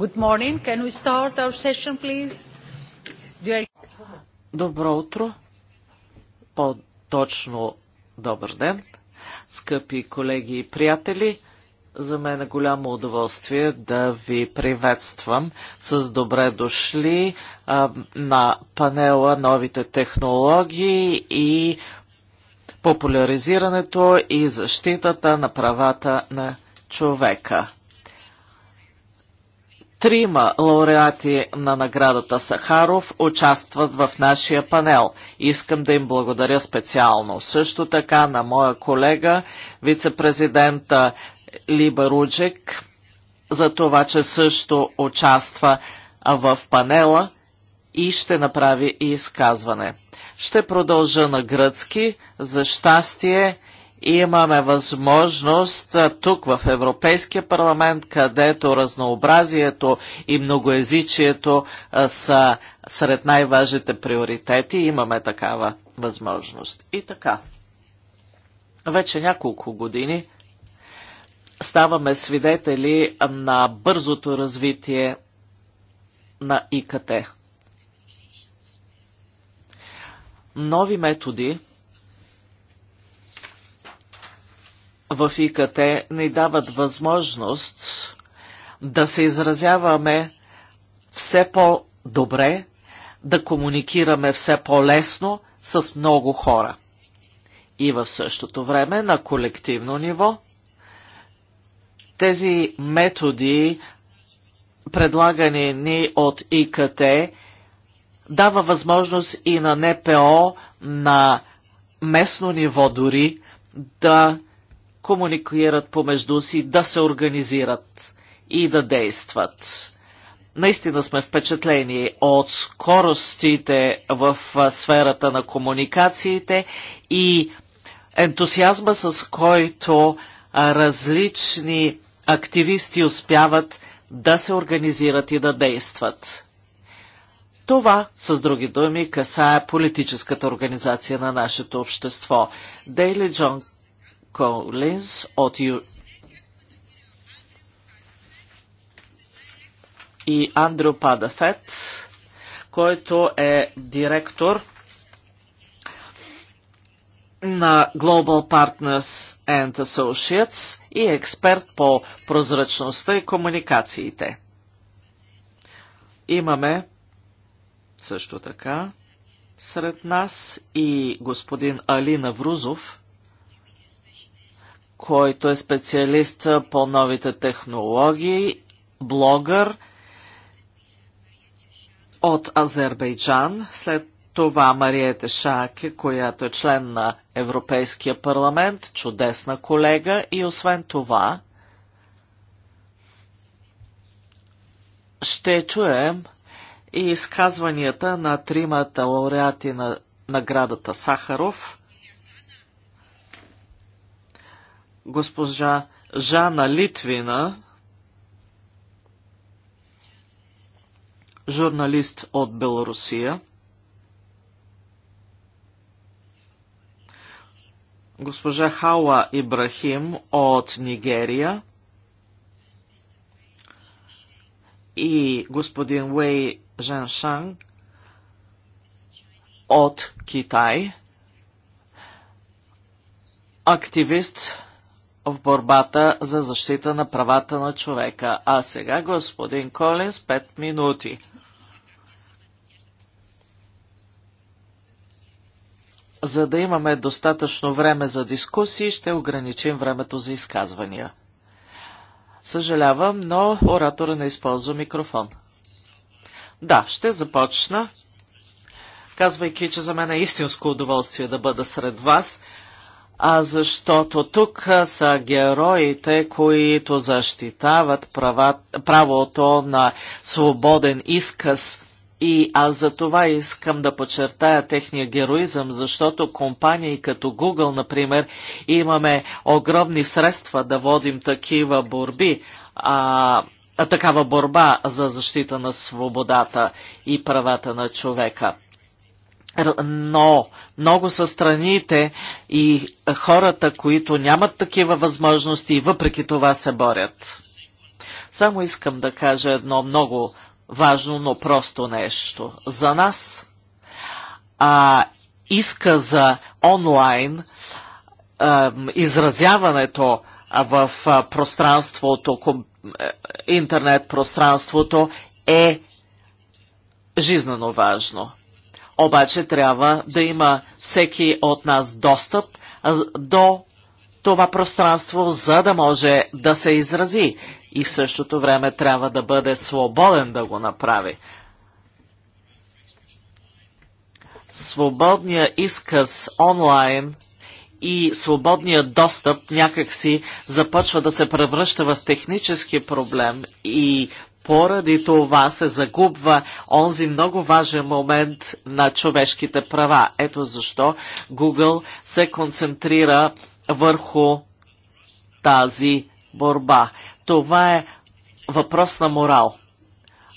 Good morning. Can we start our session, please? Добро утро. По-точно добър ден. Скъпи колеги и приятели, за мен е голямо удоволствие да ви приветствам с добре дошли а, на панела новите технологии и популяризирането и защитата на правата на човека. Трима лауреати на наградата Сахаров участват в нашия панел. Искам да им благодаря специално. Също така на моя колега, вице-президента Либа Руджек, за това, че също участва в панела и ще направи и изказване. Ще продължа на гръцки. За щастие, имаме възможност тук в Европейския парламент, където разнообразието и многоязичието са сред най-важните приоритети, имаме такава възможност. И така, вече няколко години ставаме свидетели на бързото развитие на ИКТ. Нови методи, в ИКТ ни дават възможност да се изразяваме все по-добре, да комуникираме все по-лесно с много хора. И в същото време на колективно ниво тези методи, предлагани ни от ИКТ, дава възможност и на НПО на местно ниво дори да комуникират помежду си, да се организират и да действат. Наистина сме впечатлени от скоростите в сферата на комуникациите и ентусиазма, с който различни активисти успяват да се организират и да действат. Това, с други думи, касае политическата организация на нашето общество. Дейли Джон Collins от Ю... и Андрю Падафет, който е директор на Global Partners and Associates и експерт по прозрачността и комуникациите. Имаме също така сред нас и господин Алина Врузов, който е специалист по новите технологии, блогър от Азербайджан, след това Мариете Шаке, която е член на Европейския парламент, чудесна колега и освен това ще чуем и изказванията на тримата лауреати на наградата Сахаров – госпожа Жана Литвина, журналист от Белорусия, госпожа Хауа Ибрахим от Нигерия и господин Уэй Жаншан от Китай, активист в борбата за защита на правата на човека. А сега господин Колинс, 5 минути. За да имаме достатъчно време за дискусии, ще ограничим времето за изказвания. Съжалявам, но оратора не използва микрофон. Да, ще започна, казвайки, че за мен е истинско удоволствие да бъда сред вас – а защото тук са героите, които защитават права, правото на свободен изказ. И аз за това искам да подчертая техния героизъм, защото компании като Google, например, имаме огромни средства да водим такива борби, а, такава борба за защита на свободата и правата на човека но много са страните и хората, които нямат такива възможности и въпреки това се борят. Само искам да кажа едно много важно, но просто нещо. За нас а, иска за онлайн а, изразяването в а, пространството, ком, е, интернет пространството е жизненно важно. Обаче трябва да има всеки от нас достъп до това пространство, за да може да се изрази и в същото време трябва да бъде свободен да го направи. Свободният изказ онлайн и свободният достъп някакси започва да се превръща в технически проблем и поради това се загубва онзи много важен момент на човешките права. Ето защо Google се концентрира върху тази борба. Това е въпрос на морал.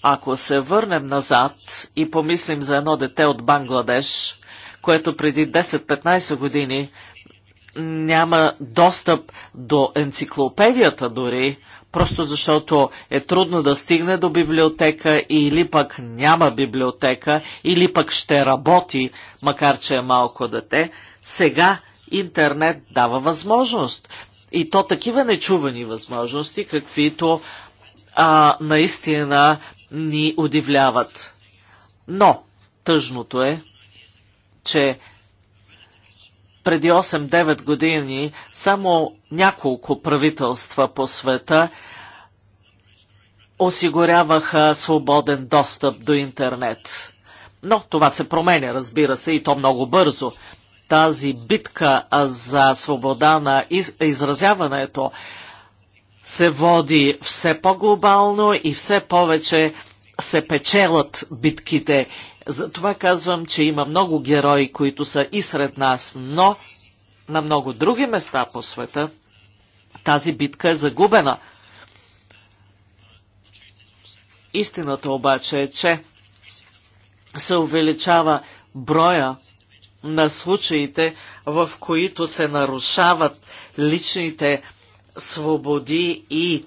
Ако се върнем назад и помислим за едно дете от Бангладеш, което преди 10-15 години няма достъп до енциклопедията дори, просто защото е трудно да стигне до библиотека или пък няма библиотека, или пък ще работи, макар че е малко дете, сега интернет дава възможност. И то такива нечувани възможности, каквито а, наистина ни удивляват. Но тъжното е, че преди 8-9 години само няколко правителства по света осигуряваха свободен достъп до интернет. Но това се променя, разбира се, и то много бързо. Тази битка за свобода на из изразяването се води все по-глобално и все повече се печелят битките затова казвам, че има много герои, които са и сред нас, но на много други места по света тази битка е загубена. Истината обаче е, че се увеличава броя на случаите, в които се нарушават личните свободи и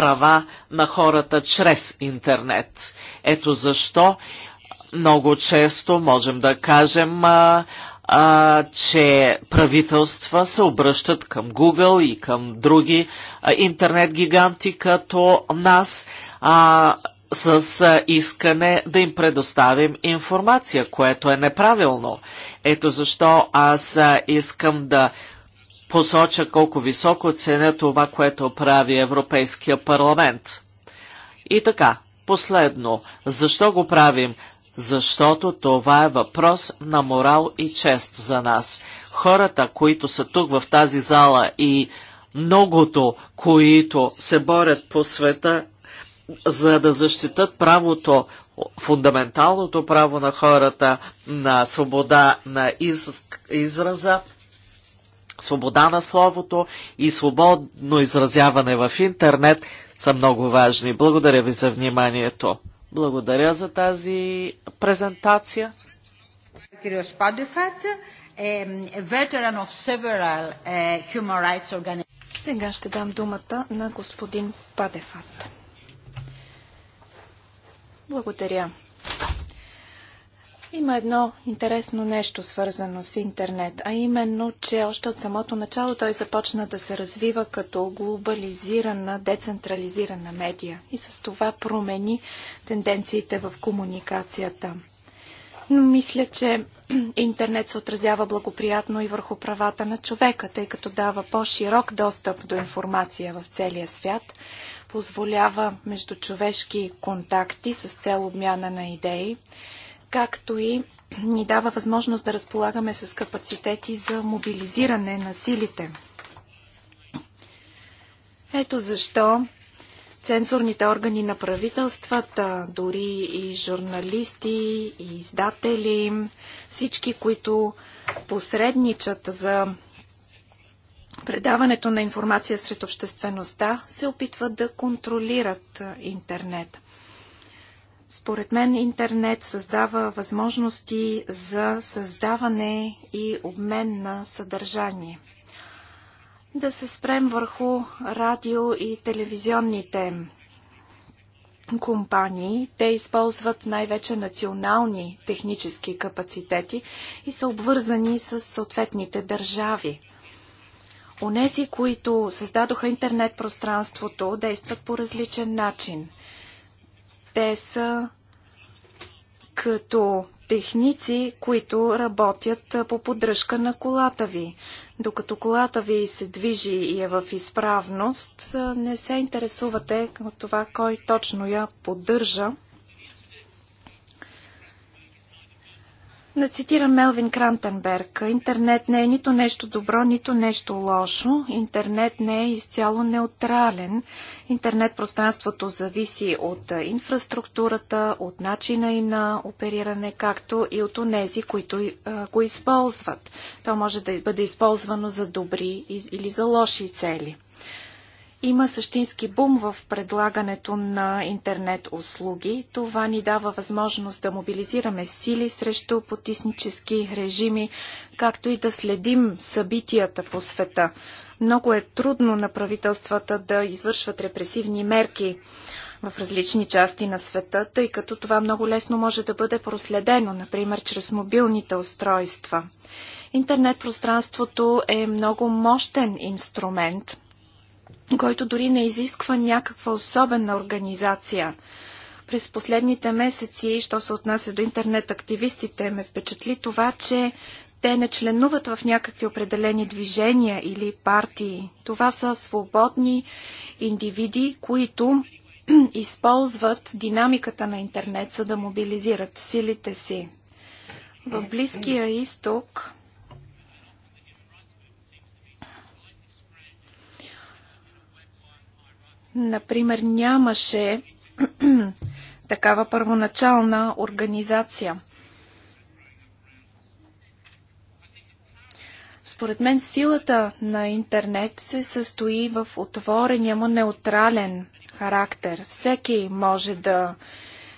права на хората чрез интернет. Ето защо много често можем да кажем, а, а, че правителства се обръщат към Google и към други а, интернет гиганти като нас а, с а, искане да им предоставим информация, което е неправилно. Ето защо аз искам да посоча колко високо ценя това, което прави Европейския парламент. И така, последно, защо го правим? Защото това е въпрос на морал и чест за нас. Хората, които са тук в тази зала и многото, които се борят по света, за да защитат правото, фундаменталното право на хората на свобода на из, израза, свобода на словото и свободно изразяване в интернет са много важни. Благодаря ви за вниманието. Благодаря за тази презентация. Сега ще дам думата на господин Падефат. Благодаря, има едно интересно нещо свързано с интернет, а именно, че още от самото начало той започна да се развива като глобализирана, децентрализирана медия и с това промени тенденциите в комуникацията. Но мисля, че интернет се отразява благоприятно и върху правата на човека, тъй като дава по-широк достъп до информация в целия свят, позволява междучовешки контакти с цел обмяна на идеи, както и ни дава възможност да разполагаме с капацитети за мобилизиране на силите. Ето защо цензурните органи на правителствата, дори и журналисти, и издатели, всички, които посредничат за предаването на информация сред обществеността, се опитват да контролират интернет. Според мен интернет създава възможности за създаване и обмен на съдържание. Да се спрем върху радио и телевизионните компании. Те използват най-вече национални технически капацитети и са обвързани с съответните държави. Онези, които създадоха интернет пространството, действат по различен начин – те са като техници, които работят по поддръжка на колата ви. Докато колата ви се движи и е в изправност, не се интересувате от това кой точно я поддържа да цитирам Мелвин Крантенберг. Интернет не е нито нещо добро, нито нещо лошо. Интернет не е изцяло неутрален. Интернет пространството зависи от инфраструктурата, от начина и на опериране, както и от онези, които го използват. То може да бъде използвано за добри или за лоши цели. Има същински бум в предлагането на интернет услуги. Това ни дава възможност да мобилизираме сили срещу потиснически режими, както и да следим събитията по света. Много е трудно на правителствата да извършват репресивни мерки в различни части на света, тъй като това много лесно може да бъде проследено, например чрез мобилните устройства. Интернет пространството е много мощен инструмент който дори не изисква някаква особена организация. През последните месеци, що се отнася до интернет-активистите, ме впечатли това, че те не членуват в някакви определени движения или партии. Това са свободни индивиди, които използват динамиката на интернет, за да мобилизират силите си. В Близкия изток Например, нямаше такава първоначална организация. Според мен силата на интернет се състои в отворения му неутрален характер. Всеки може да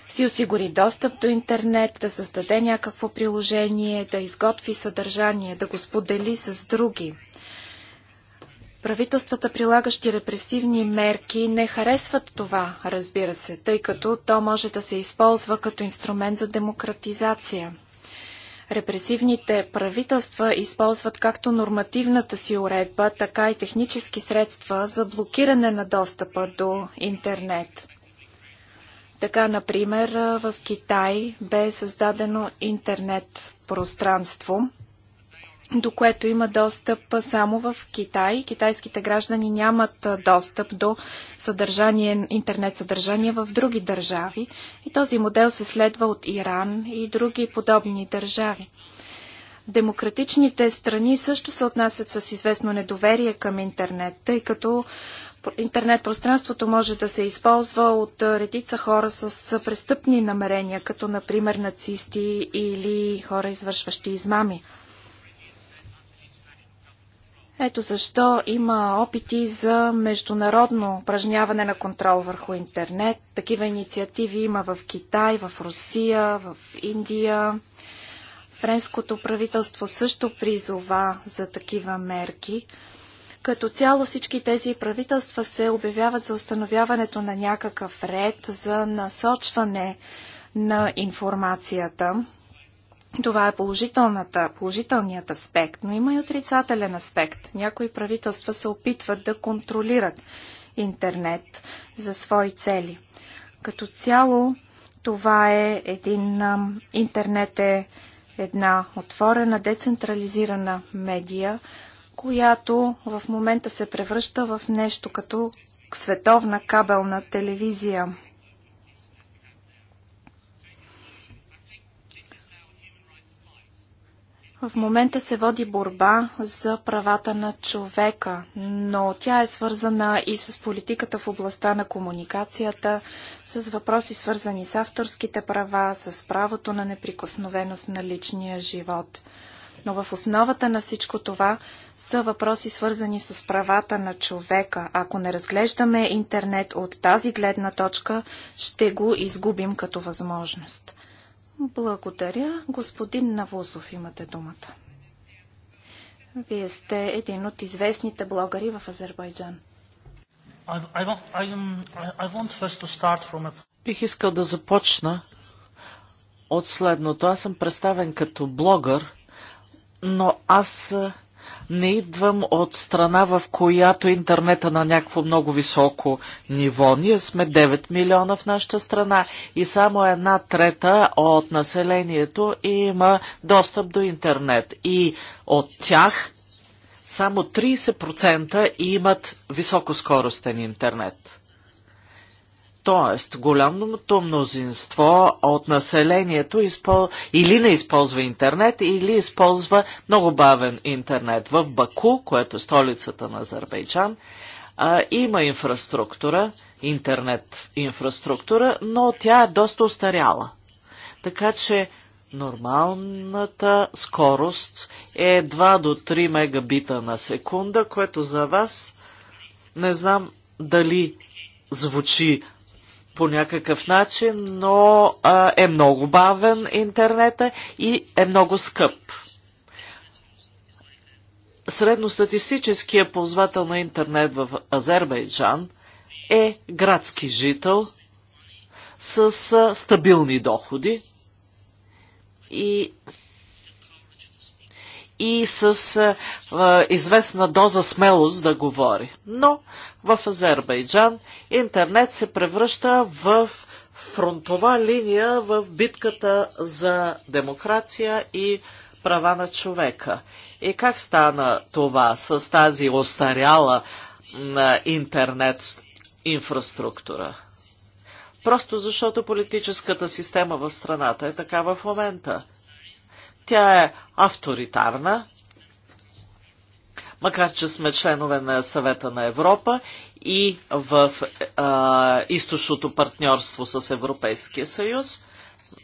си осигури достъп до интернет, да създаде някакво приложение, да изготви съдържание, да го сподели с други. Правителствата, прилагащи репресивни мерки, не харесват това, разбира се, тъй като то може да се използва като инструмент за демократизация. Репресивните правителства използват както нормативната си уредба, така и технически средства за блокиране на достъпа до интернет. Така, например, в Китай бе създадено интернет пространство – до което има достъп само в Китай. Китайските граждани нямат достъп до съдържание, интернет съдържание в други държави. И този модел се следва от Иран и други подобни държави. Демократичните страни също се отнасят с известно недоверие към интернет, тъй като интернет пространството може да се използва от редица хора с престъпни намерения, като например нацисти или хора извършващи измами. Ето защо има опити за международно упражняване на контрол върху интернет. Такива инициативи има в Китай, в Русия, в Индия. Френското правителство също призова за такива мерки. Като цяло всички тези правителства се обявяват за установяването на някакъв ред за насочване на информацията това е положителната, положителният аспект, но има и отрицателен аспект. Някои правителства се опитват да контролират интернет за свои цели. Като цяло, това е един... Интернет е една отворена, децентрализирана медия, която в момента се превръща в нещо като световна кабелна телевизия. В момента се води борба за правата на човека, но тя е свързана и с политиката в областта на комуникацията, с въпроси свързани с авторските права, с правото на неприкосновеност на личния живот. Но в основата на всичко това са въпроси свързани с правата на човека. Ако не разглеждаме интернет от тази гледна точка, ще го изгубим като възможност. Благодаря. Господин Навусов, имате думата. Вие сте един от известните блогъри в Азербайджан. Бих искал да започна от следното. Аз съм представен като блогър, но аз не идвам от страна, в която интернета на някакво много високо ниво. Ние сме 9 милиона в нашата страна и само една трета от населението има достъп до интернет. И от тях само 30% имат високоскоростен интернет. Тоест, голямото мнозинство от населението изпол... или не използва интернет, или използва много бавен интернет. В Баку, което е столицата на Азербайджан, а, има инфраструктура, интернет инфраструктура, но тя е доста устаряла. Така че нормалната скорост е 2 до 3 мегабита на секунда, което за вас не знам дали звучи по някакъв начин, но а, е много бавен интернета и е много скъп. Средностатистическия ползвател на интернет в Азербайджан е градски жител с а, стабилни доходи и, и с а, известна доза смелост да говори. Но в Азербайджан интернет се превръща в фронтова линия в битката за демокрация и права на човека. И как стана това с тази остаряла на интернет инфраструктура? Просто защото политическата система в страната е така в момента. Тя е авторитарна, макар че сме членове на съвета на Европа и в а, източното партньорство с Европейския съюз.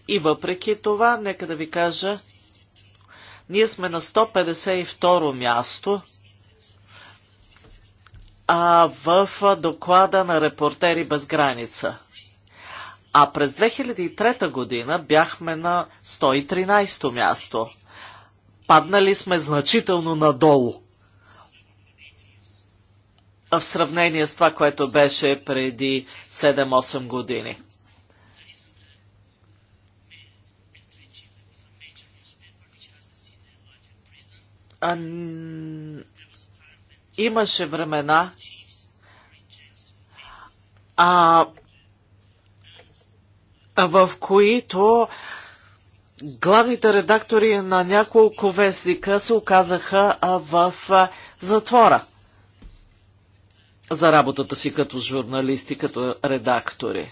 И въпреки това, нека да ви кажа, ние сме на 152 място а, в доклада на Репортери без граница. А през 2003 година бяхме на 113 място. Паднали сме значително надолу в сравнение с това, което беше преди 7-8 години. А, имаше времена, а, в които главните редактори на няколко вестника се оказаха в затвора за работата си като журналисти, като редактори.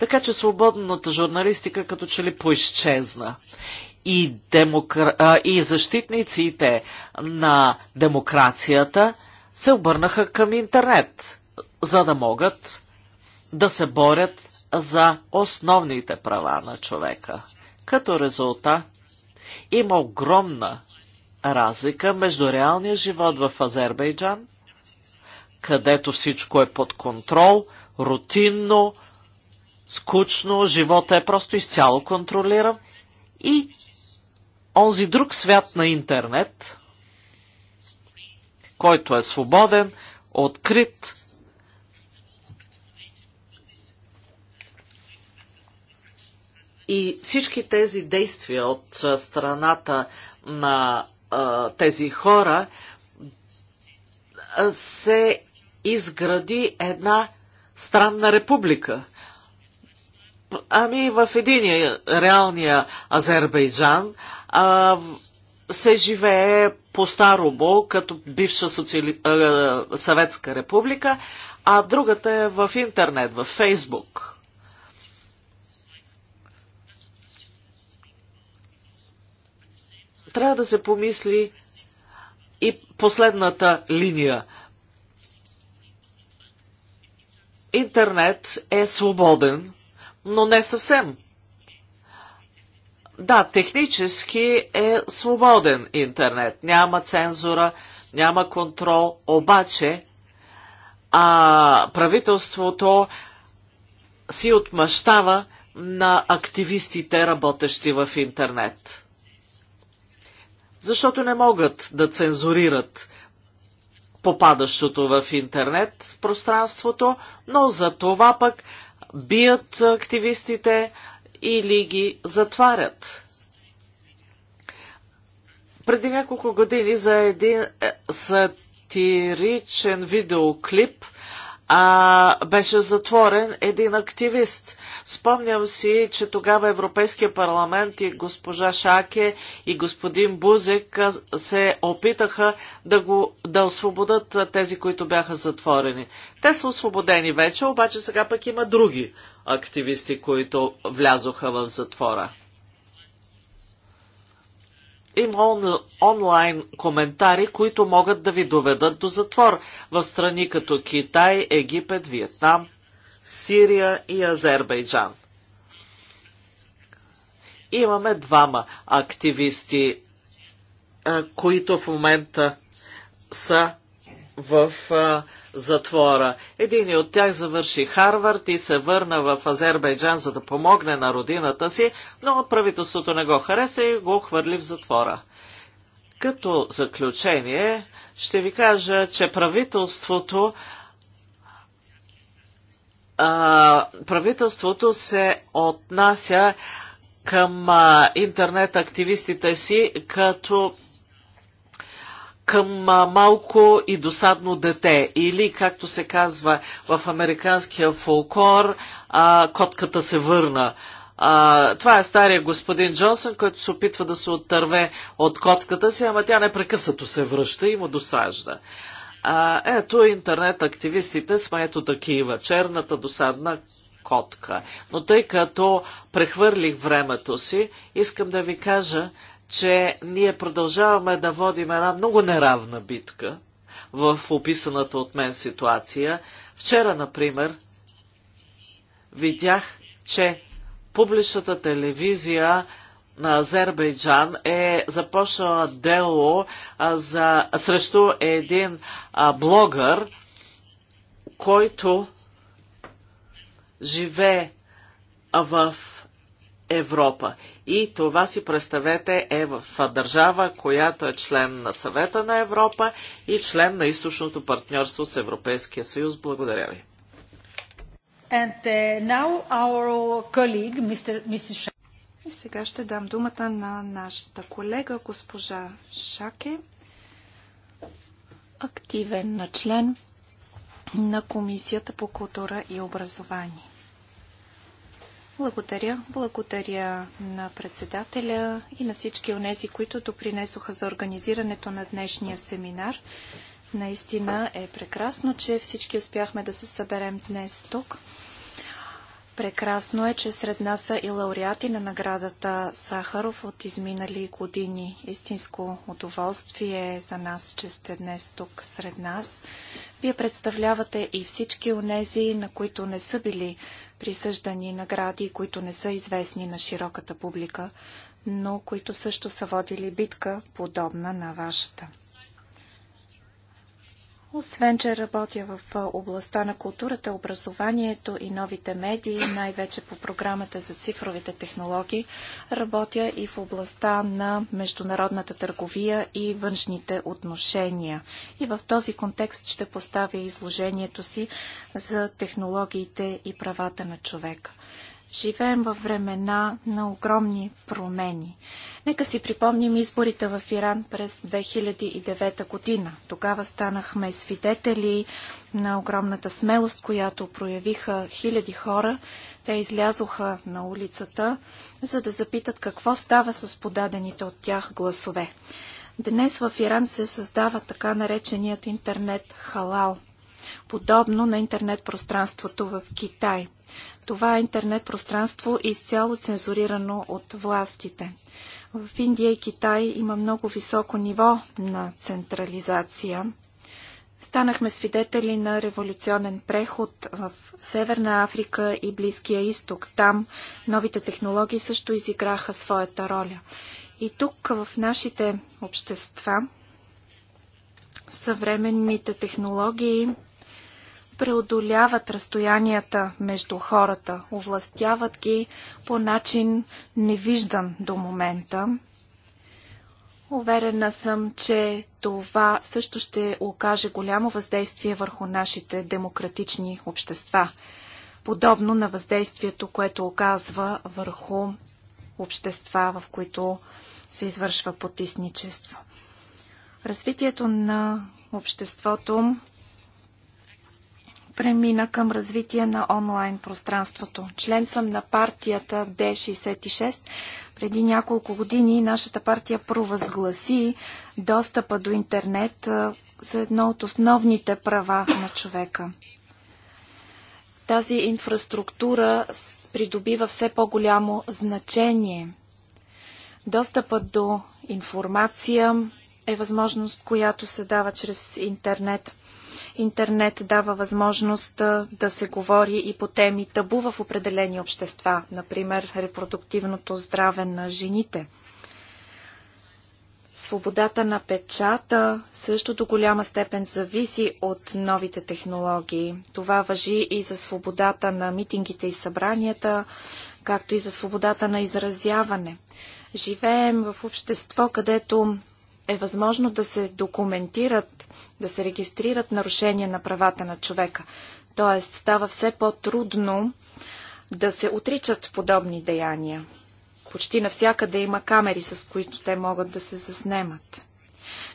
Така че свободната журналистика като че ли поизчезна. И, демокра... и защитниците на демокрацията се обърнаха към интернет, за да могат да се борят за основните права на човека. Като резултат има огромна разлика между реалния живот в Азербайджан където всичко е под контрол, рутинно, скучно, живота е просто изцяло контролиран и онзи друг свят на интернет, който е свободен, открит, И всички тези действия от страната на а, тези хора се изгради една странна република. Ами в единия реалния Азербайджан а, се живее по старобо като бивша социали... а, съветска република, а другата е в интернет, в Фейсбук. Трябва да се помисли и последната линия – интернет е свободен, но не съвсем. Да, технически е свободен интернет. Няма цензура, няма контрол, обаче а правителството си отмъщава на активистите, работещи в интернет. Защото не могат да цензурират попадащото в интернет в пространството, но за това пък бият активистите или ги затварят. Преди няколко години за един е, сатиричен видеоклип – а, беше затворен един активист. Спомням си, че тогава Европейския парламент и госпожа Шаке и господин Бузек се опитаха да, го, да освободат тези, които бяха затворени. Те са освободени вече, обаче сега пък има други активисти, които влязоха в затвора. Има он, онлайн коментари, които могат да ви доведат до затвор в страни като Китай, Египет, Виетнам, Сирия и Азербайджан. Имаме двама активисти, е, които в момента са в е, затвора. Един от тях завърши Харвард и се върна в Азербайджан, за да помогне на родината си, но правителството не го хареса и го хвърли в затвора. Като заключение ще ви кажа, че правителството а, правителството се отнася към а, интернет активистите си като към малко и досадно дете. Или, както се казва в американския фолклор, а, котката се върна. А, това е стария господин Джонсън, който се опитва да се оттърве от котката си, ама тя непрекъснато се връща и му досажда. А, ето интернет активистите сме ето такива. Черната досадна котка. Но тъй като прехвърлих времето си, искам да ви кажа, че ние продължаваме да водим една много неравна битка в описаната от мен ситуация. Вчера, например, видях, че публичната телевизия на Азербайджан е започнала дело а, за, срещу един а, блогър, който живее в Европа. И това си представете е в държава, която е член на съвета на Европа и член на източното партньорство с Европейския съюз. Благодаря ви. Mr. Uh, и сега ще дам думата на нашата колега, госпожа Шаке, активен на член на Комисията по култура и образование. Благодаря. Благодаря на председателя и на всички онези, които допринесоха за организирането на днешния семинар. Наистина е прекрасно, че всички успяхме да се съберем днес тук. Прекрасно е, че сред нас са и лауреати на наградата Сахаров от изминали години. Истинско удоволствие е за нас, че сте днес тук сред нас. Вие представлявате и всички онези, на които не са били присъждани награди, които не са известни на широката публика, но които също са водили битка, подобна на вашата. Освен, че работя в областта на културата, образованието и новите медии, най-вече по програмата за цифровите технологии, работя и в областта на международната търговия и външните отношения. И в този контекст ще поставя изложението си за технологиите и правата на човека. Живеем във времена на огромни промени. Нека си припомним изборите в Иран през 2009 година. Тогава станахме свидетели на огромната смелост, която проявиха хиляди хора. Те излязоха на улицата, за да запитат какво става с подадените от тях гласове. Днес в Иран се създава така нареченият интернет халал – подобно на интернет пространството в Китай. Това е интернет пространство изцяло цензурирано от властите. В Индия и Китай има много високо ниво на централизация. Станахме свидетели на революционен преход в Северна Африка и Близкия изток. Там новите технологии също изиграха своята роля. И тук в нашите общества съвременните технологии преодоляват разстоянията между хората, овластяват ги по начин невиждан до момента. Уверена съм, че това също ще окаже голямо въздействие върху нашите демократични общества, подобно на въздействието, което оказва върху общества, в които се извършва потисничество. Развитието на обществото премина към развитие на онлайн пространството. Член съм на партията D66. Преди няколко години нашата партия провъзгласи достъпа до интернет за едно от основните права на човека. Тази инфраструктура придобива все по-голямо значение. Достъпът до информация е възможност, която се дава чрез интернет. Интернет дава възможност да се говори и по теми табу в определени общества, например репродуктивното здраве на жените. Свободата на печата също до голяма степен зависи от новите технологии. Това въжи и за свободата на митингите и събранията, както и за свободата на изразяване. Живеем в общество, където е възможно да се документират, да се регистрират нарушения на правата на човека. Тоест става все по-трудно да се отричат подобни деяния. Почти навсякъде има камери, с които те могат да се заснемат.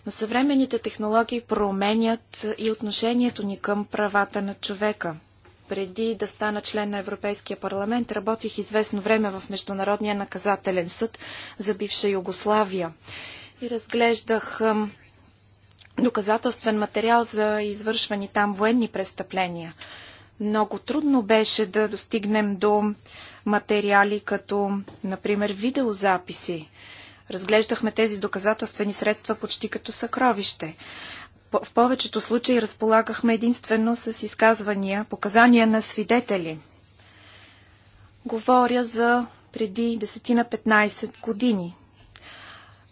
Но съвременните технологии променят и отношението ни към правата на човека. Преди да стана член на Европейския парламент, работих известно време в Международния наказателен съд за бивша Югославия и разглеждах доказателствен материал за извършвани там военни престъпления. Много трудно беше да достигнем до материали като, например, видеозаписи. Разглеждахме тези доказателствени средства почти като съкровище. В повечето случаи разполагахме единствено с изказвания, показания на свидетели. Говоря за преди 10-15 години.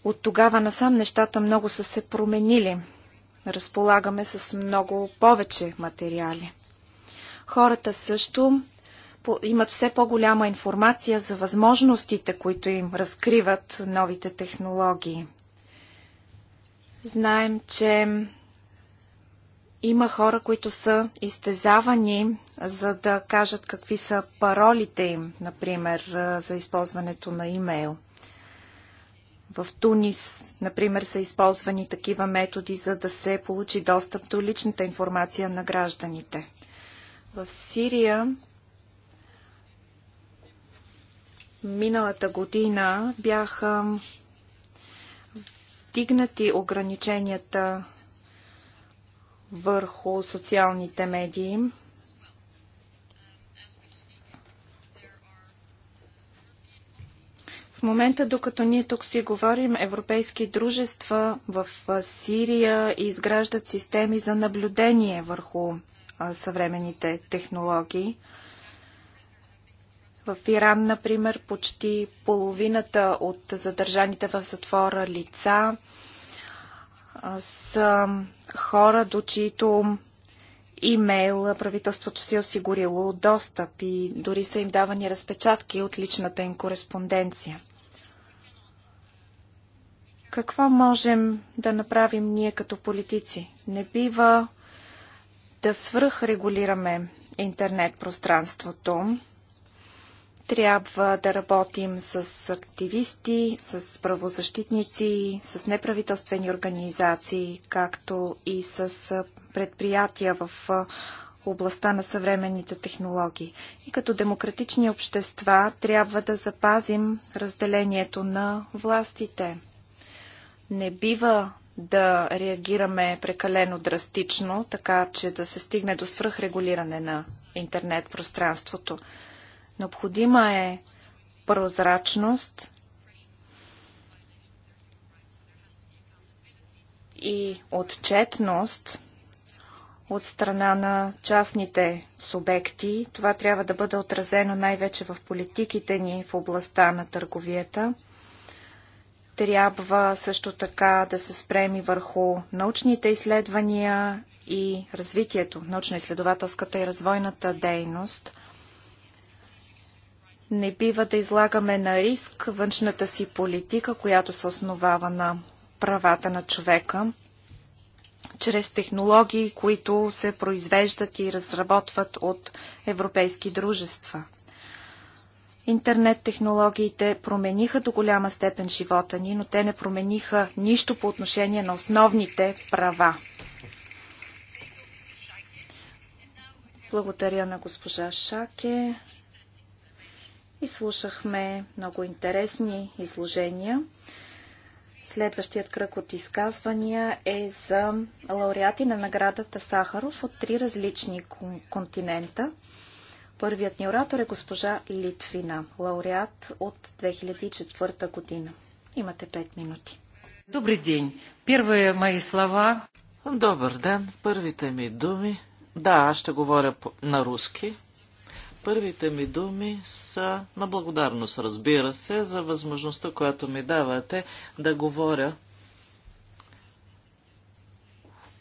От тогава насам нещата много са се променили. Разполагаме с много повече материали. Хората също имат все по-голяма информация за възможностите, които им разкриват новите технологии. Знаем, че има хора, които са изтезавани, за да кажат какви са паролите им, например, за използването на имейл. В Тунис, например, са използвани такива методи, за да се получи достъп до личната информация на гражданите. В Сирия миналата година бяха вдигнати ограниченията върху социалните медии. момента, докато ние тук си говорим, европейски дружества в Сирия изграждат системи за наблюдение върху съвременните технологии. В Иран, например, почти половината от задържаните в затвора лица са хора, до чието имейл правителството си е осигурило достъп и дори са им давани разпечатки от личната им кореспонденция. Какво можем да направим ние като политици? Не бива да свръхрегулираме интернет пространството. Трябва да работим с активисти, с правозащитници, с неправителствени организации, както и с предприятия в областта на съвременните технологии. И като демократични общества трябва да запазим разделението на властите. Не бива да реагираме прекалено драстично, така че да се стигне до свръхрегулиране на интернет пространството. Необходима е прозрачност и отчетност от страна на частните субекти. Това трябва да бъде отразено най-вече в политиките ни в областта на търговията – трябва също така да се спреми върху научните изследвания и развитието, научно-изследователската и развойната дейност. Не бива да излагаме на риск външната си политика, която се основава на правата на човека, чрез технологии, които се произвеждат и разработват от европейски дружества – Интернет технологиите промениха до голяма степен живота ни, но те не промениха нищо по отношение на основните права. Благодаря на госпожа Шаке. И слушахме много интересни изложения. Следващият кръг от изказвания е за лауреати на наградата Сахаров от три различни континента. Първият ни оратор е госпожа Литвина, лауреат от 2004 година. Имате 5 минути. Добри ден. Първые мои слова. Добър ден. Първите ми думи. Да, аз ще говоря на руски. Първите ми думи са на благодарност, разбира се, за възможността, която ми давате да говоря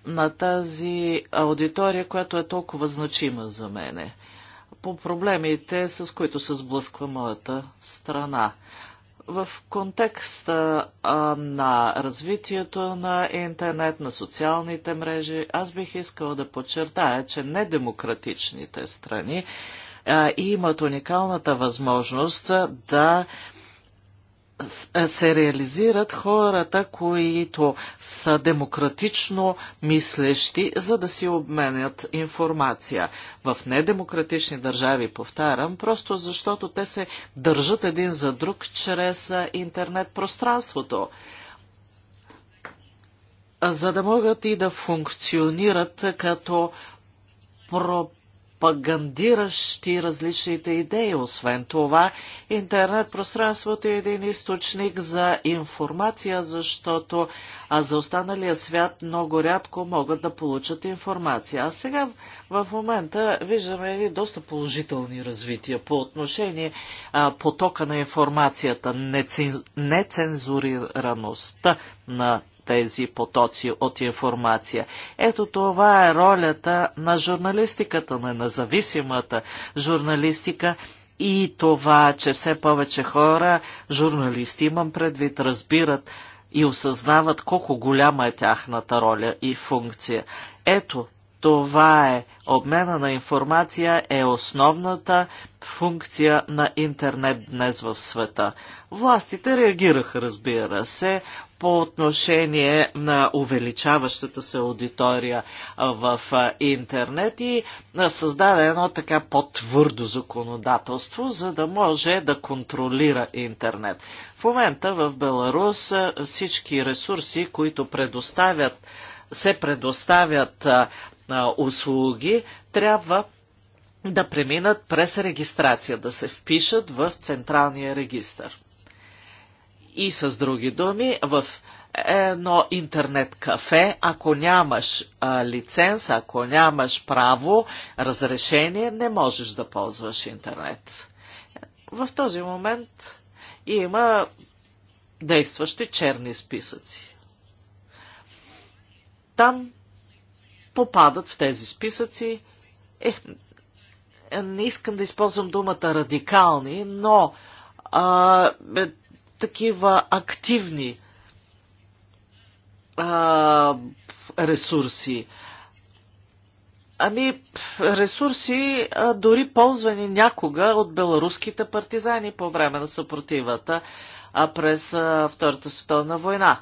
на тази аудитория, която е толкова значима за мене по проблемите, с които се сблъсква моята страна. В контекста а, на развитието на интернет, на социалните мрежи, аз бих искала да подчертая, че недемократичните страни а, имат уникалната възможност да а, се реализират хората, които са демократично мислещи, за да си обменят информация. В недемократични държави, повтарям, просто защото те се държат един за друг чрез интернет пространството за да могат и да функционират като про пропагандиращи различните идеи. Освен това, интернет пространството е един източник за информация, защото а за останалия свят много рядко могат да получат информация. А сега в момента виждаме и доста положителни развития по отношение а, потока на информацията, нецензурираността на тези потоци от информация. Ето това е ролята на журналистиката, на независимата журналистика и това, че все повече хора, журналисти имам предвид, разбират и осъзнават колко голяма е тяхната роля и функция. Ето това е Обмена на информация е основната функция на интернет днес в света. Властите реагираха, разбира се, по отношение на увеличаващата се аудитория в интернет и създаде едно така по-твърдо законодателство, за да може да контролира интернет. В момента в Беларус всички ресурси, които предоставят се предоставят а, услуги трябва да преминат през регистрация, да се впишат в централния регистр. И с други думи, в едно интернет кафе, ако нямаш а, лиценз, ако нямаш право, разрешение, не можеш да ползваш интернет. В този момент има действащи черни списъци. Там попадат в тези списъци. Е, е, не искам да използвам думата радикални, но а, е, такива активни а, ресурси. Ами, ресурси а, дори ползвани някога от беларуските партизани по време на съпротивата а през а, Втората световна война.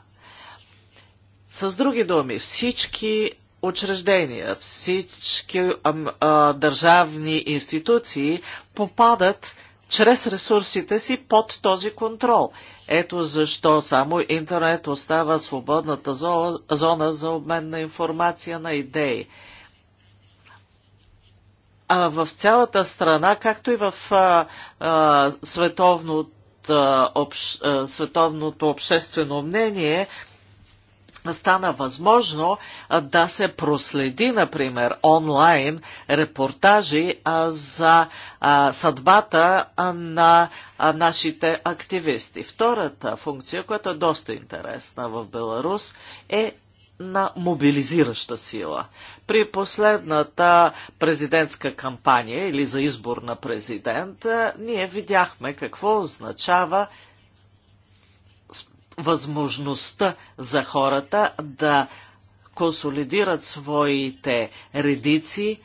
С други думи, всички учреждения, всички а, а, държавни институции попадат чрез ресурсите си под този контрол. Ето защо само интернет остава свободната зона за обмен на информация на идеи. А в цялата страна, както и в а, а, световното, а, световното обществено мнение, а, стана възможно да се проследи, например, онлайн репортажи за съдбата на нашите активисти. Втората функция, която е доста интересна в Беларус, е на мобилизираща сила. При последната президентска кампания или за избор на президент, ние видяхме какво означава възможността за хората да консолидират своите редици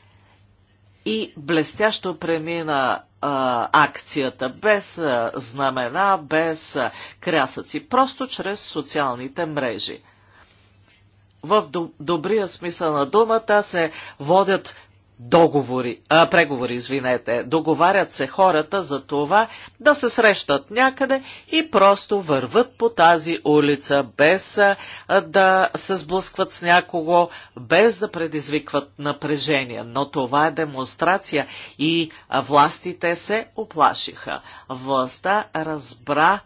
и блестящо премина а, акцията без а, знамена, без а, крясъци, просто чрез социалните мрежи. В добрия смисъл на думата се водят договори, а, преговори, извинете, договарят се хората за това да се срещат някъде и просто върват по тази улица, без а, да се сблъскват с някого, без да предизвикват напрежение. Но това е демонстрация и властите се оплашиха. Властта разбра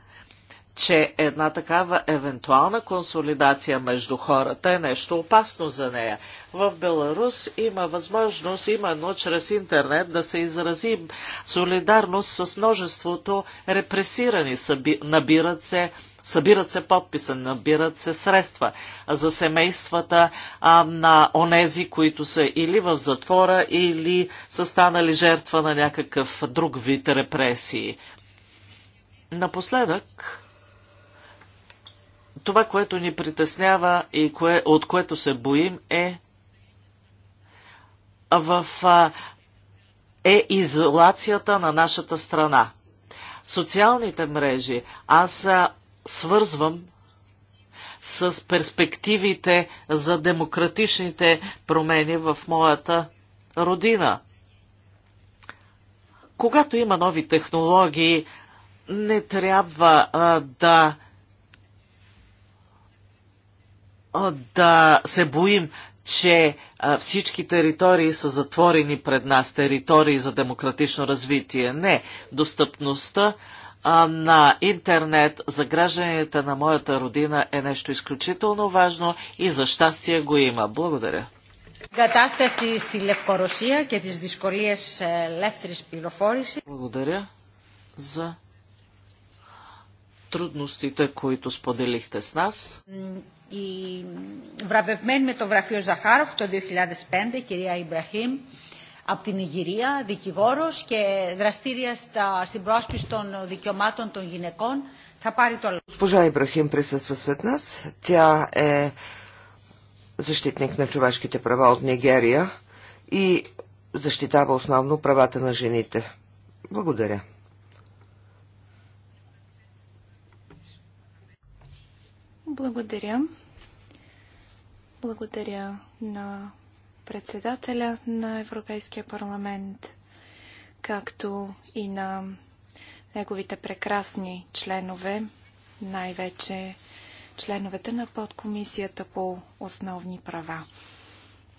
че една такава евентуална консолидация между хората е нещо опасно за нея. В Беларус има възможност именно чрез интернет да се изрази солидарност с множеството репресирани. Съби... Набират се Събират се подписа, набират се средства за семействата а, на онези, които са или в затвора, или са станали жертва на някакъв друг вид репресии. Напоследък това, което ни притеснява и кое, от което се боим е в а, е изолацията на нашата страна. Социалните мрежи аз а, свързвам с перспективите за демократичните промени в моята родина. Когато има нови технологии, не трябва а, да да се боим, че всички територии са затворени пред нас, територии за демократично развитие. Не, достъпността на интернет за гражданите на моята родина е нещо изключително важно и за щастие го има. Благодаря. Благодаря за трудностите, които споделихте с нас η, βραβευμένη με το βραφείο Ζαχάροφ το 2005, η κυρία Ιμπραχήμ, από την Ιγυρία, δικηγόρος και δραστήρια στα, στην πρόσπιση των δικαιωμάτων των γυναικών, θα πάρει το λόγο. Госпожа Ιμπραχήμ присъства сред нас. Тя е защитник на човешките права от Нигерия и защитава основно правата на жените. Благодаря. Благодаря. Благодаря на председателя на Европейския парламент, както и на неговите прекрасни членове, най-вече членовете на подкомисията по основни права.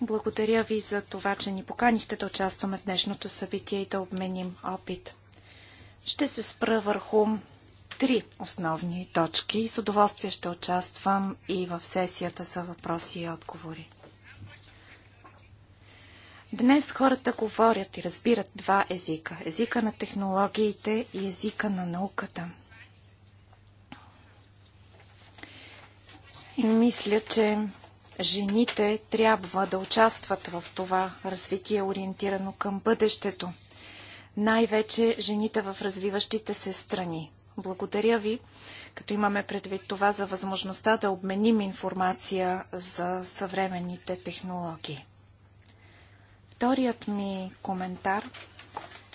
Благодаря ви за това, че ни поканихте да участваме в днешното събитие и да обменим опит. Ще се спра върху три основни точки с удоволствие ще участвам и в сесията за въпроси и отговори. Днес хората говорят и разбират два езика. Езика на технологиите и езика на науката. И мисля, че жените трябва да участват в това развитие, ориентирано към бъдещето. Най-вече жените в развиващите се страни. Благодаря ви, като имаме предвид това за възможността да обменим информация за съвременните технологии. Вторият ми коментар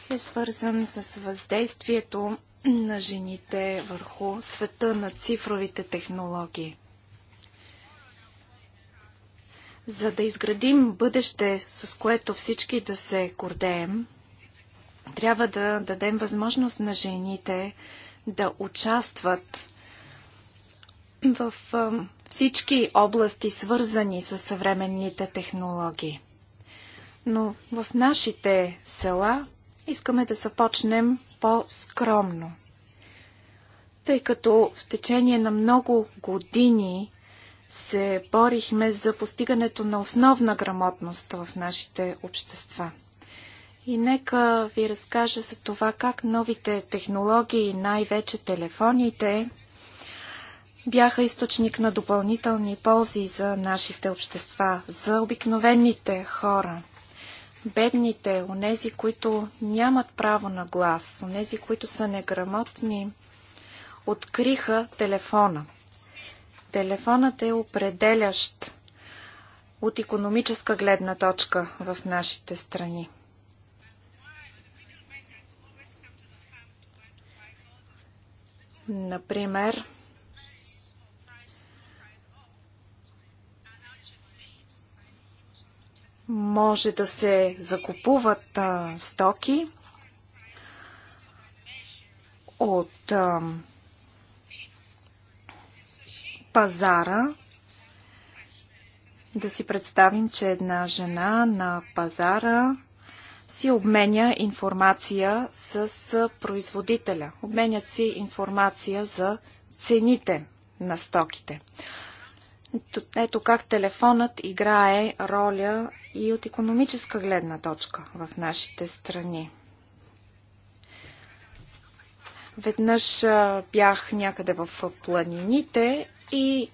е свързан с въздействието на жените върху света на цифровите технологии. За да изградим бъдеще, с което всички да се гордеем, трябва да дадем възможност на жените да участват в всички области, свързани с съвременните технологии. Но в нашите села искаме да започнем по-скромно, тъй като в течение на много години се борихме за постигането на основна грамотност в нашите общества – и нека ви разкажа за това как новите технологии, най-вече телефоните, бяха източник на допълнителни ползи за нашите общества, за обикновените хора. Бедните, онези, които нямат право на глас, онези, които са неграмотни, откриха телефона. Телефонът е определящ от економическа гледна точка в нашите страни. Например, може да се закупуват а, стоки от а, пазара. Да си представим, че една жена на пазара си обменя информация с производителя. Обменят си информация за цените на стоките. Ето, ето как телефонът играе роля и от економическа гледна точка в нашите страни. Веднъж бях някъде в планините и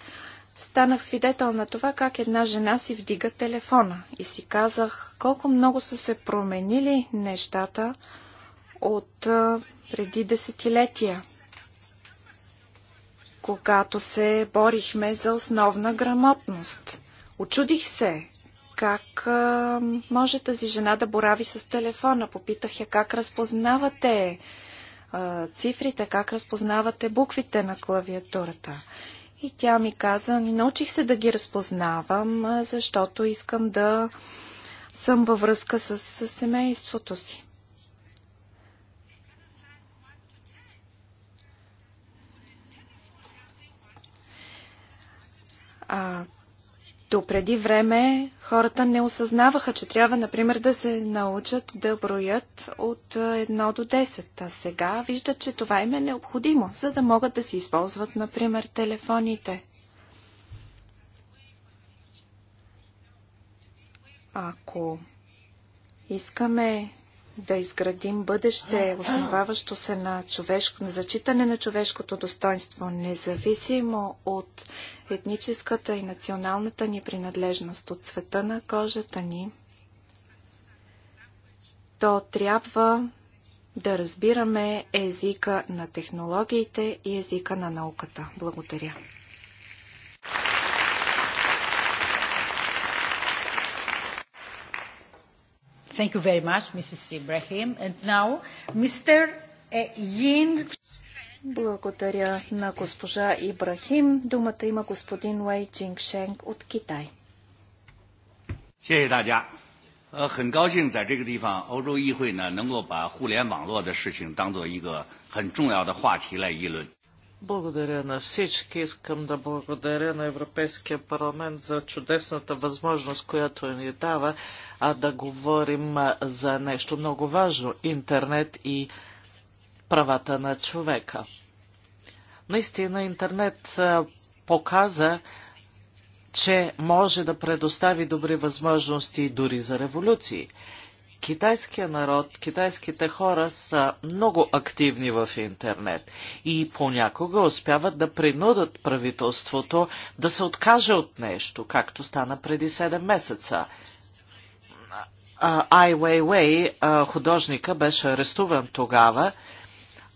станах свидетел на това как една жена си вдига телефона и си казах колко много са се променили нещата от преди десетилетия, когато се борихме за основна грамотност. Очудих се как а, може тази жена да борави с телефона. Попитах я как разпознавате а, цифрите, как разпознавате буквите на клавиатурата. И тя ми каза, ми научих се да ги разпознавам, защото искам да съм във връзка с, с семейството си. А, до преди време хората не осъзнаваха, че трябва, например, да се научат да броят от 1 е, до 10. А сега виждат, че това им е необходимо, за да могат да се използват, например, телефоните. Ако искаме да изградим бъдеще, основаващо се на, човешко, на зачитане на човешкото достоинство, независимо от етническата и националната ни принадлежност, от света на кожата ни, то трябва да разбираме езика на технологиите и езика на науката. Благодаря. Thank you very much, Mrs. Ibrahim. And now, Mr. Yin. Благодаря на госпожа Ибрахим. Думата има господин Уей Джингшенг от Китай. 谢谢大家。呃，很高兴在这个地方，欧洲议会呢能够把互联网络的事情当做一个很重要的话题来议论。благодаря на всички. Искам да благодаря на Европейския парламент за чудесната възможност, която ни дава, а да говорим за нещо много важно – интернет и правата на човека. Наистина интернет показа, че може да предостави добри възможности дори за революции китайския народ, китайските хора са много активни в интернет и понякога успяват да принудат правителството да се откаже от нещо, както стана преди 7 месеца. Ай Уей, художника, беше арестуван тогава,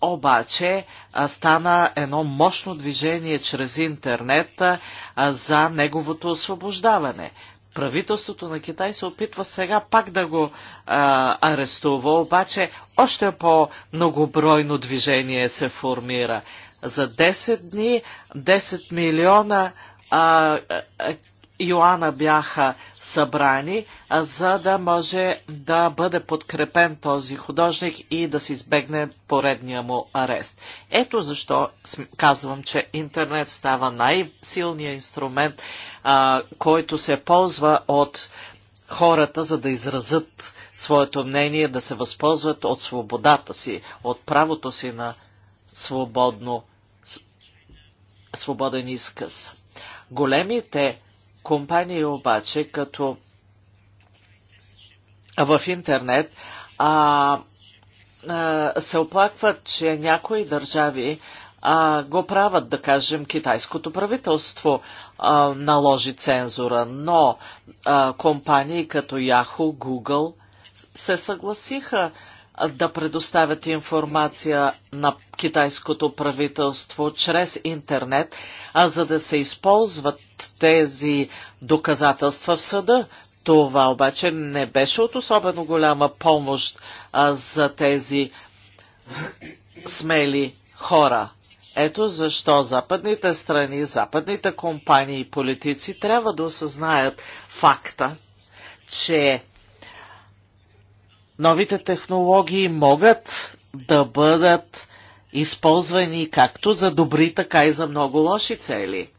обаче стана едно мощно движение чрез интернет за неговото освобождаване правителството на Китай се опитва сега пак да го а, арестува, обаче още по-многобройно движение се формира. За 10 дни 10 милиона а, а, Йоанна бяха събрани, за да може да бъде подкрепен този художник и да се избегне поредния му арест. Ето защо казвам, че интернет става най-силният инструмент, а, който се ползва от хората, за да изразят своето мнение, да се възползват от свободата си, от правото си на свободно, свободен изказ. Големите компании обаче, като в интернет, а, а, се оплакват, че някои държави а, го правят, да кажем, китайското правителство а, наложи цензура, но а, компании като Yahoo, Google се съгласиха да предоставят информация на китайското правителство чрез интернет, а за да се използват тези доказателства в съда. Това обаче не беше от особено голяма помощ а, за тези смели хора. Ето защо западните страни, западните компании и политици трябва да осъзнаят факта, че новите технологии могат да бъдат използвани както за добри, така и за много лоши цели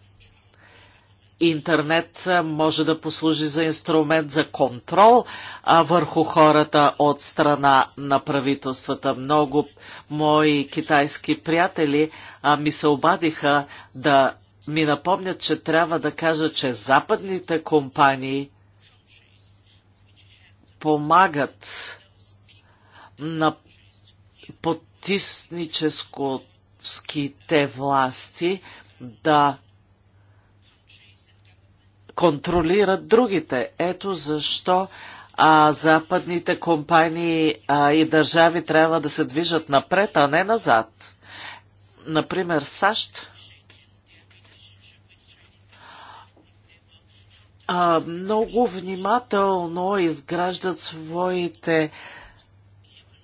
интернет може да послужи за инструмент за контрол върху хората от страна на правителствата. Много мои китайски приятели ми се обадиха да ми напомнят, че трябва да кажа, че западните компании помагат на потисническите власти да контролират другите. Ето защо а западните компании а, и държави трябва да се движат напред, а не назад. Например, САЩ а, много внимателно изграждат своите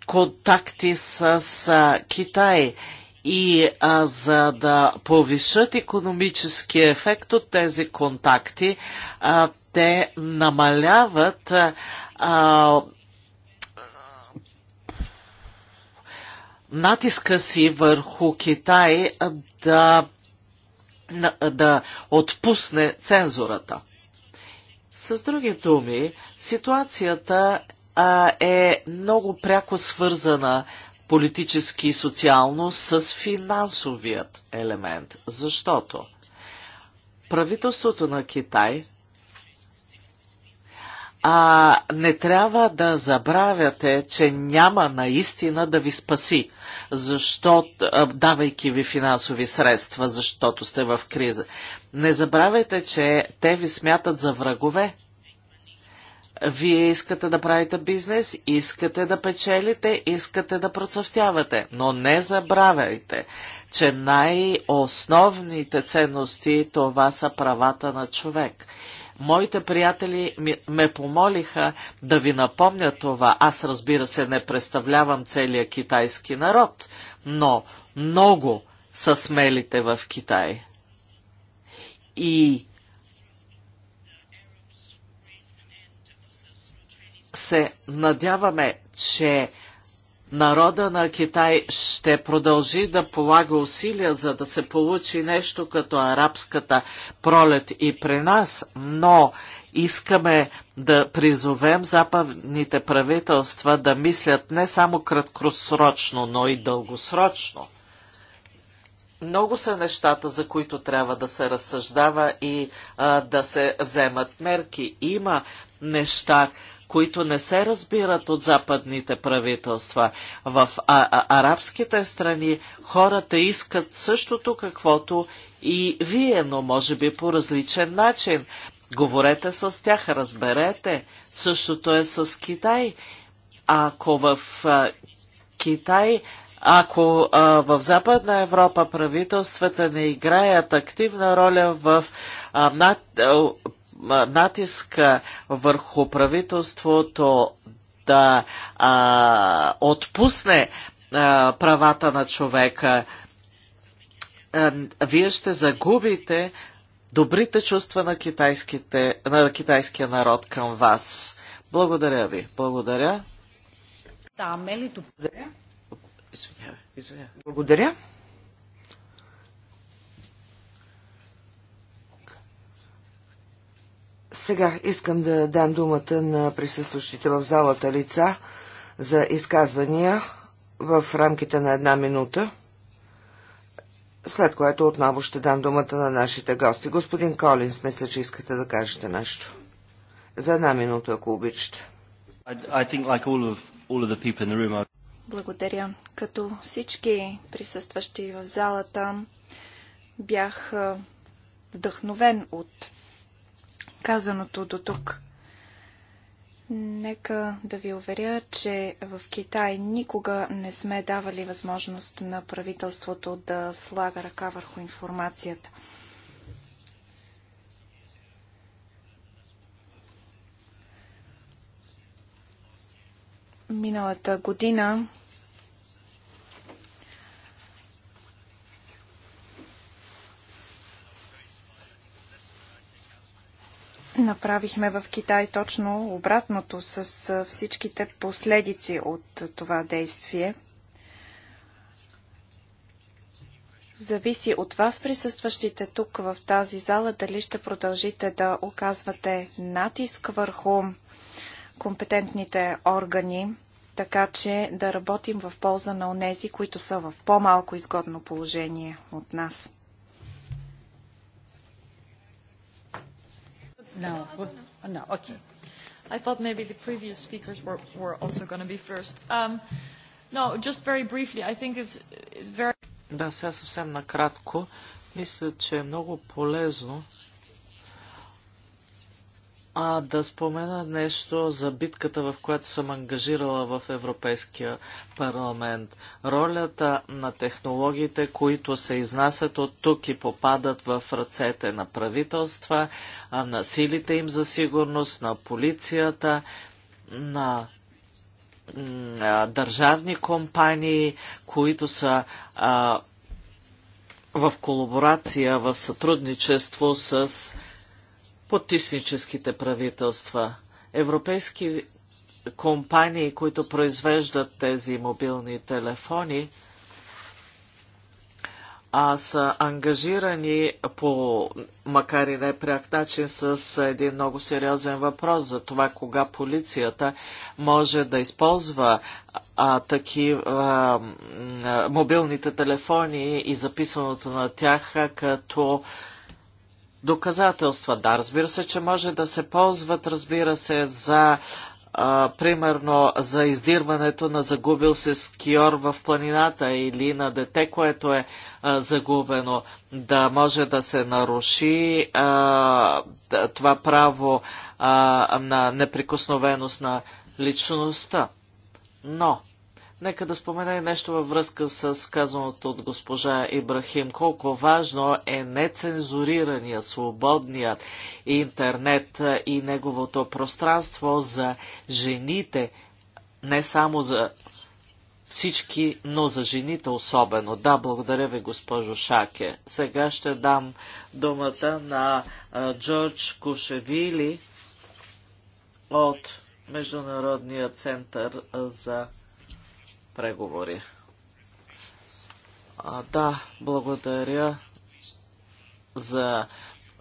контакти с а, Китай и а, за да повишат економическия ефект от тези контакти, а, те намаляват а, натиска си върху Китай да, да отпусне цензурата. С други думи, ситуацията а, е много пряко свързана с политически и социално с финансовият елемент. Защото правителството на Китай а, не трябва да забравяте, че няма наистина да ви спаси, защото, давайки ви финансови средства, защото сте в криза. Не забравяйте, че те ви смятат за врагове вие искате да правите бизнес, искате да печелите, искате да процъфтявате, но не забравяйте, че най-основните ценности това са правата на човек. Моите приятели ми, ме помолиха да ви напомня това. Аз разбира се не представлявам целия китайски народ, но много са смелите в Китай. И се надяваме, че народа на Китай ще продължи да полага усилия, за да се получи нещо като арабската пролет и при нас, но искаме да призовем западните правителства да мислят не само краткосрочно, но и дългосрочно. Много са нещата, за които трябва да се разсъждава и а, да се вземат мерки. Има неща, които не се разбират от западните правителства. В а- а- арабските страни хората искат същото каквото и вие, но може би по различен начин. Говорете с тях, разберете. Същото е с Китай. Ако в а, Китай ако а, в Западна Европа правителствата не играят активна роля в а, над, а, натиска върху правителството да а, отпусне а, правата на човека, а, вие ще загубите добрите чувства на, китайските, на китайския народ към вас. Благодаря ви. Благодаря. Да, Мели, добре. Извинявай, извинявай. Благодаря. Сега искам да дам думата на присъстващите в залата лица за изказвания в рамките на една минута, след което отново ще дам думата на нашите гости. Господин Колинс, мисля, че искате да кажете нещо. За една минута, ако обичате. Благодаря. Като всички присъстващи в залата, бях вдъхновен от казаното до тук. Нека да ви уверя, че в Китай никога не сме давали възможност на правителството да слага ръка върху информацията. Миналата година направихме в Китай точно обратното с всичките последици от това действие. Зависи от вас, присъстващите тук в тази зала, дали ще продължите да оказвате натиск върху компетентните органи, така че да работим в полза на онези, които са в по-малко изгодно положение от нас. No. No. Okay. I thought maybe the previous speakers were, were also going to be first. Um, no, just very briefly, I think it's, it's very... Да, сега съвсем накратко. Мисля, че е много полезно а, да спомена нещо за битката, в която съм ангажирала в Европейския парламент. Ролята на технологиите, които се изнасят от тук и попадат в ръцете на правителства, на силите им за сигурност, на полицията, на държавни компании, които са а, в колаборация, в сътрудничество с потисническите правителства. Европейски компании, които произвеждат тези мобилни телефони, а са ангажирани по, макар и най-пряк начин, с един много сериозен въпрос за това кога полицията може да използва а, такива а, мобилните телефони и записването на тях като доказателства. Да, разбира се, че може да се ползват, разбира се, за а, примерно за издирването на загубил се скиор в планината или на дете, което е а, загубено, да може да се наруши а, това право а, на неприкосновеност на личността. Но Нека да спомена и нещо във връзка с казаното от госпожа Ибрахим. Колко важно е нецензурирания, свободният интернет и неговото пространство за жените, не само за всички, но за жените особено. Да, благодаря ви, госпожо Шаке. Сега ще дам думата на Джордж Кушевили от Международния център за преговори. А, да, благодаря за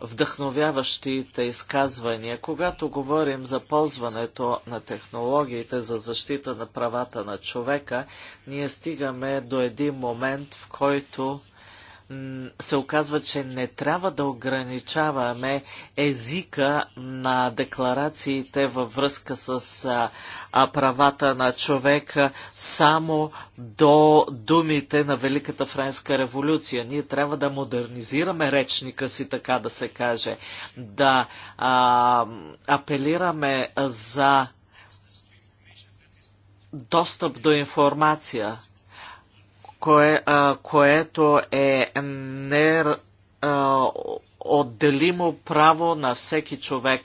вдъхновяващите изказвания, когато говорим за ползването на технологиите за защита на правата на човека, ние стигаме до един момент, в който се оказва, че не трябва да ограничаваме езика на декларациите във връзка с правата на човека само до думите на Великата Френска революция. Ние трябва да модернизираме речника си, така да се каже, да а, апелираме за достъп до информация кое, а, което е неотделимо отделимо право на всеки човек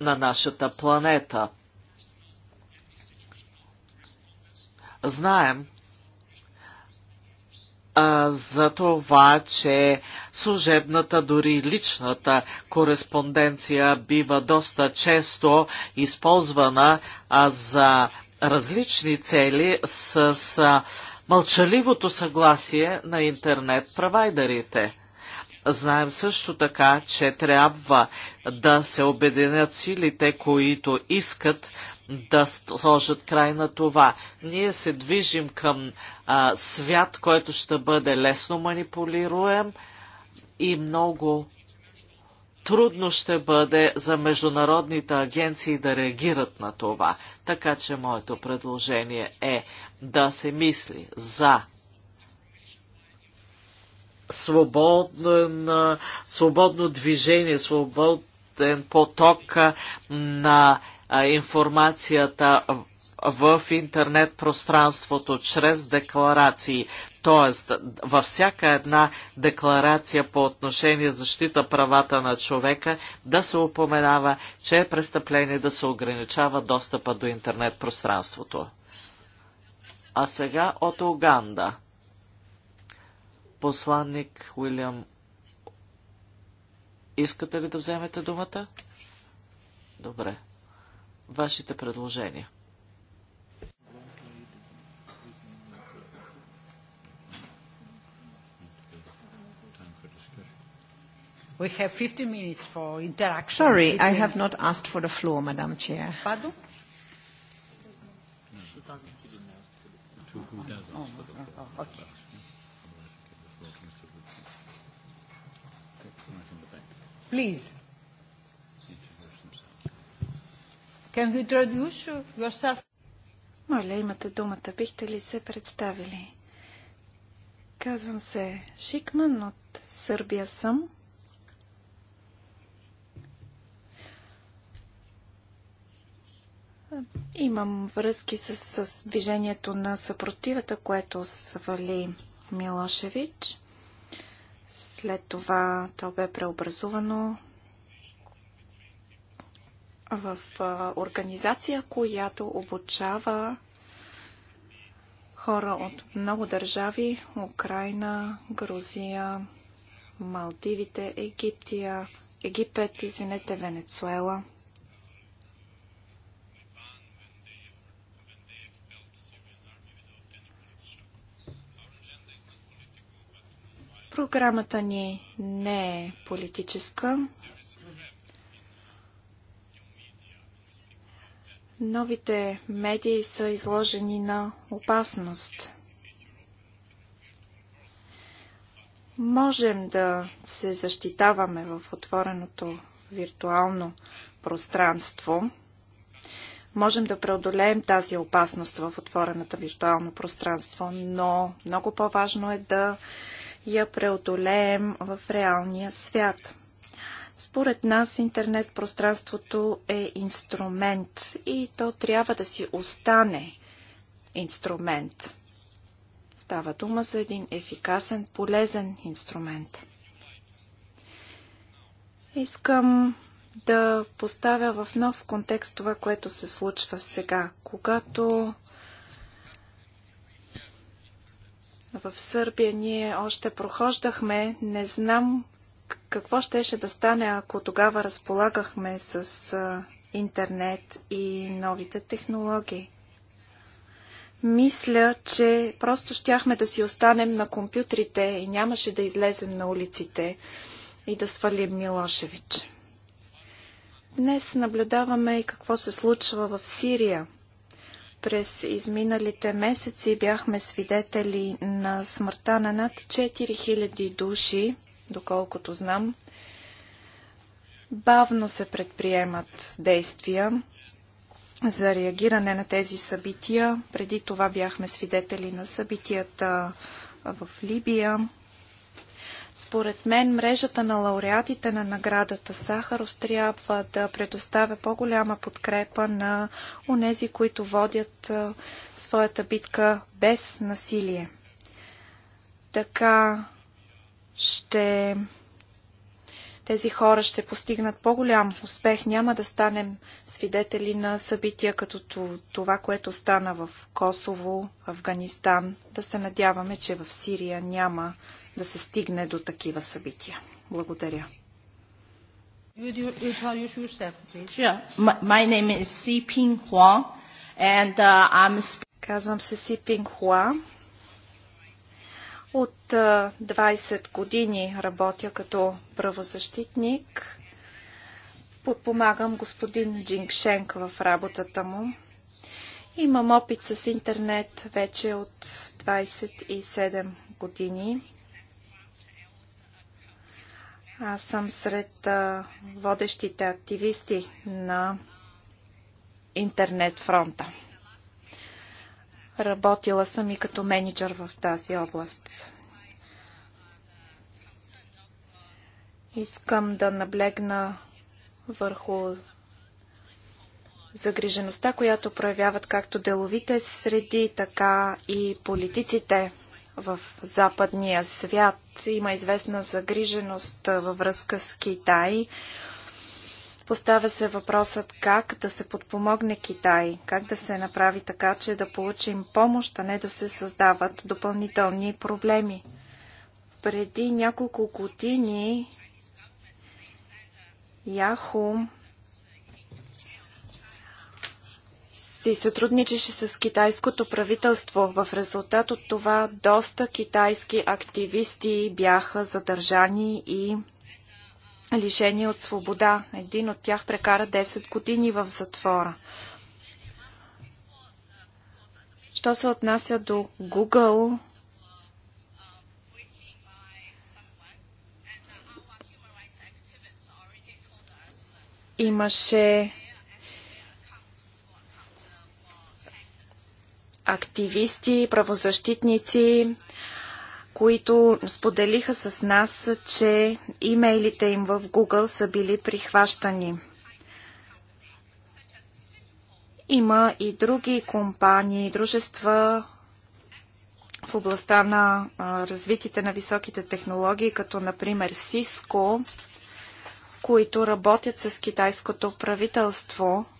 на нашата планета. Знаем, за това, че служебната, дори личната кореспонденция бива доста често използвана а, за различни цели с а, мълчаливото съгласие на интернет провайдерите. Знаем също така, че трябва да се обединят силите, които искат да сложат край на това. Ние се движим към а, свят, който ще бъде лесно манипулируем и много трудно ще бъде за международните агенции да реагират на това. Така че моето предложение е да се мисли за свободно, свободно движение, свободен поток на информацията в интернет пространството чрез декларации. Тоест, във всяка една декларация по отношение защита правата на човека да се упоменава, че е престъпление да се ограничава достъпа до интернет пространството. А сега от Уганда. Посланник Уилям. Искате ли да вземете думата? Добре. Вашите предложения. We have 50 minutes for interaction. Sorry, I have not asked for the floor, Madam Chair. Pardon? Please. Can you introduce yourself? Моля, имате думата. Бихте ли се представили? Казвам се Шикман, от Сърбия съм. Имам връзки с, с движението на съпротивата, което свали Милошевич. След това то бе преобразувано в организация, която обучава хора от много държави Украина, Грузия, Малдивите, Египтия, Египет, извинете, Венецуела – Програмата ни не е политическа. Новите медии са изложени на опасност. Можем да се защитаваме в отвореното виртуално пространство. Можем да преодолеем тази опасност в отворената виртуално пространство, но много по-важно е да я преодолеем в реалния свят. Според нас интернет пространството е инструмент и то трябва да си остане инструмент. Става дума за един ефикасен, полезен инструмент. Искам да поставя в нов контекст това, което се случва сега. Когато в Сърбия ние още прохождахме. Не знам какво щеше да стане, ако тогава разполагахме с интернет и новите технологии. Мисля, че просто щяхме да си останем на компютрите и нямаше да излезем на улиците и да свалим Милошевич. Днес наблюдаваме и какво се случва в Сирия – през изминалите месеци бяхме свидетели на смъртта на над 4000 души, доколкото знам. Бавно се предприемат действия за реагиране на тези събития. Преди това бяхме свидетели на събитията в Либия. Според мен мрежата на лауреатите на наградата Сахаров трябва да предоставя по-голяма подкрепа на онези, които водят своята битка без насилие. Така ще тези хора ще постигнат по-голям успех. Няма да станем свидетели на събития като това, което стана в Косово, Афганистан. Да се надяваме, че в Сирия няма да се стигне до такива събития. Благодаря. Uh, Казвам се Си Пинг Хуа. От 20 години работя като правозащитник. Подпомагам господин Джинг Шенк в работата му. Имам опит с интернет вече от 27 години. Аз съм сред водещите активисти на интернет фронта. Работила съм и като менеджер в тази област. Искам да наблегна върху загрижеността, която проявяват както деловите среди, така и политиците в западния свят има известна загриженост във връзка с Китай. Поставя се въпросът как да се подпомогне Китай, как да се направи така, че да получим помощ, а не да се създават допълнителни проблеми. Преди няколко години Яхум си сътрудничеше с китайското правителство. В резултат от това доста китайски активисти бяха задържани и лишени от свобода. Един от тях прекара 10 години в затвора. Що се отнася до Google, имаше активисти, правозащитници, които споделиха с нас, че имейлите им в Google са били прихващани. Има и други компании, дружества в областта на развитите на високите технологии, като например Cisco, които работят с китайското правителство –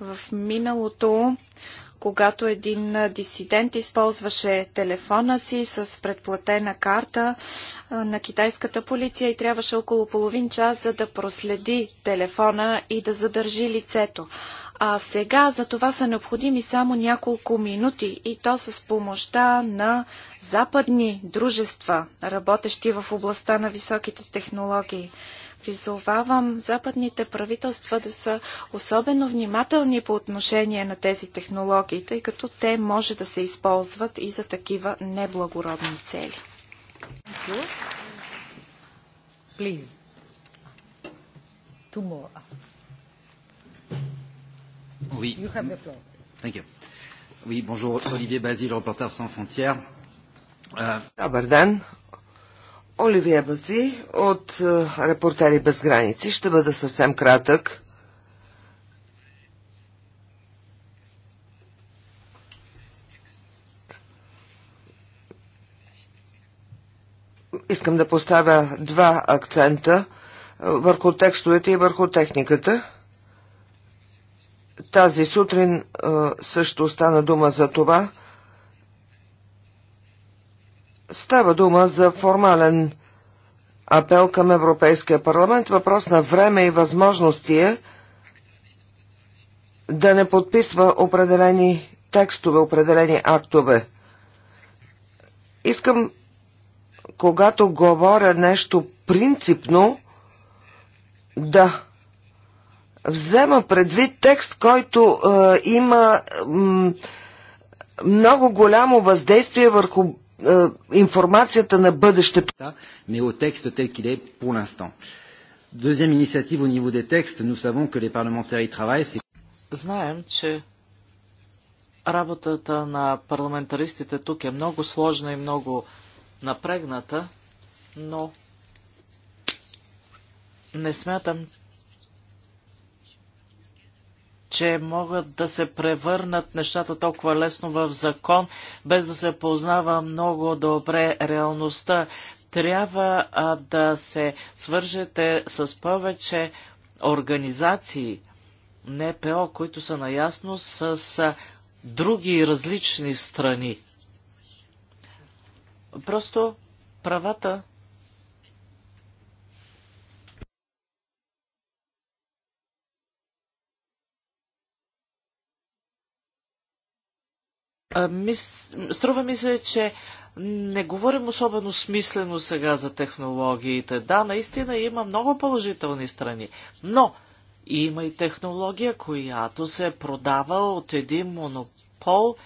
в миналото, когато един дисидент използваше телефона си с предплатена карта на китайската полиция и трябваше около половин час, за да проследи телефона и да задържи лицето. А сега за това са необходими само няколко минути и то с помощта на западни дружества, работещи в областта на високите технологии. Призовавам западните правителства да са особено внимателни по отношение на тези технологии, тъй като те може да се използват и за такива неблагородни цели. Euh, Добър ден, Оливия Бази от е, Репортери без граници. Ще бъда съвсем кратък. Искам да поставя два акцента е, върху текстовете и върху техниката. Тази сутрин е, също стана дума за това – Става дума за формален апел към Европейския парламент. Въпрос на време и възможности е да не подписва определени текстове, определени актове. Искам, когато говоря нещо принципно, да взема предвид текст, който е, има е, много голямо въздействие върху информацията на бъдещето. Mais au texte tel qu'il est pour l'instant. Deuxième initiative au niveau des textes, nous savons que les parlementaires y travaillent. Знаем, че работата на парламентаристите тук е много сложна и много напрегната, но не смятам, че могат да се превърнат нещата толкова лесно в закон, без да се познава много добре реалността. Трябва а, да се свържете с повече организации, НПО, които са наясно с а, други различни страни. Просто правата мис... струва ми се, че не говорим особено смислено сега за технологиите. Да, наистина има много положителни страни, но има и технология, която се продава от един монопол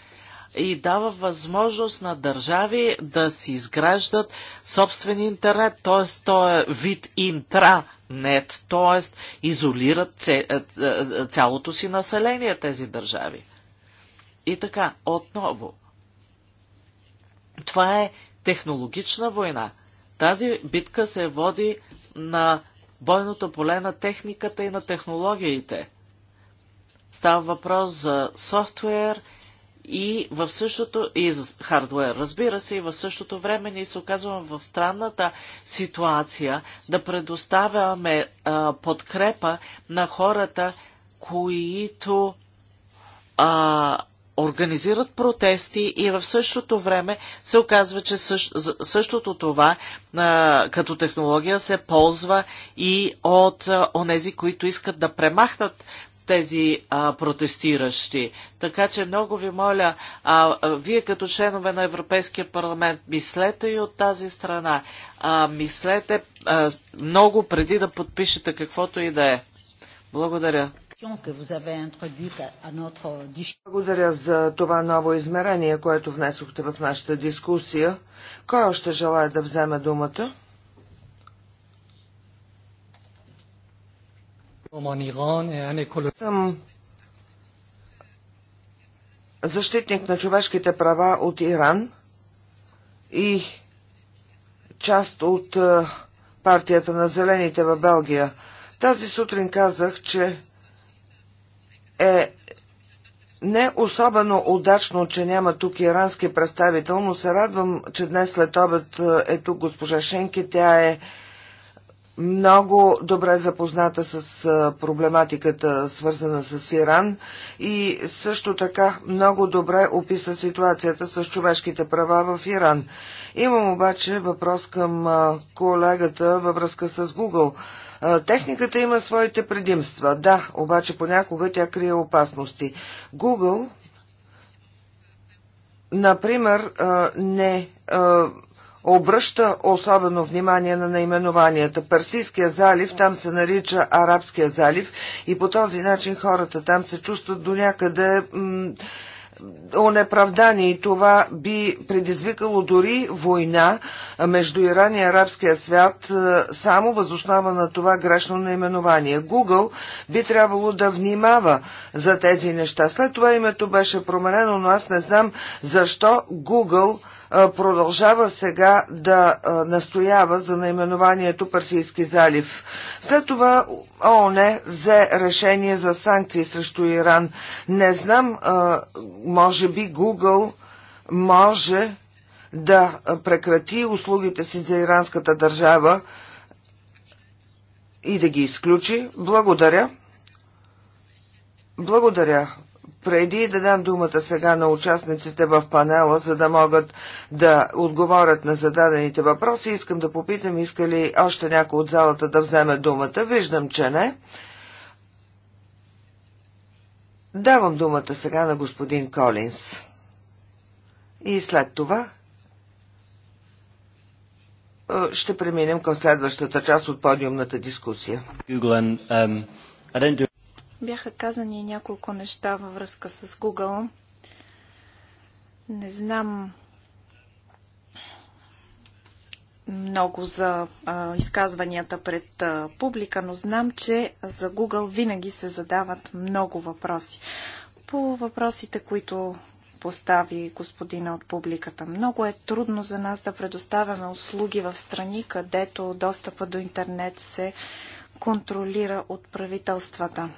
и дава възможност на държави да си изграждат собствен интернет, т.е. то е вид интранет, т.е. изолират е, е, е, цялото си население тези държави. И така, отново, това е технологична война. Тази битка се води на бойното поле на техниката и на технологиите. Става въпрос за софтуер и в същото и за хардуер. Разбира се, и в същото време ние се оказваме в странната ситуация да предоставяме а, подкрепа на хората, които а, организират протести и в същото време се оказва, че също, същото това а, като технология се ползва и от а, онези, които искат да премахнат тези а, протестиращи. Така че много ви моля, а, а, вие като членове на Европейския парламент, мислете и от тази страна. А, мислете а, много преди да подпишете каквото и да е. Благодаря. Благодаря за това ново измерение, което внесохте в нашата дискусия. Кой още желая да вземе думата? Е Съм защитник на човешките права от Иран и част от е, партията на зелените в Белгия. Тази сутрин казах, че е не особено удачно, че няма тук ирански представител, но се радвам, че днес след обед е, е тук госпожа Шенки. Тя е много добре запозната с е, проблематиката, свързана с Иран и също така много добре описа ситуацията с човешките права в Иран. Имам обаче въпрос към е, колегата във връзка с Google. Техниката има своите предимства, да, обаче понякога тя крие опасности. Google, например, не обръща особено внимание на наименованията. Персийския залив, там се нарича Арабския залив и по този начин хората там се чувстват до някъде онеправдани и това би предизвикало дори война между Иран и арабския свят е, само възоснова на това грешно наименование. Google би трябвало да внимава за тези неща. След това името беше променено, но аз не знам защо Google продължава сега да настоява за наименованието Персийски залив. След това ООН взе решение за санкции срещу Иран. Не знам, може би Google може да прекрати услугите си за иранската държава и да ги изключи. Благодаря. Благодаря, преди да дам думата сега на участниците в панела, за да могат да отговорят на зададените въпроси, искам да попитам, иска ли още някой от залата да вземе думата. Виждам, че не. Давам думата сега на господин Колинс. И след това е, ще преминем към следващата част от подиумната дискусия. Бяха казани няколко неща във връзка с Google. Не знам много за а, изказванията пред а, публика, но знам, че за Google винаги се задават много въпроси. По въпросите, които постави господина от публиката. Много е трудно за нас да предоставяме услуги в страни, където достъпа до интернет се контролира от правителствата.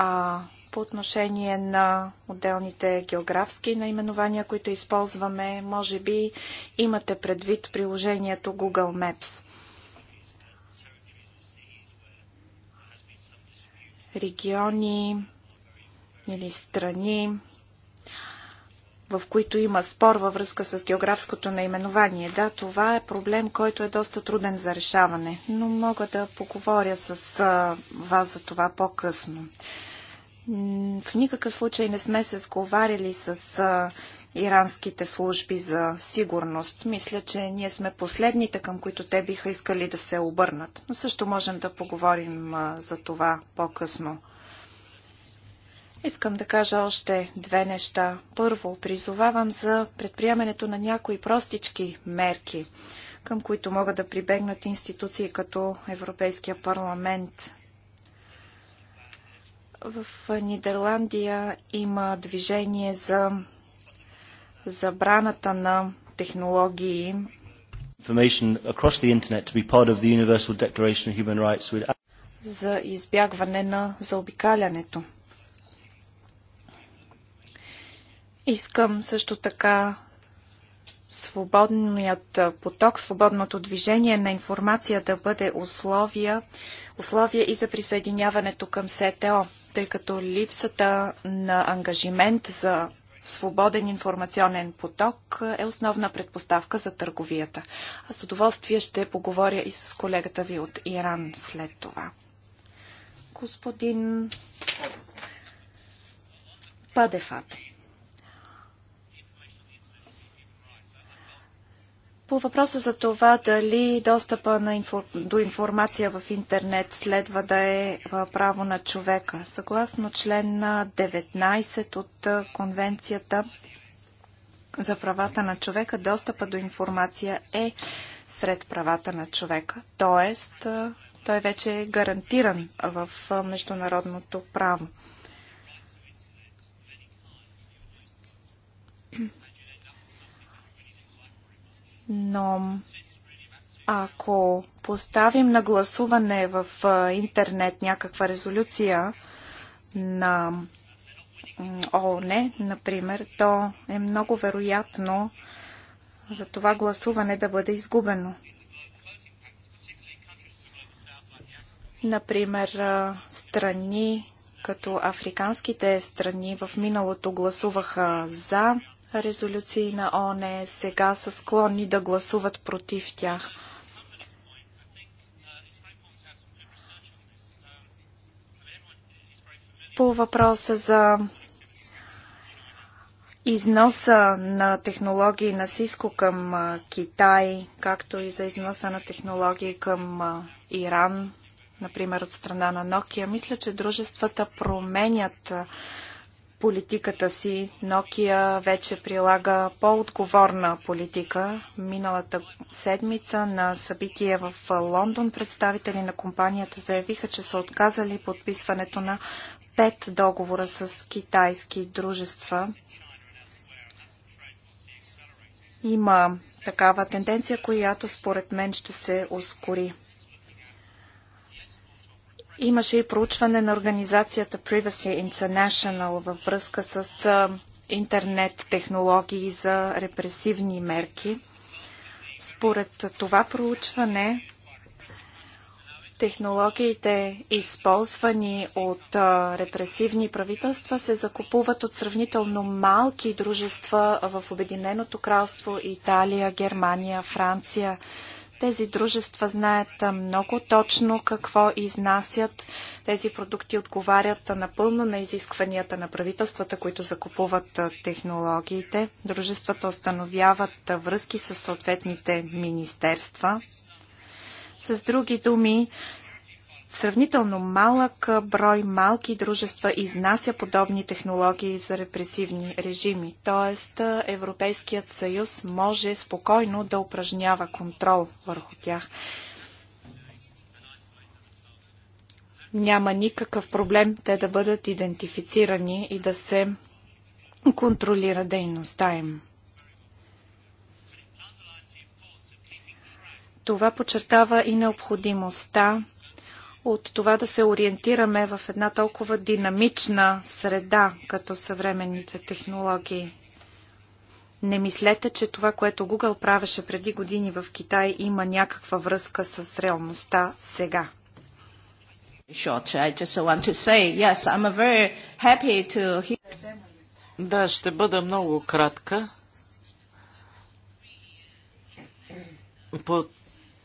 А по отношение на отделните географски наименования, които използваме, може би имате предвид приложението Google Maps. Региони или страни, в които има спор във връзка с географското наименование. Да, това е проблем, който е доста труден за решаване, но мога да поговоря с вас за това по-късно. В никакъв случай не сме се сговаряли с иранските служби за сигурност. Мисля, че ние сме последните, към които те биха искали да се обърнат. Но също можем да поговорим за това по-късно. Искам да кажа още две неща. Първо, призовавам за предприемането на някои простички мерки, към които могат да прибегнат институции като Европейския парламент в Нидерландия има движение за забраната на технологии. За избягване на заобикалянето. Искам също така свободният поток, свободното движение на информация да бъде условия условие и за присъединяването към СТО, тъй като липсата на ангажимент за свободен информационен поток е основна предпоставка за търговията. А с удоволствие ще поговоря и с колегата ви от Иран след това. Господин Падефат. По въпроса за това дали достъпа на инфор... до информация в интернет следва да е право на човека. Съгласно член на 19 от Конвенцията за правата на човека, достъпа до информация е сред правата на човека. Тоест, той вече е гарантиран в международното право. Но ако поставим на гласуване в интернет някаква резолюция на ООН, например, то е много вероятно за това гласуване да бъде изгубено. Например, страни като африканските страни в миналото гласуваха за резолюции на ОНЕ сега са склонни да гласуват против тях. По въпроса за износа на технологии на Сиско към Китай, както и за износа на технологии към Иран, например от страна на Nokia, мисля, че дружествата променят политиката си. Nokia вече прилага по-отговорна политика. Миналата седмица на събитие в Лондон представители на компанията заявиха, че са отказали подписването на пет договора с китайски дружества. Има такава тенденция, която според мен ще се ускори. Имаше и проучване на организацията Privacy International във връзка с интернет технологии за репресивни мерки. Според това проучване, технологиите, използвани от репресивни правителства, се закупуват от сравнително малки дружества в Обединеното кралство, Италия, Германия, Франция, тези дружества знаят много точно какво изнасят. Тези продукти отговарят напълно на изискванията на правителствата, които закупуват технологиите. Дружествата установяват връзки с съответните министерства. С други думи, Сравнително малък брой малки дружества изнася подобни технологии за репресивни режими, т.е. Европейският съюз може спокойно да упражнява контрол върху тях. Няма никакъв проблем те да бъдат идентифицирани и да се контролира дейността им. Това подчертава и необходимостта от това да се ориентираме в една толкова динамична среда, като съвременните технологии. Не мислете, че това, което Google правеше преди години в Китай, има някаква връзка с реалността сега. Да, ще бъда много кратка. Под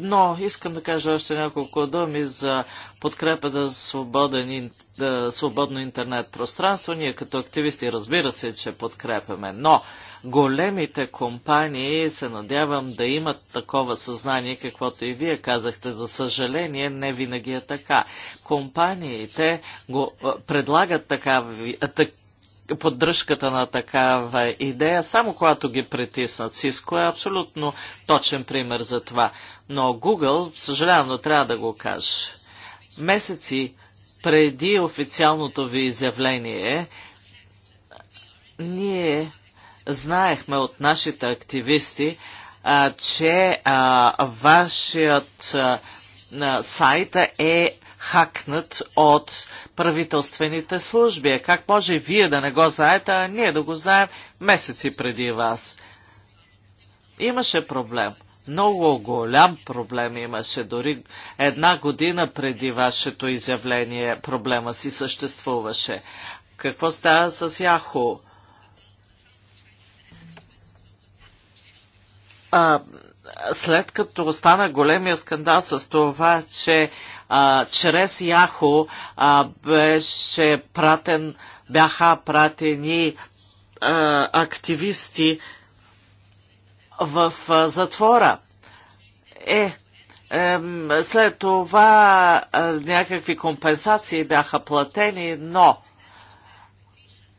но искам да кажа още няколко думи за подкрепа за свободен, да, свободно интернет пространство. Ние като активисти разбира се, че подкрепяме, но големите компании се надявам да имат такова съзнание, каквото и вие казахте. За съжаление, не винаги е така. Компаниите го, предлагат такави, так, поддръжката на такава идея, само когато ги притиснат. Cisco е абсолютно точен пример за това. Но Google, съжалявам, но трябва да го кажа. Месеци преди официалното ви изявление, ние знаехме от нашите активисти, а, че а, вашият а, сайт е хакнат от правителствените служби. Как може вие да не го знаете, а ние да го знаем месеци преди вас? Имаше проблем. Много голям проблем имаше. Дори една година преди вашето изявление проблема си съществуваше. Какво става с Яхо? след като стана големия скандал с това, че а, чрез Яхо а, беше пратен, бяха пратени а, активисти в а, затвора. Е, след това някакви компенсации бяха платени, но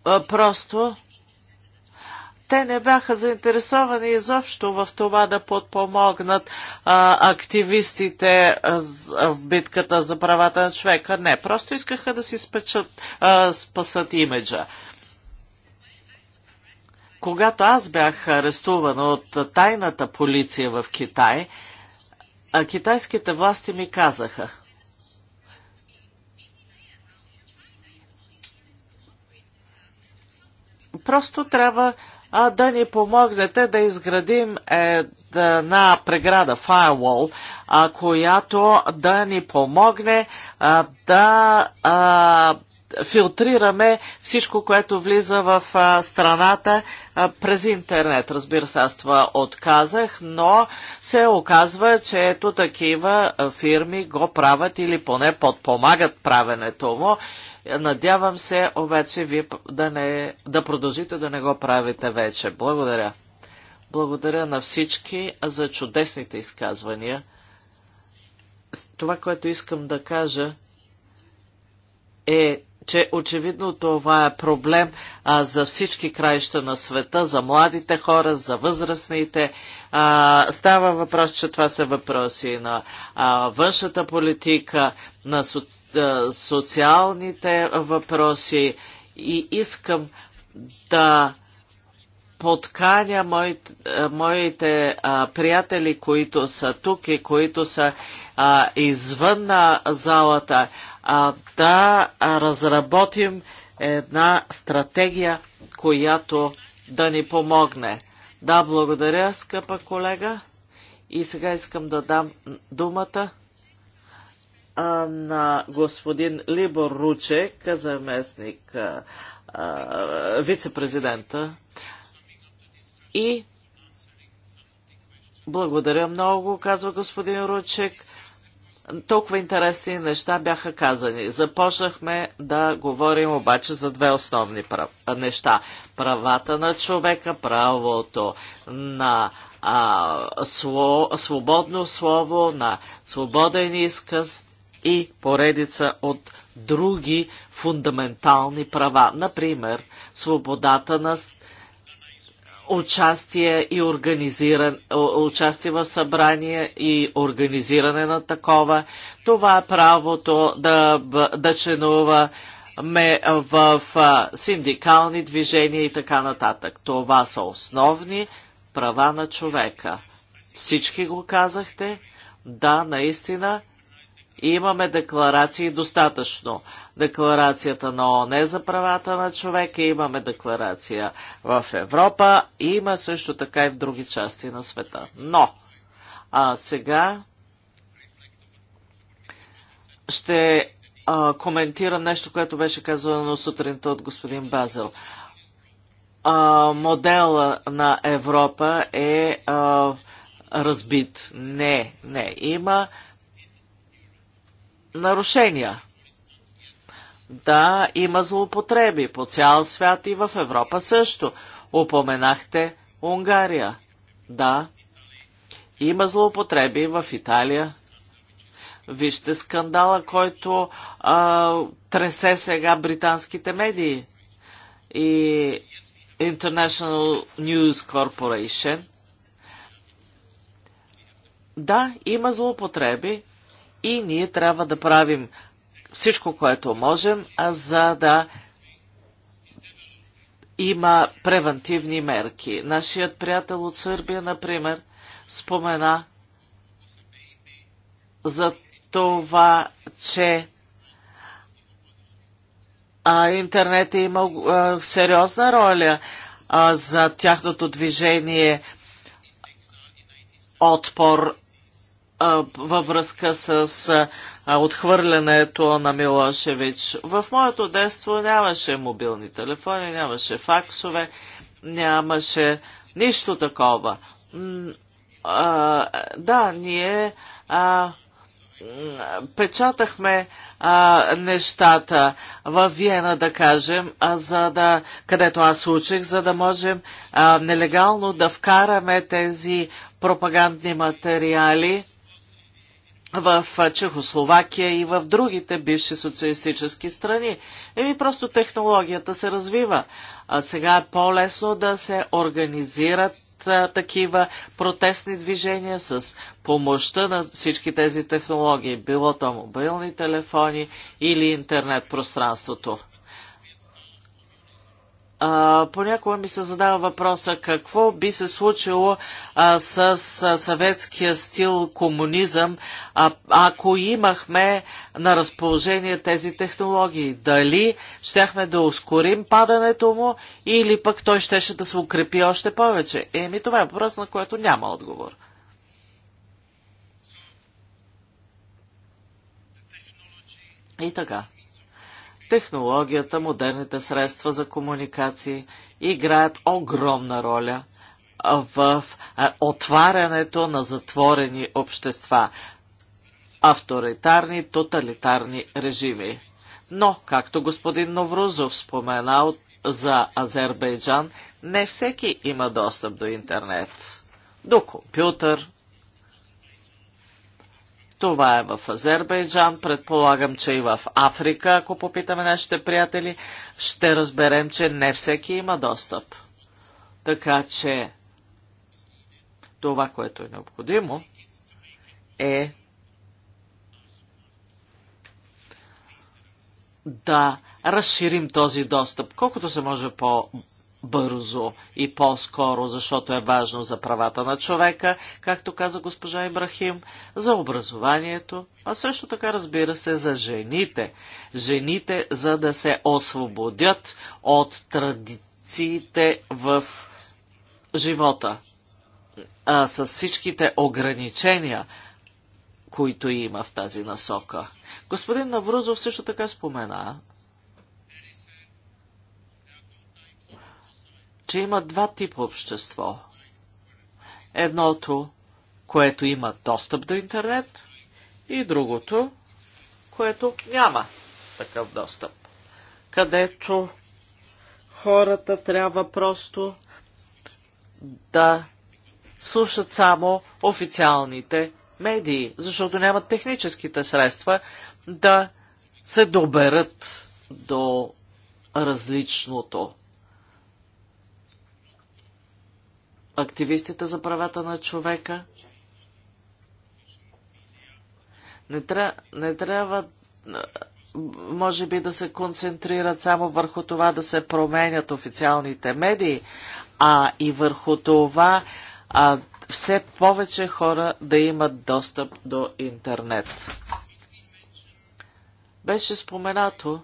просто те не бяха заинтересовани изобщо в това да подпомогнат а, активистите а, в битката за правата на човека. Не, просто искаха да си спечат, а, спасат имиджа. Когато аз бях арестуван от тайната полиция в Китай, а китайските власти ми казаха, просто трябва а, да ни помогнете да изградим една преграда, firewall, а, която да ни помогне да а, филтрираме всичко, което влиза в а, страната а, през интернет. Разбира се, аз това отказах, но се оказва, че ето такива а, фирми го правят или поне подпомагат правенето му. Надявам се, обаче, Ви да, не, да продължите да не го правите вече. Благодаря. Благодаря на всички за чудесните изказвания. Това, което искам да кажа е че очевидно това е проблем а, за всички краища на света, за младите хора, за възрастните. А, става въпрос, че това са въпроси на а, външната политика, на со, а, социалните въпроси и искам да подканя моите, моите а, приятели, които са тук и които са а, извън на залата, а, да разработим една стратегия, която да ни помогне. Да, благодаря, скъпа колега. И сега искам да дам думата на господин Либор Ручек, заместник вице-президента. И благодаря много, казва господин Ручек толкова интересни неща бяха казани. Започнахме да говорим обаче за две основни прав... неща. Правата на човека, правото на а, сло... свободно слово, на свободен изказ и поредица от други фундаментални права. Например, свободата на участие и организиран, участие в събрание и организиране на такова. Това е правото да, да членува ме в синдикални движения и така нататък. Това са основни права на човека. Всички го казахте. Да, наистина имаме декларации достатъчно декларацията на ООН за правата на човека, имаме декларация в Европа, и има също така и в други части на света. Но, а сега ще а, коментирам нещо, което беше казано сутринта от господин Базел. А, модела на Европа е а, разбит. Не, не. Има нарушения да има злоупотреби по цял свят и в Европа също. Упоменахте Унгария. Да, има злоупотреби в Италия. Вижте скандала, който а, тресе сега британските медии и International News Corporation. Да, има злоупотреби и ние трябва да правим всичко, което можем, а за да има превентивни мерки. Нашият приятел от Сърбия, например, спомена за това, че а, интернет е имал сериозна роля а, за тяхното движение отпор а, във връзка с а, а, отхвърлянето на Милошевич. В моето детство нямаше мобилни телефони, нямаше факсове, нямаше нищо такова. А, да, ние а, печатахме а, нещата в Виена, да кажем, а, за да, където аз учих, за да можем а, нелегално да вкараме тези пропагандни материали в Чехословакия и в другите бивши социалистически страни. Еми просто технологията се развива. А сега е по-лесно да се организират а, такива протестни движения с помощта на всички тези технологии, било то мобилни телефони или интернет пространството. А, понякога ми се задава въпроса какво би се случило а, с а, съветския стил комунизъм, а, ако имахме на разположение тези технологии. Дали щяхме да ускорим падането му или пък той щеше да се укрепи още повече? Еми това е въпрос, на който няма отговор. И така технологията, модерните средства за комуникации играят огромна роля в е, отварянето на затворени общества, авторитарни, тоталитарни режими. Но, както господин Новрузов спомена за Азербайджан, не всеки има достъп до интернет, до компютър, това е в Азербайджан, предполагам, че и в Африка, ако попитаме нашите приятели, ще разберем, че не всеки има достъп. Така че това, което е необходимо, е да разширим този достъп, колкото се може по-бързо по-бързо и по-скоро, защото е важно за правата на човека, както каза госпожа Ибрахим, за образованието, а също така разбира се за жените. Жените, за да се освободят от традициите в живота, а с всичките ограничения, които има в тази насока. Господин Наврузов също така спомена, че има два типа общество. Едното, което има достъп до интернет, и другото, което няма такъв достъп. Където хората трябва просто да слушат само официалните медии, защото нямат техническите средства да се доберат до различното активистите за правата на човека. Не, тря, не трябва, може би, да се концентрират само върху това да се променят официалните медии, а и върху това а, все повече хора да имат достъп до интернет. Беше споменато,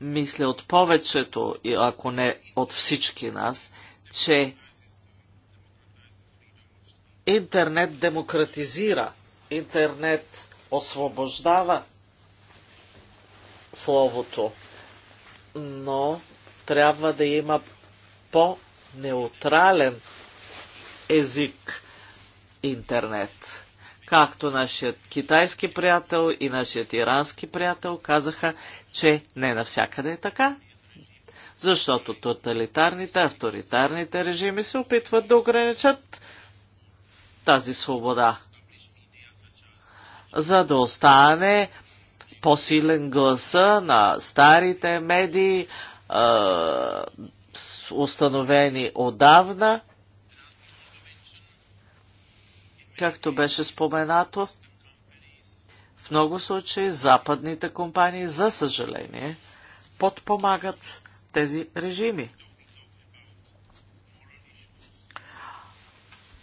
мисля от повечето, ако не от всички нас, че интернет демократизира, интернет освобождава словото, но трябва да има по-неутрален език интернет. Както нашият китайски приятел и нашият ирански приятел казаха, че не навсякъде е така, защото тоталитарните, авторитарните режими се опитват да ограничат тази свобода, за да остане по-силен гласа на старите медии, установени отдавна, както беше споменато много случаи западните компании, за съжаление, подпомагат тези режими.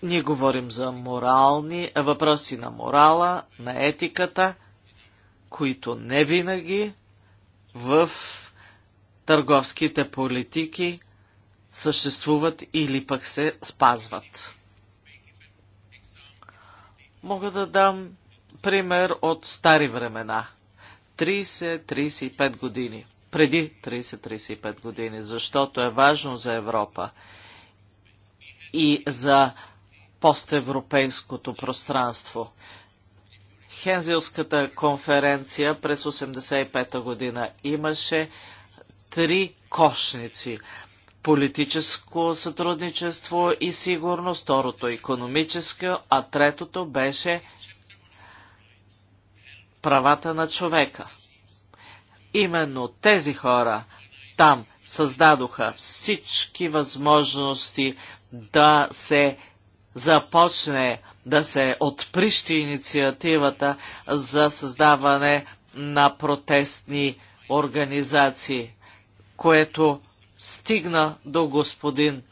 Ние говорим за морални въпроси на морала, на етиката, които не винаги в търговските политики съществуват или пък се спазват. Мога да дам пример от стари времена. 30-35 години. Преди 30-35 години, защото е важно за Европа и за постевропейското пространство. Хензилската конференция през 85-та година имаше три кошници политическо сътрудничество и сигурност, второто економическо, а третото беше правата на човека. Именно тези хора там създадоха всички възможности да се започне да се отприщи инициативата за създаване на протестни организации, което стигна до господин,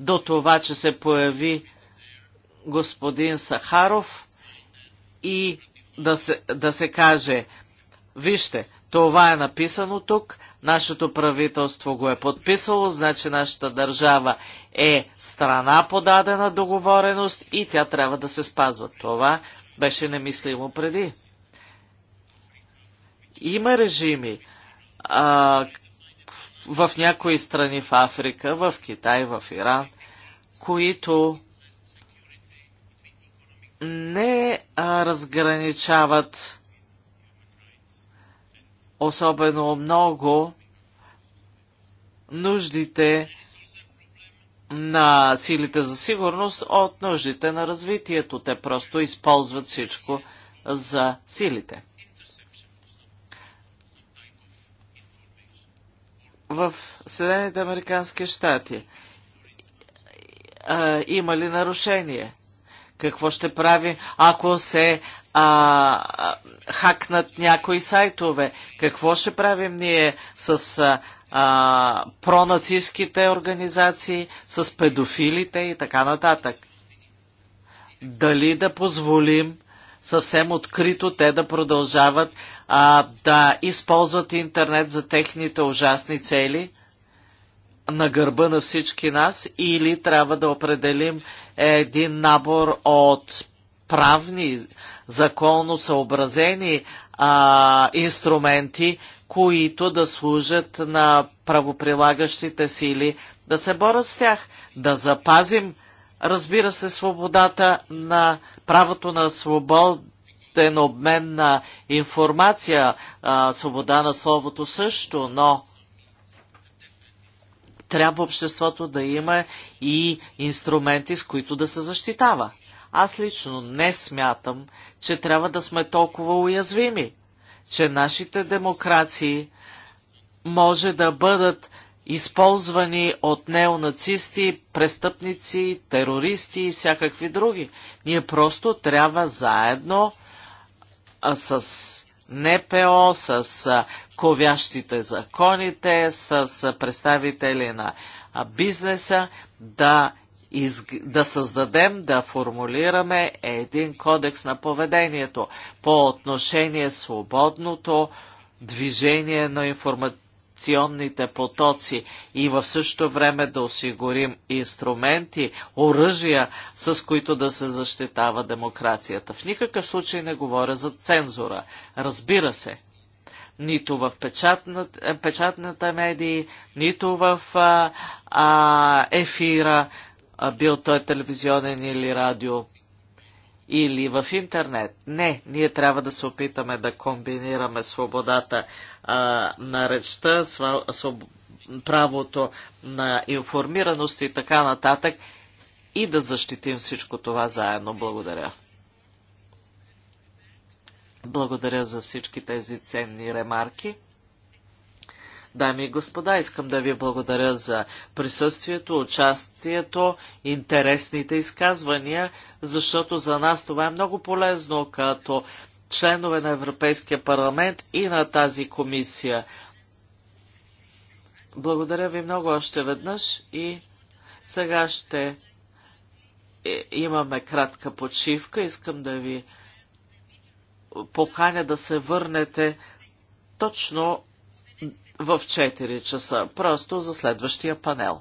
до това, че се появи господин Сахаров и да се, да се каже, вижте, това е написано тук, нашето правителство го е подписало, значи нашата държава е страна подадена договореност и тя трябва да се спазва. Това беше немислимо преди. Има режими а, в някои страни в Африка, в Китай, в Иран, които не разграничават особено много нуждите на силите за сигурност от нуждите на развитието. Те просто използват всичко за силите. В Съединените Американски щати има ли нарушение? Какво ще прави, ако се а, хакнат някои сайтове? Какво ще правим ние с а, пронацистските организации, с педофилите и така нататък? Дали да позволим съвсем открито те да продължават а, да използват интернет за техните ужасни цели – на гърба на всички нас или трябва да определим един набор от правни, законно съобразени а, инструменти, които да служат на правоприлагащите сили да се борят с тях, да запазим, разбира се, свободата на правото на свободен обмен на информация, а, свобода на словото също, но трябва обществото да има и инструменти, с които да се защитава. Аз лично не смятам, че трябва да сме толкова уязвими, че нашите демокрации може да бъдат използвани от неонацисти, престъпници, терористи и всякакви други. Ние просто трябва заедно а, с НПО, с ковящите законите, с представители на бизнеса, да, из... да създадем, да формулираме един кодекс на поведението по отношение свободното движение на информа корупционните потоци и в същото време да осигурим инструменти, оръжия, с които да се защитава демокрацията. В никакъв случай не говоря за цензура. Разбира се, нито в печатната, е, печатната медии, нито в а, а, ефира, а, бил той телевизионен или радио или в интернет. Не, ние трябва да се опитаме да комбинираме свободата а, на речта, своб... правото на информираност и така нататък и да защитим всичко това заедно. Благодаря. Благодаря за всички тези ценни ремарки. Дами и господа, искам да ви благодаря за присъствието, участието, интересните изказвания, защото за нас това е много полезно като членове на Европейския парламент и на тази комисия. Благодаря ви много още веднъж и сега ще имаме кратка почивка. Искам да ви поканя да се върнете точно в 4 часа, просто за следващия панел.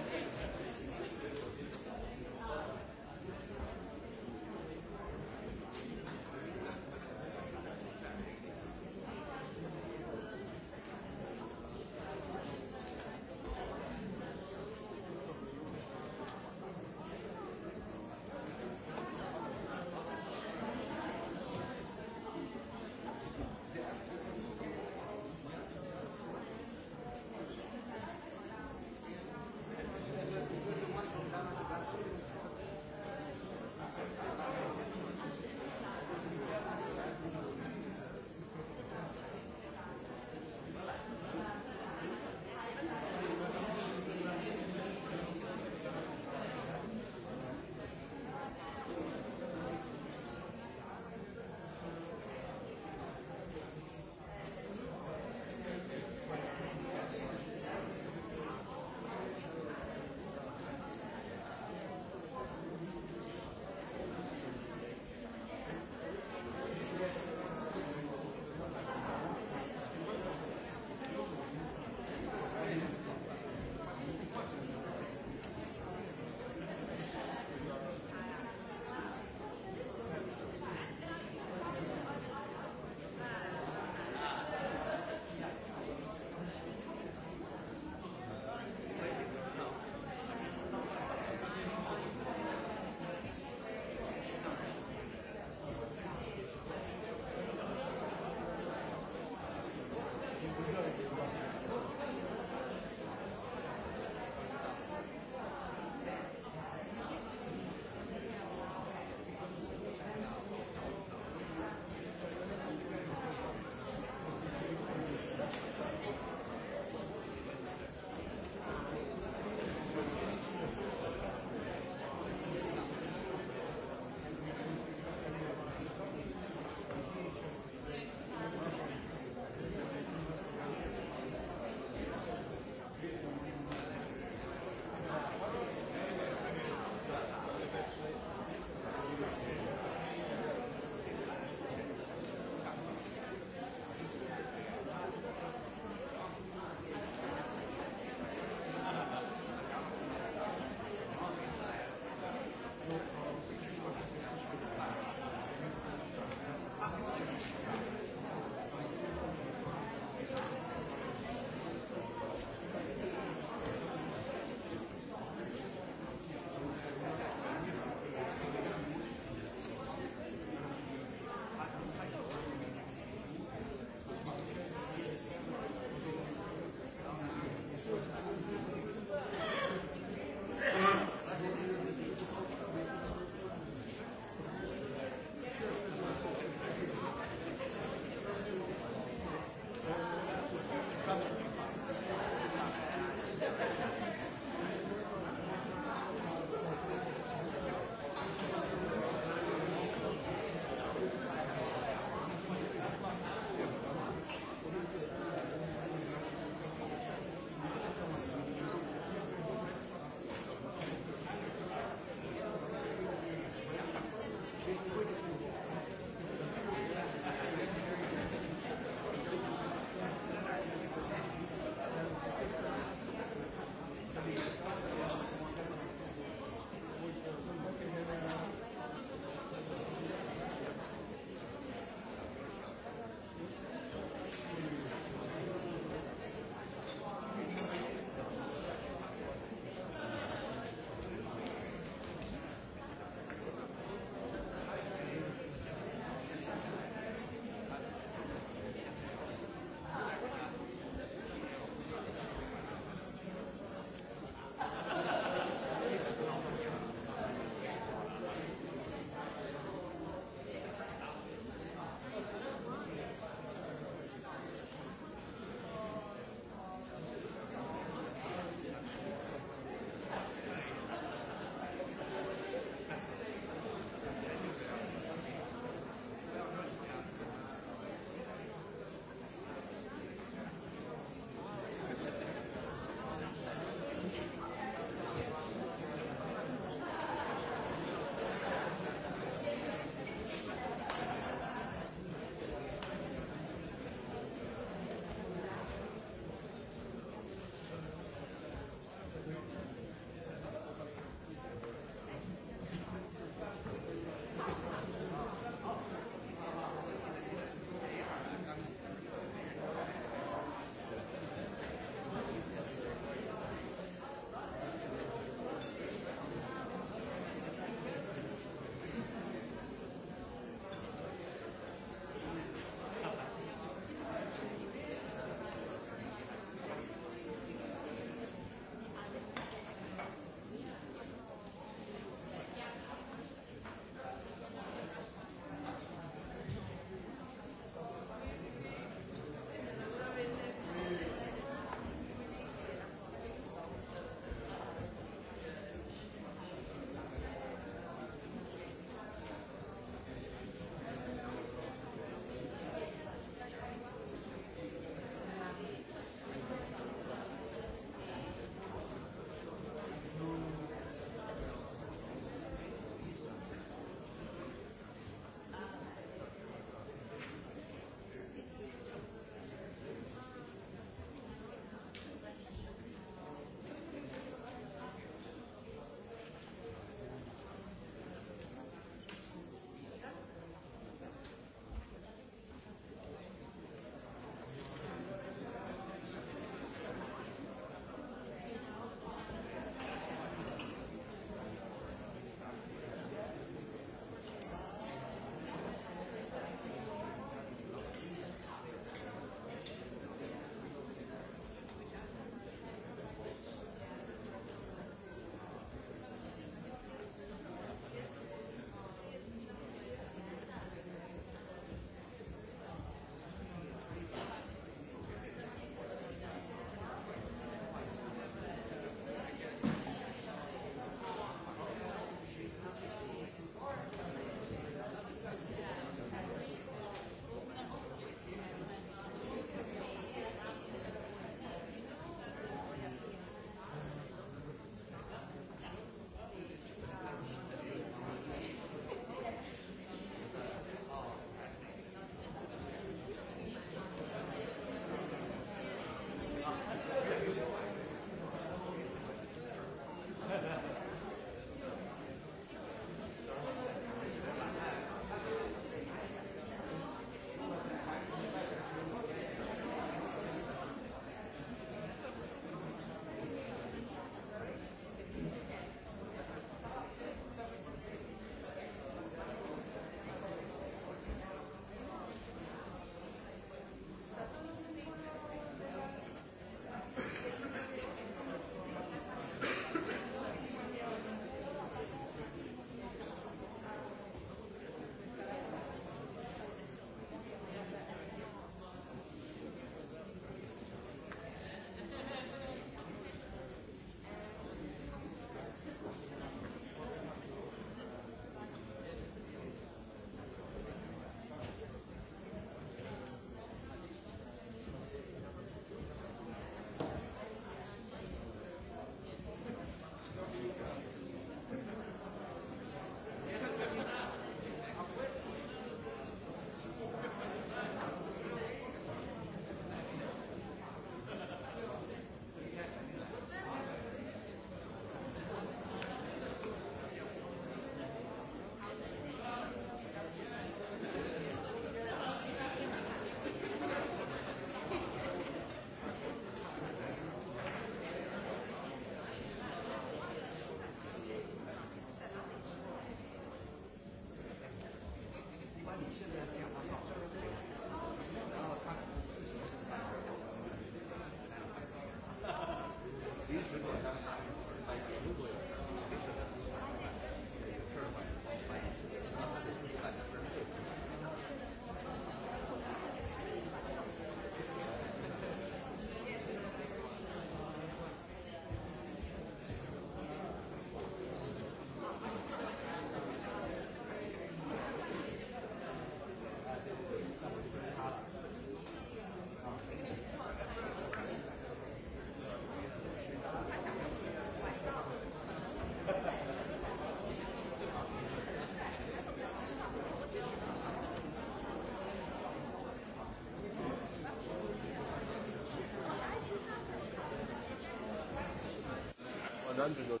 an antidote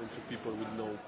to people will know.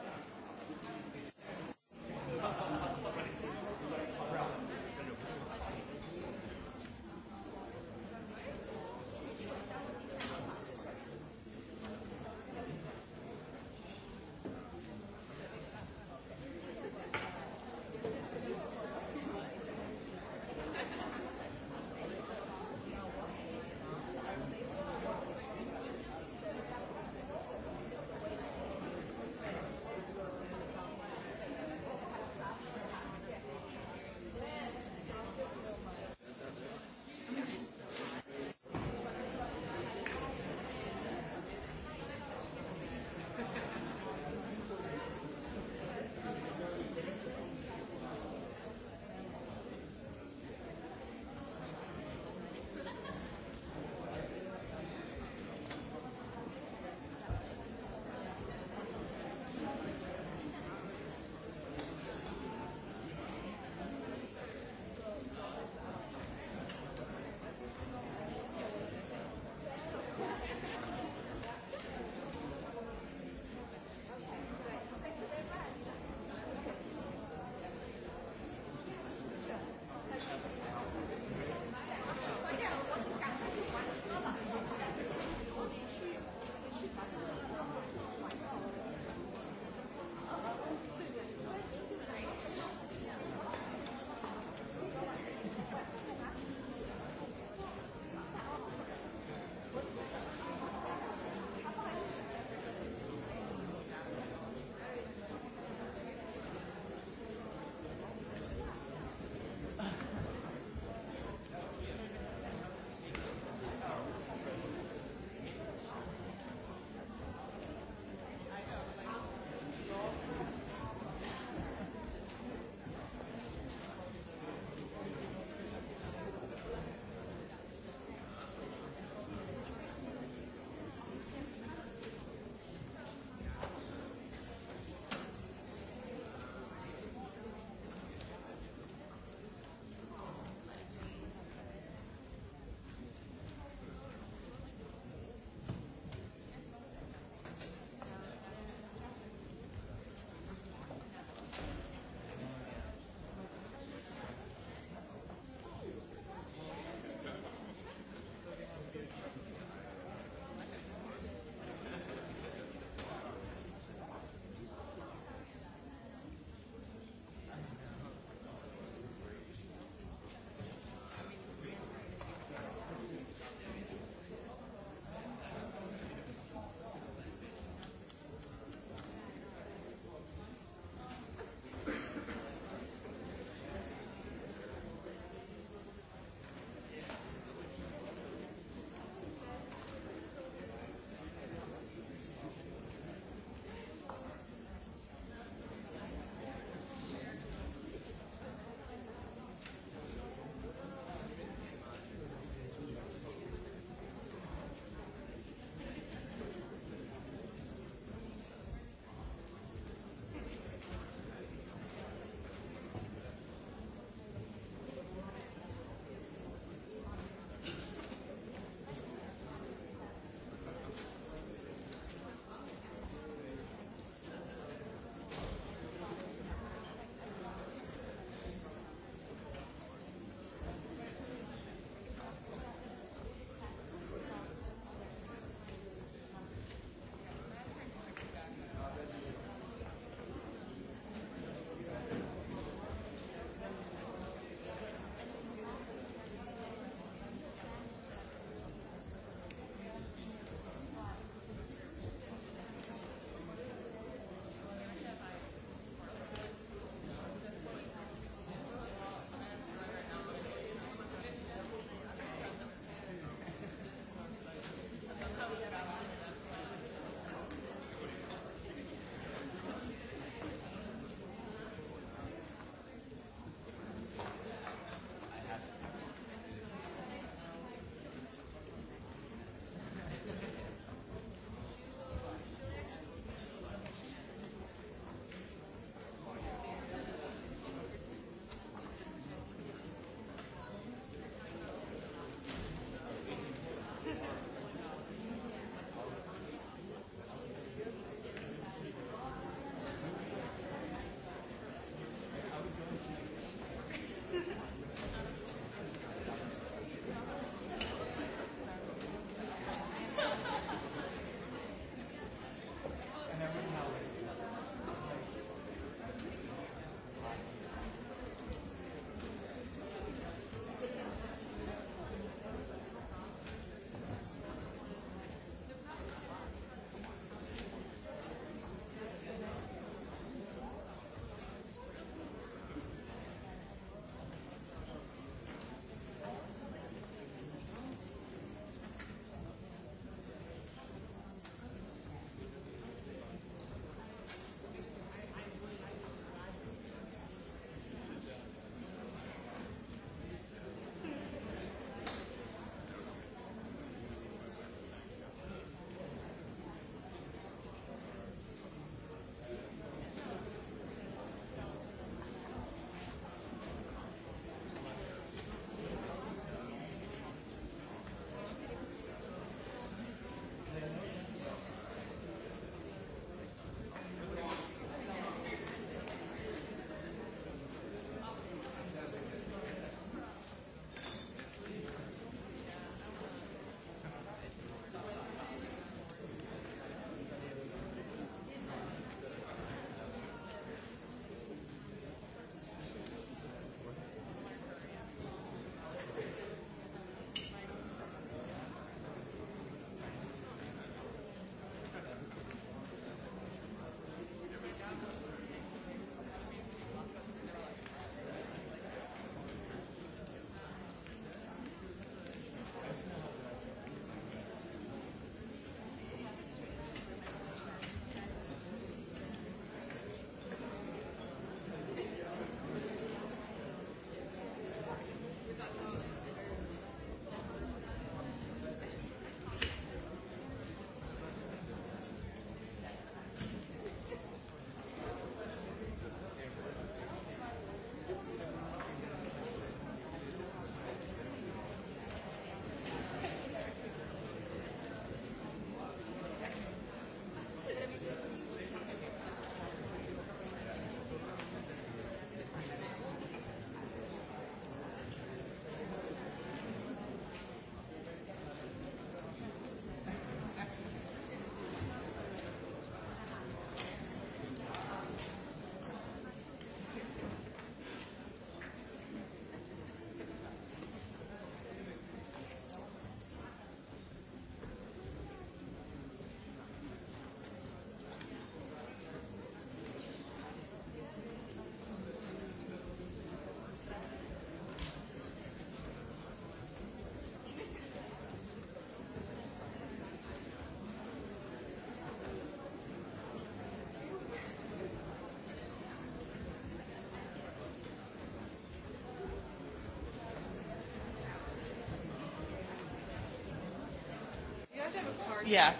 Yeah.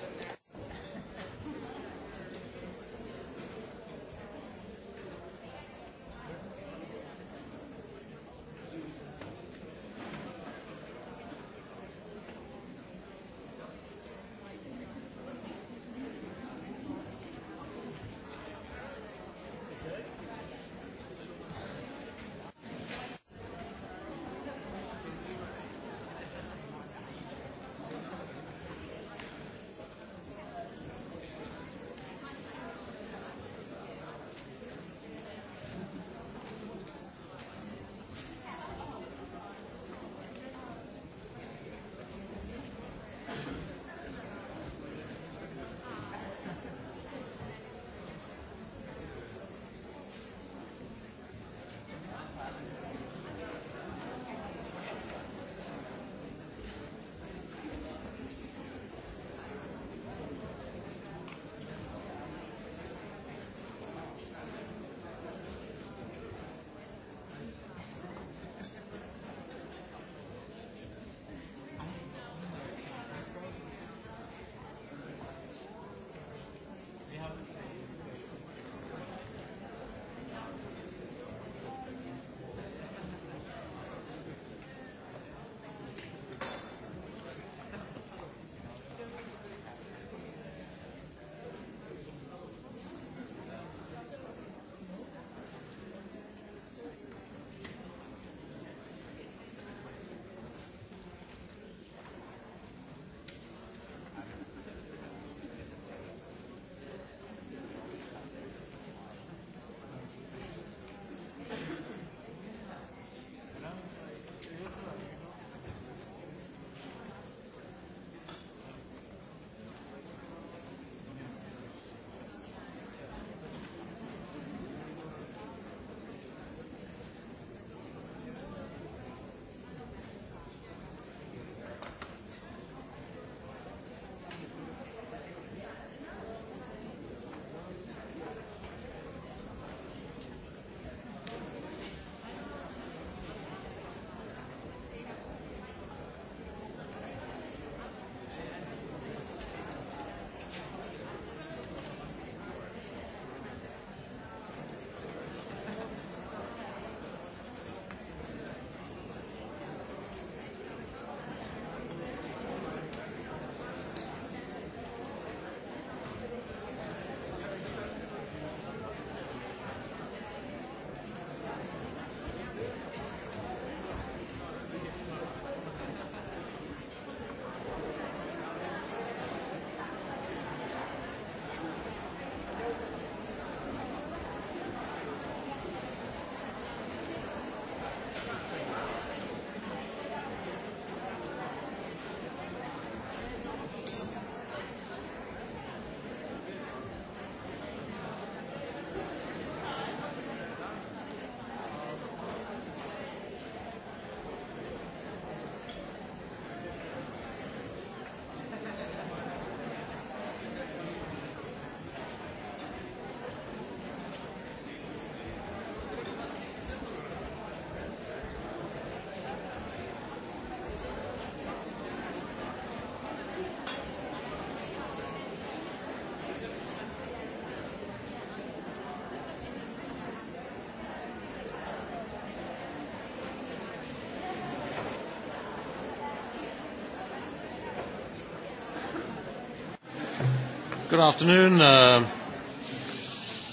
Good afternoon, uh,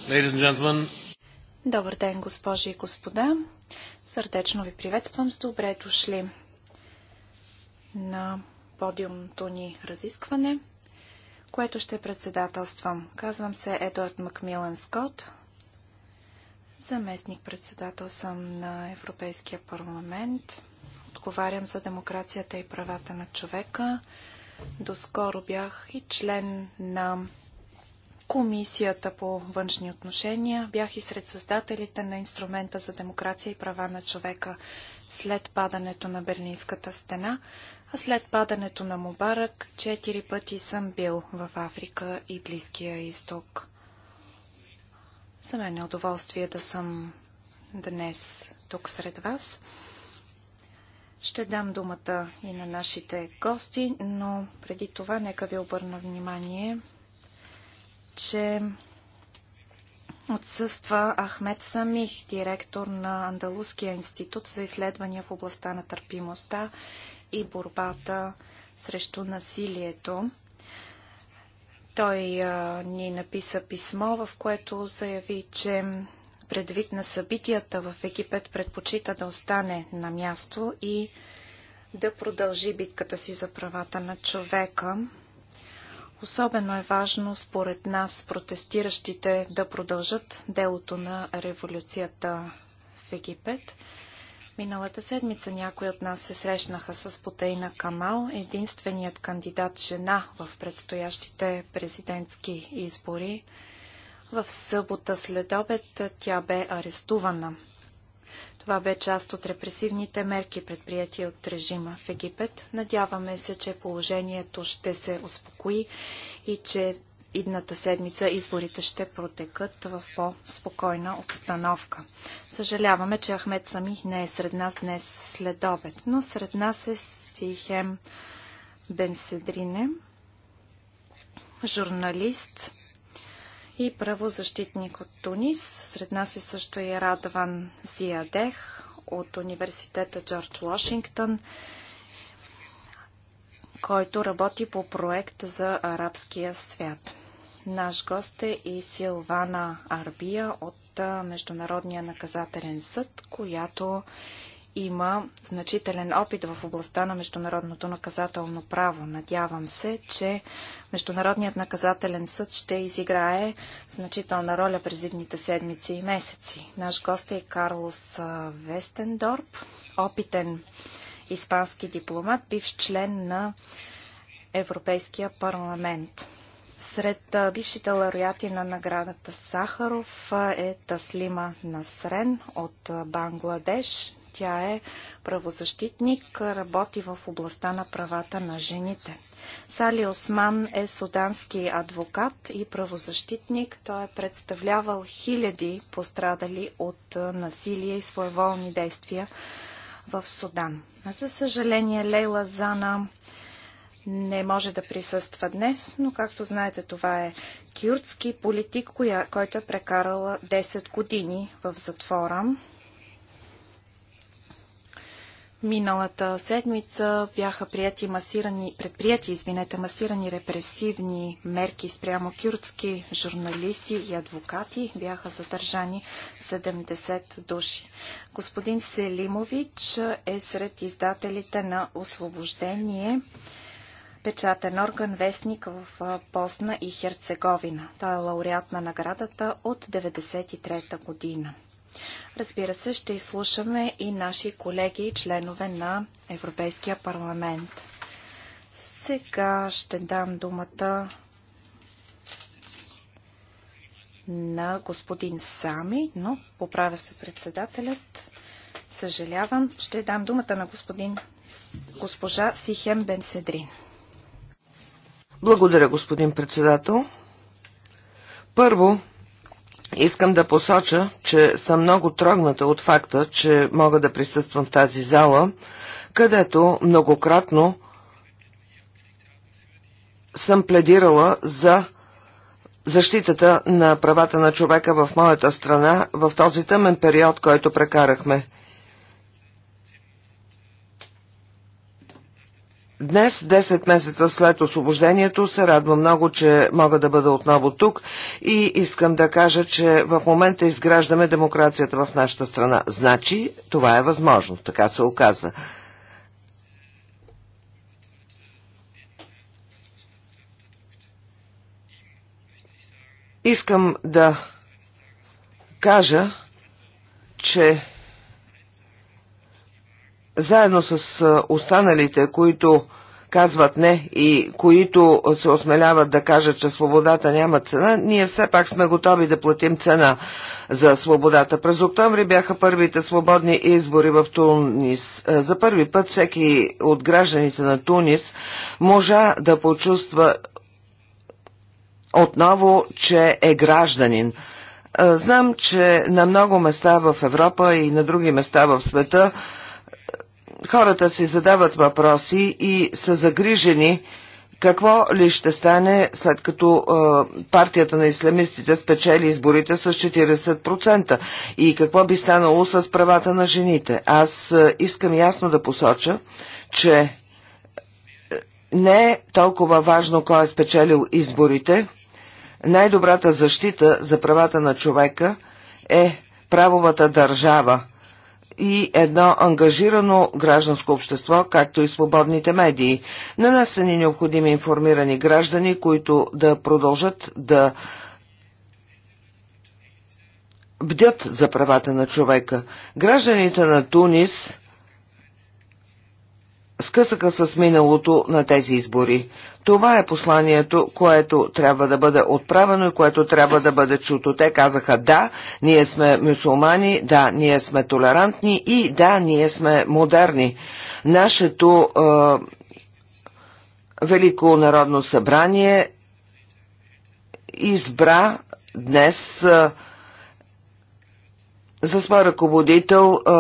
ladies and gentlemen. Добър ден, госпожи и господа. Сърдечно ви приветствам с добре дошли на подиумното ни разискване, което ще председателствам. Казвам се Едуард Макмилан Скот. Заместник председател съм на Европейския парламент. Отговарям за демокрацията и правата на човека Доскоро бях и член на Комисията по външни отношения. Бях и сред създателите на инструмента за демокрация и права на човека след падането на Берлинската стена, а след падането на Мубарак четири пъти съм бил в Африка и Близкия изток. За мен е удоволствие да съм днес тук сред вас. Ще дам думата и на нашите гости, но преди това нека ви обърна внимание, че отсъства Ахмед Самих, директор на Андалузския институт за изследвания в областта на търпимостта и борбата срещу насилието. Той а, ни написа писмо, в което заяви, че предвид на събитията в Египет, предпочита да остане на място и да продължи битката си за правата на човека. Особено е важно, според нас, протестиращите да продължат делото на революцията в Египет. Миналата седмица някои от нас се срещнаха с Потейна Камал, единственият кандидат жена в предстоящите президентски избори. В събота след обед тя бе арестувана. Това бе част от репресивните мерки, предприяти от режима в Египет. Надяваме се, че положението ще се успокои и че идната седмица изборите ще протекат в по-спокойна обстановка. Съжаляваме, че Ахмед Самих не е сред нас днес след обед, но сред нас е Сихем Бенседрине, журналист, и правозащитник от Тунис. Сред нас е също и Радван Зиадех от университета Джордж Вашингтон, който работи по проект за арабския свят. Наш гост е и Силвана Арбия от Международния наказателен съд, която има значителен опит в областта на международното наказателно право. Надявам се, че Международният наказателен съд ще изиграе значителна роля през едните седмици и месеци. Наш гост е Карлос Вестендорп, опитен испански дипломат, бивш член на Европейския парламент. Сред бившите лауреати на наградата Сахаров е Таслима Насрен от Бангладеш, тя е правозащитник, работи в областта на правата на жените. Сали Осман е судански адвокат и правозащитник. Той е представлявал хиляди пострадали от насилие и своеволни действия в Судан. А за съжаление Лейла Зана не може да присъства днес, но както знаете това е кюртски политик, който е прекарала 10 години в затвора. Миналата седмица бяха прияти масирани, предприяти извинете, масирани репресивни мерки спрямо кюрдски журналисти и адвокати. Бяха задържани 70 души. Господин Селимович е сред издателите на освобождение печатен орган Вестник в Босна и Херцеговина. Той е лауреат на наградата от 1993 година. Разбира се, ще изслушаме и наши колеги и членове на Европейския парламент. Сега ще дам думата на господин Сами, но поправя се председателят. Съжалявам, ще дам думата на господин, госпожа Сихем Бенседрин. Благодаря, господин председател. Първо, Искам да посоча, че съм много трогната от факта, че мога да присъствам в тази зала, където многократно съм пледирала за защитата на правата на човека в моята страна в този тъмен период, който прекарахме. Днес, 10 месеца след освобождението, се радвам много, че мога да бъда отново тук и искам да кажа, че в момента изграждаме демокрацията в нашата страна. Значи, това е възможно, така се оказа. Искам да кажа, че заедно с останалите, които казват не и които се осмеляват да кажат, че свободата няма цена, ние все пак сме готови да платим цена за свободата. През октомври бяха първите свободни избори в Тунис. Е, за първи път всеки от гражданите на Тунис можа да почувства отново, че е гражданин. Е, знам, че на много места в Европа и на други места в света хората си задават въпроси и са загрижени какво ли ще стане след като е, партията на исламистите спечели изборите с 40% и какво би станало с правата на жените. Аз е, искам ясно да посоча, че не е толкова важно кой е спечелил изборите. Най-добрата защита за правата на човека е правовата държава – и едно ангажирано гражданско общество, както и свободните медии. На нас са ни необходими информирани граждани, които да продължат да бдят за правата на човека. Гражданите на Тунис скъсъка с миналото на тези избори. Това е посланието, което трябва да бъде отправено и което трябва да бъде чуто. Те казаха да, ние сме мюсулмани, да, ние сме толерантни и да, ние сме модерни. Нашето е, Велико народно събрание избра днес е, за своя ръководител е,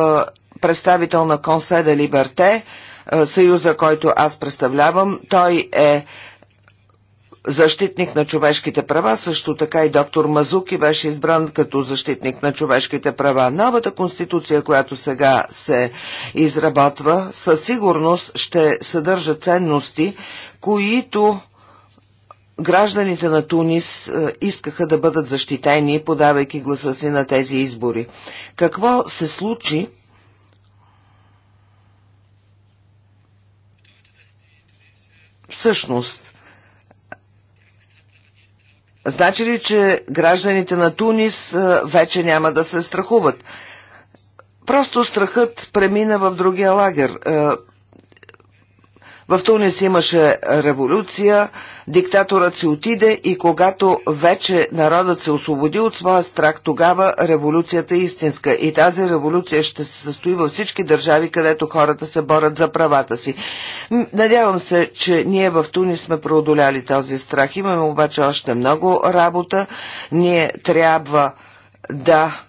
представител на Консе де Либерте – е, съюза, който аз представлявам. Той е защитник на човешките права, също така и доктор Мазуки беше избран като защитник на човешките права. Новата конституция, която сега се изработва, със сигурност ще съдържа ценности, които гражданите на Тунис е, искаха да бъдат защитени, подавайки гласа си на тези избори. Какво се случи всъщност Значи ли, че гражданите на Тунис вече няма да се страхуват? Просто страхът премина в другия лагер. В Тунис имаше революция, диктаторът си отиде и когато вече народът се освободи от своя страх, тогава революцията е истинска. И тази революция ще се състои във всички държави, където хората се борят за правата си. Надявам се, че ние в Тунис сме преодоляли този страх. Имаме обаче още много работа. Ние трябва да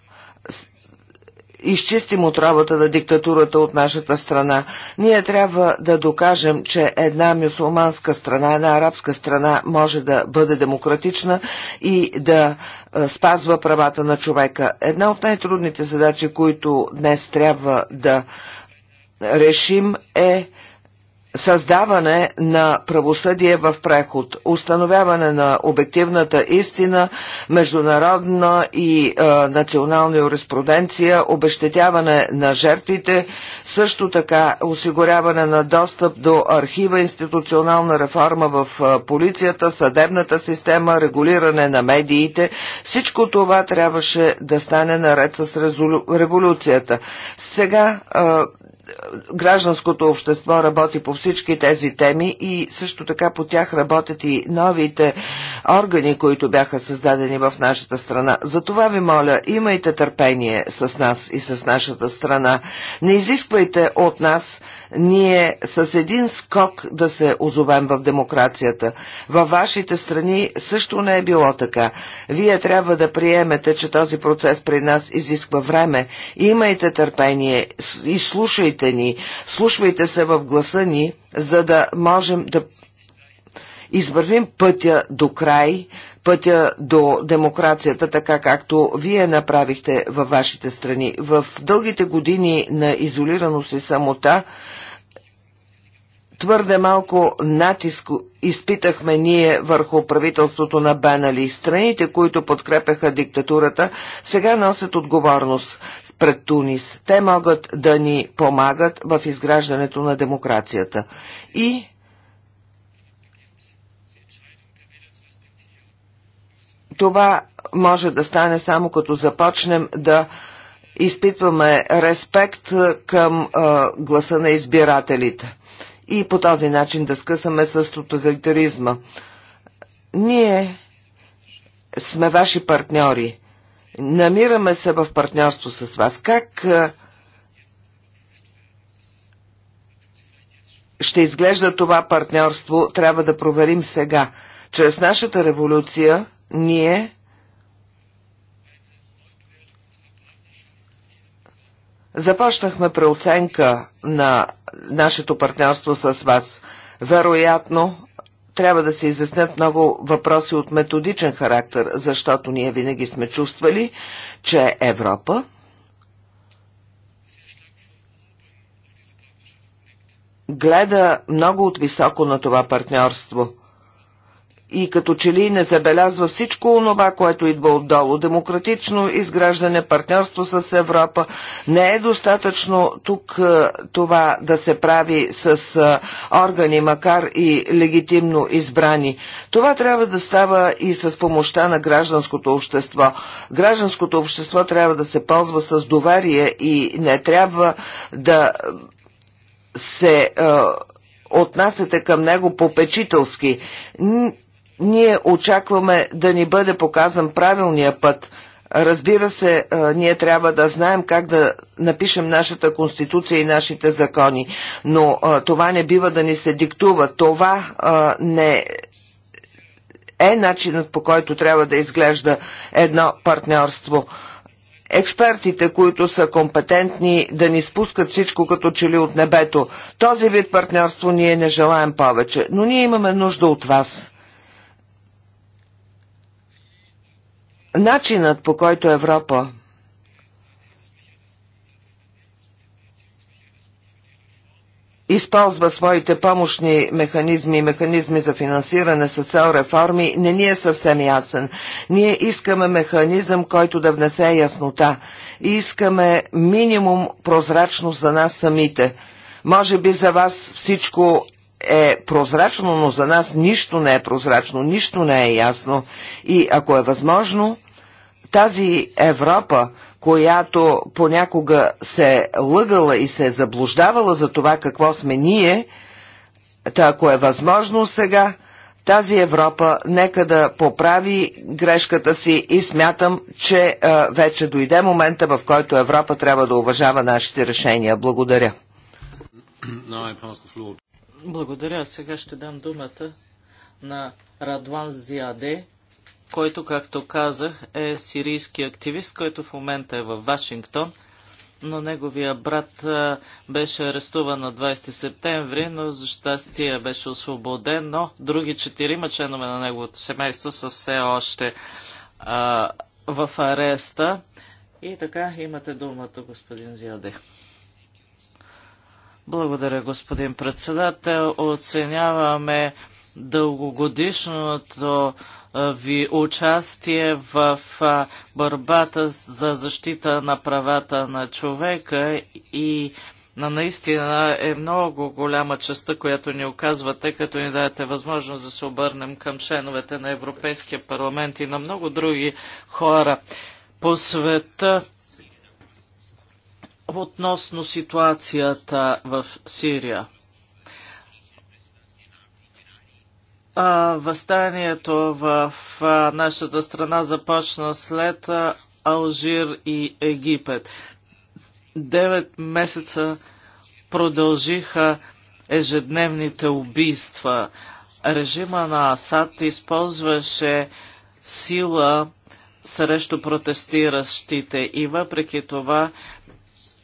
изчистим отравата на диктатурата от нашата страна. Ние трябва да докажем, че една мюсулманска страна, една арабска страна може да бъде демократична и да е, спазва правата на човека. Една от най-трудните задачи, които днес трябва да решим е създаване на правосъдие в преход, установяване на обективната истина, международна и е, национална юриспруденция, обещетяване на жертвите, също така осигуряване на достъп до архива, институционална реформа в полицията, съдебната система, регулиране на медиите. Всичко това трябваше да стане наред с резолю... революцията. Сега е, гражданското общество работи по всички тези теми и също така по тях работят и новите органи, които бяха създадени в нашата страна. Затова ви моля, имайте търпение с нас и с нашата страна. Не изисквайте от нас ние с един скок да се озовем в демокрацията. Във вашите страни също не е било така. Вие трябва да приемете, че този процес при нас изисква време. Имайте търпение и слушайте ни, слушвайте се в гласа ни, за да можем да извървим пътя до край, пътя до демокрацията, така както вие направихте във вашите страни. В дългите години на изолираност и самота, твърде малко натиск изпитахме ние върху правителството на Бенали. Страните, които подкрепяха диктатурата, сега носят отговорност пред Тунис. Те могат да ни помагат в изграждането на демокрацията. И Това може да стане само като започнем да изпитваме респект към а, гласа на избирателите и по този начин да скъсаме с тоталитаризма. Ние сме ваши партньори. Намираме се в партньорство с вас. Как а, ще изглежда това партньорство, трябва да проверим сега. Чрез нашата революция ние започнахме преоценка на нашето партньорство с вас. Вероятно, трябва да се изяснят много въпроси от методичен характер, защото ние винаги сме чувствали, че Европа гледа много от високо на това партньорство – и като че ли не забелязва всичко онова, което идва отдолу. Демократично изграждане, партньорство с Европа. Не е достатъчно тук е, това да се прави с е, органи, макар и легитимно избрани. Това трябва да става и с помощта на гражданското общество. Гражданското общество трябва да се ползва с доверие и не трябва да се е, отнасяте към него попечителски ние очакваме да ни бъде показан правилния път. Разбира се, ние трябва да знаем как да напишем нашата конституция и нашите закони, но това не бива да ни се диктува. Това не е начинът по който трябва да изглежда едно партньорство експертите, които са компетентни да ни спускат всичко като чели от небето. Този вид партньорство ние не желаем повече, но ние имаме нужда от вас. начинът по който Европа използва своите помощни механизми и механизми за финансиране с цел реформи, не ни е съвсем ясен. Ние искаме механизъм, който да внесе яснота. И искаме минимум прозрачност за нас самите. Може би за вас всичко е прозрачно, но за нас нищо не е прозрачно, нищо не е ясно. И ако е възможно, тази Европа, която понякога се лъгала и се е заблуждавала за това какво сме ние, та ако е възможно сега, тази Европа нека да поправи грешката си и смятам, че а, вече дойде момента, в който Европа трябва да уважава нашите решения. Благодаря. Благодаря. Сега ще дам думата на Радван Зиаде, който, както казах, е сирийски активист, който в момента е в Вашингтон, но неговия брат беше арестуван на 20 септември, но за щастие беше освободен, но други четирима членове на неговото семейство са все още а, в ареста. И така, имате думата, господин Зиаде. Благодаря, господин председател. Оценяваме дългогодишното ви участие в борбата за защита на правата на човека и на наистина е много голяма частта, която ни оказвате, като ни дадете възможност да се обърнем към членовете на Европейския парламент и на много други хора по света относно ситуацията в Сирия. Възстанието в нашата страна започна след Алжир и Египет. Девет месеца продължиха ежедневните убийства. Режима на Асад използваше сила срещу протестиращите и въпреки това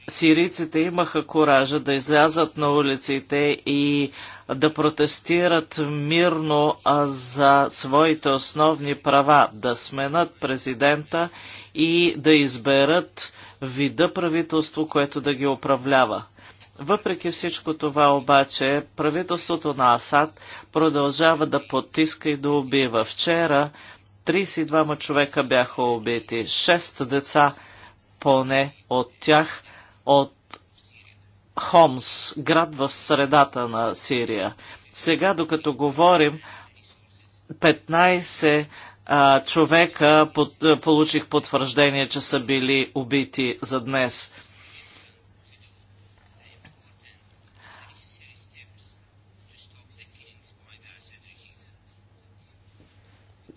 сирийците имаха коража да излязат на улиците и да протестират мирно за своите основни права, да сменат президента и да изберат вида правителство, което да ги управлява. Въпреки всичко това обаче, правителството на Асад продължава да потиска и да убива. Вчера 32 човека бяха убити, 6 деца поне от тях – от Хомс, град в средата на Сирия. Сега, докато говорим, 15 а, човека под, получих потвърждение, че са били убити за днес.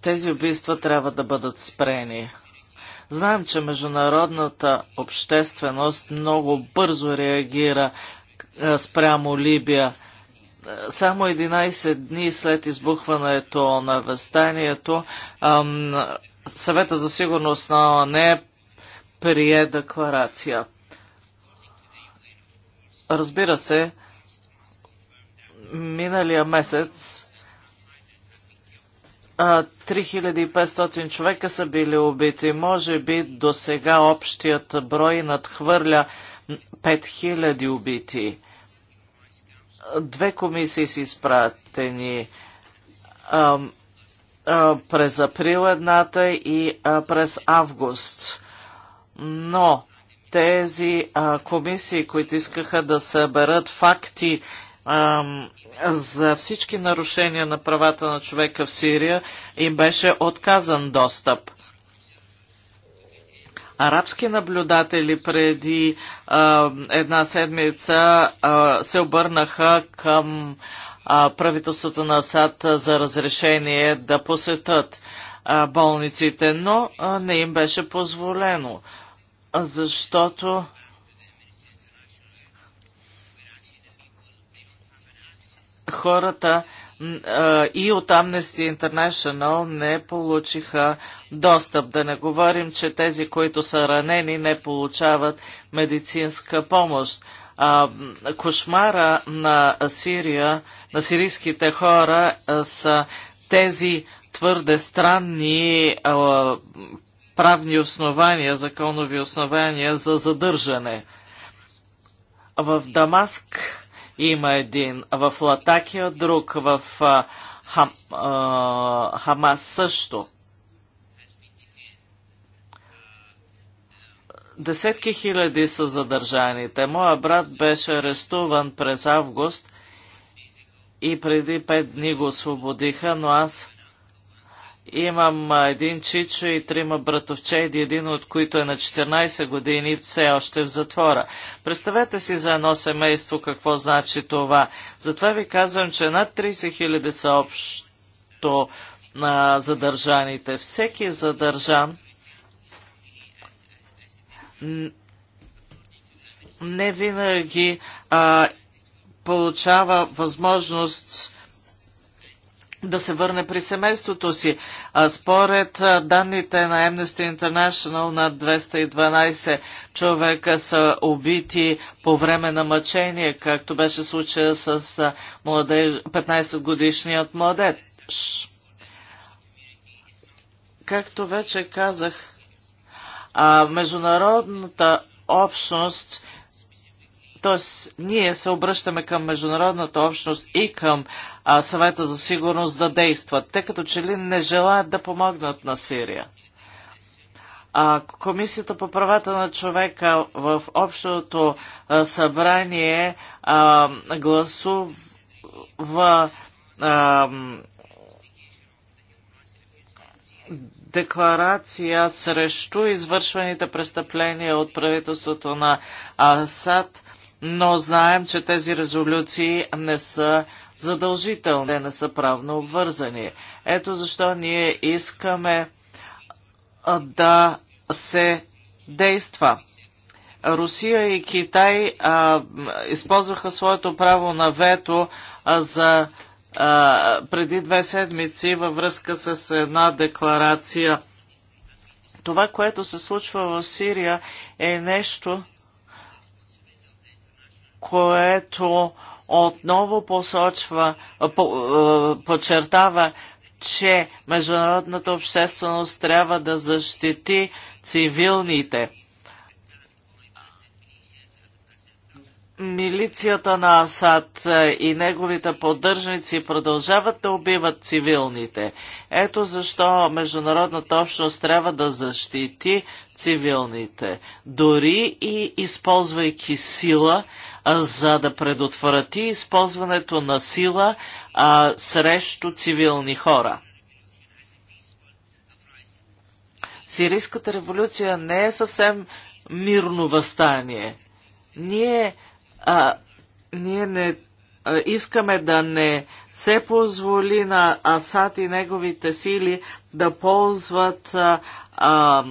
Тези убийства трябва да бъдат спрени. Знаем, че международната общественост много бързо реагира е, спрямо Либия. Е, само 11 дни след избухването на възстанието, съвета за сигурност на НЕ прие декларация. Разбира се, миналия месец 3500 човека са били убити. Може би до сега общият брой надхвърля 5000 убити. Две комисии са изпратени а, а, през април едната и а, през август. Но тези а, комисии, които искаха да съберат факти за всички нарушения на правата на човека в Сирия им беше отказан достъп. Арабски наблюдатели преди а, една седмица а, се обърнаха към а, правителството на САД за разрешение да посетат а, болниците, но а, не им беше позволено, защото хората и от Amnesty International не получиха достъп. Да не говорим, че тези, които са ранени, не получават медицинска помощ. А, кошмара на Сирия, на сирийските хора са тези твърде странни а, правни основания, законови основания за задържане. В Дамаск има един в Латакия, друг в Хам, а, Хамас също. Десетки хиляди са задържаните. Моя брат беше арестуван през август и преди пет дни го освободиха, но аз Имам един чичо и трима братовчеди, един от които е на 14 години и все още в затвора. Представете си за едно семейство какво значи това. Затова ви казвам, че над 30 000 са общо на задържаните. Всеки задържан не винаги а, получава възможност да се върне при семейството си. А според данните на Amnesty International, над 212 човека са убити по време на мъчение, както беше случая с 15-годишният младеж. Както вече казах, международната общност Тоест, ние се обръщаме към международната общност и към а, съвета за сигурност да действат, тъй като че ли не желаят да помогнат на Сирия. А, Комисията по правата на човека в общото а, събрание а, гласува а, декларация срещу извършваните престъпления от правителството на Асад но знаем, че тези резолюции не са задължителни, не са правно обвързани. Ето защо ние искаме да се действа. Русия и Китай а, използваха своето право на вето а, за а, преди две седмици във връзка с една декларация. Това, което се случва в Сирия е нещо, което отново посочва, по, подчертава, че международната общественост трябва да защити цивилните. Милицията на Асад и неговите поддържници продължават да убиват цивилните. Ето защо международната общност трябва да защити цивилните, дори и използвайки сила, за да предотврати използването на сила а, срещу цивилни хора. Сирийската революция не е съвсем мирно възстание. Ние, а, ние не а, искаме да не се позволи на Асад и неговите сили да ползват а, а,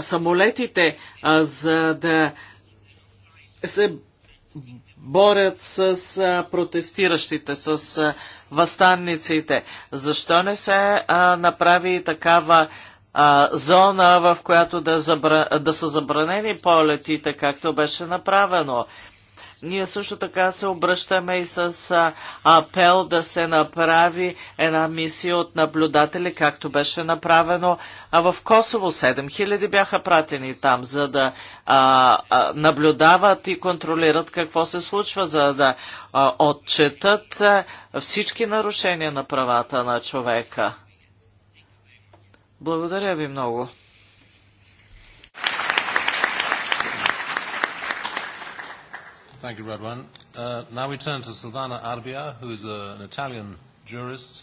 самолетите, а, за да се борят с а, протестиращите, с а, възстанниците. Защо не се а, направи такава а, зона, в която да, забра... да са забранени полетите, както беше направено? Ние също така се обръщаме и с апел да се направи една мисия от наблюдатели, както беше направено в Косово. 7000 бяха пратени там, за да а, а, наблюдават и контролират какво се случва, за да а, отчетат а, всички нарушения на правата на човека. Благодаря ви много. Thank you, Radwan. Uh, now we turn to Silvana Arbia, who is a, uh, an Italian jurist.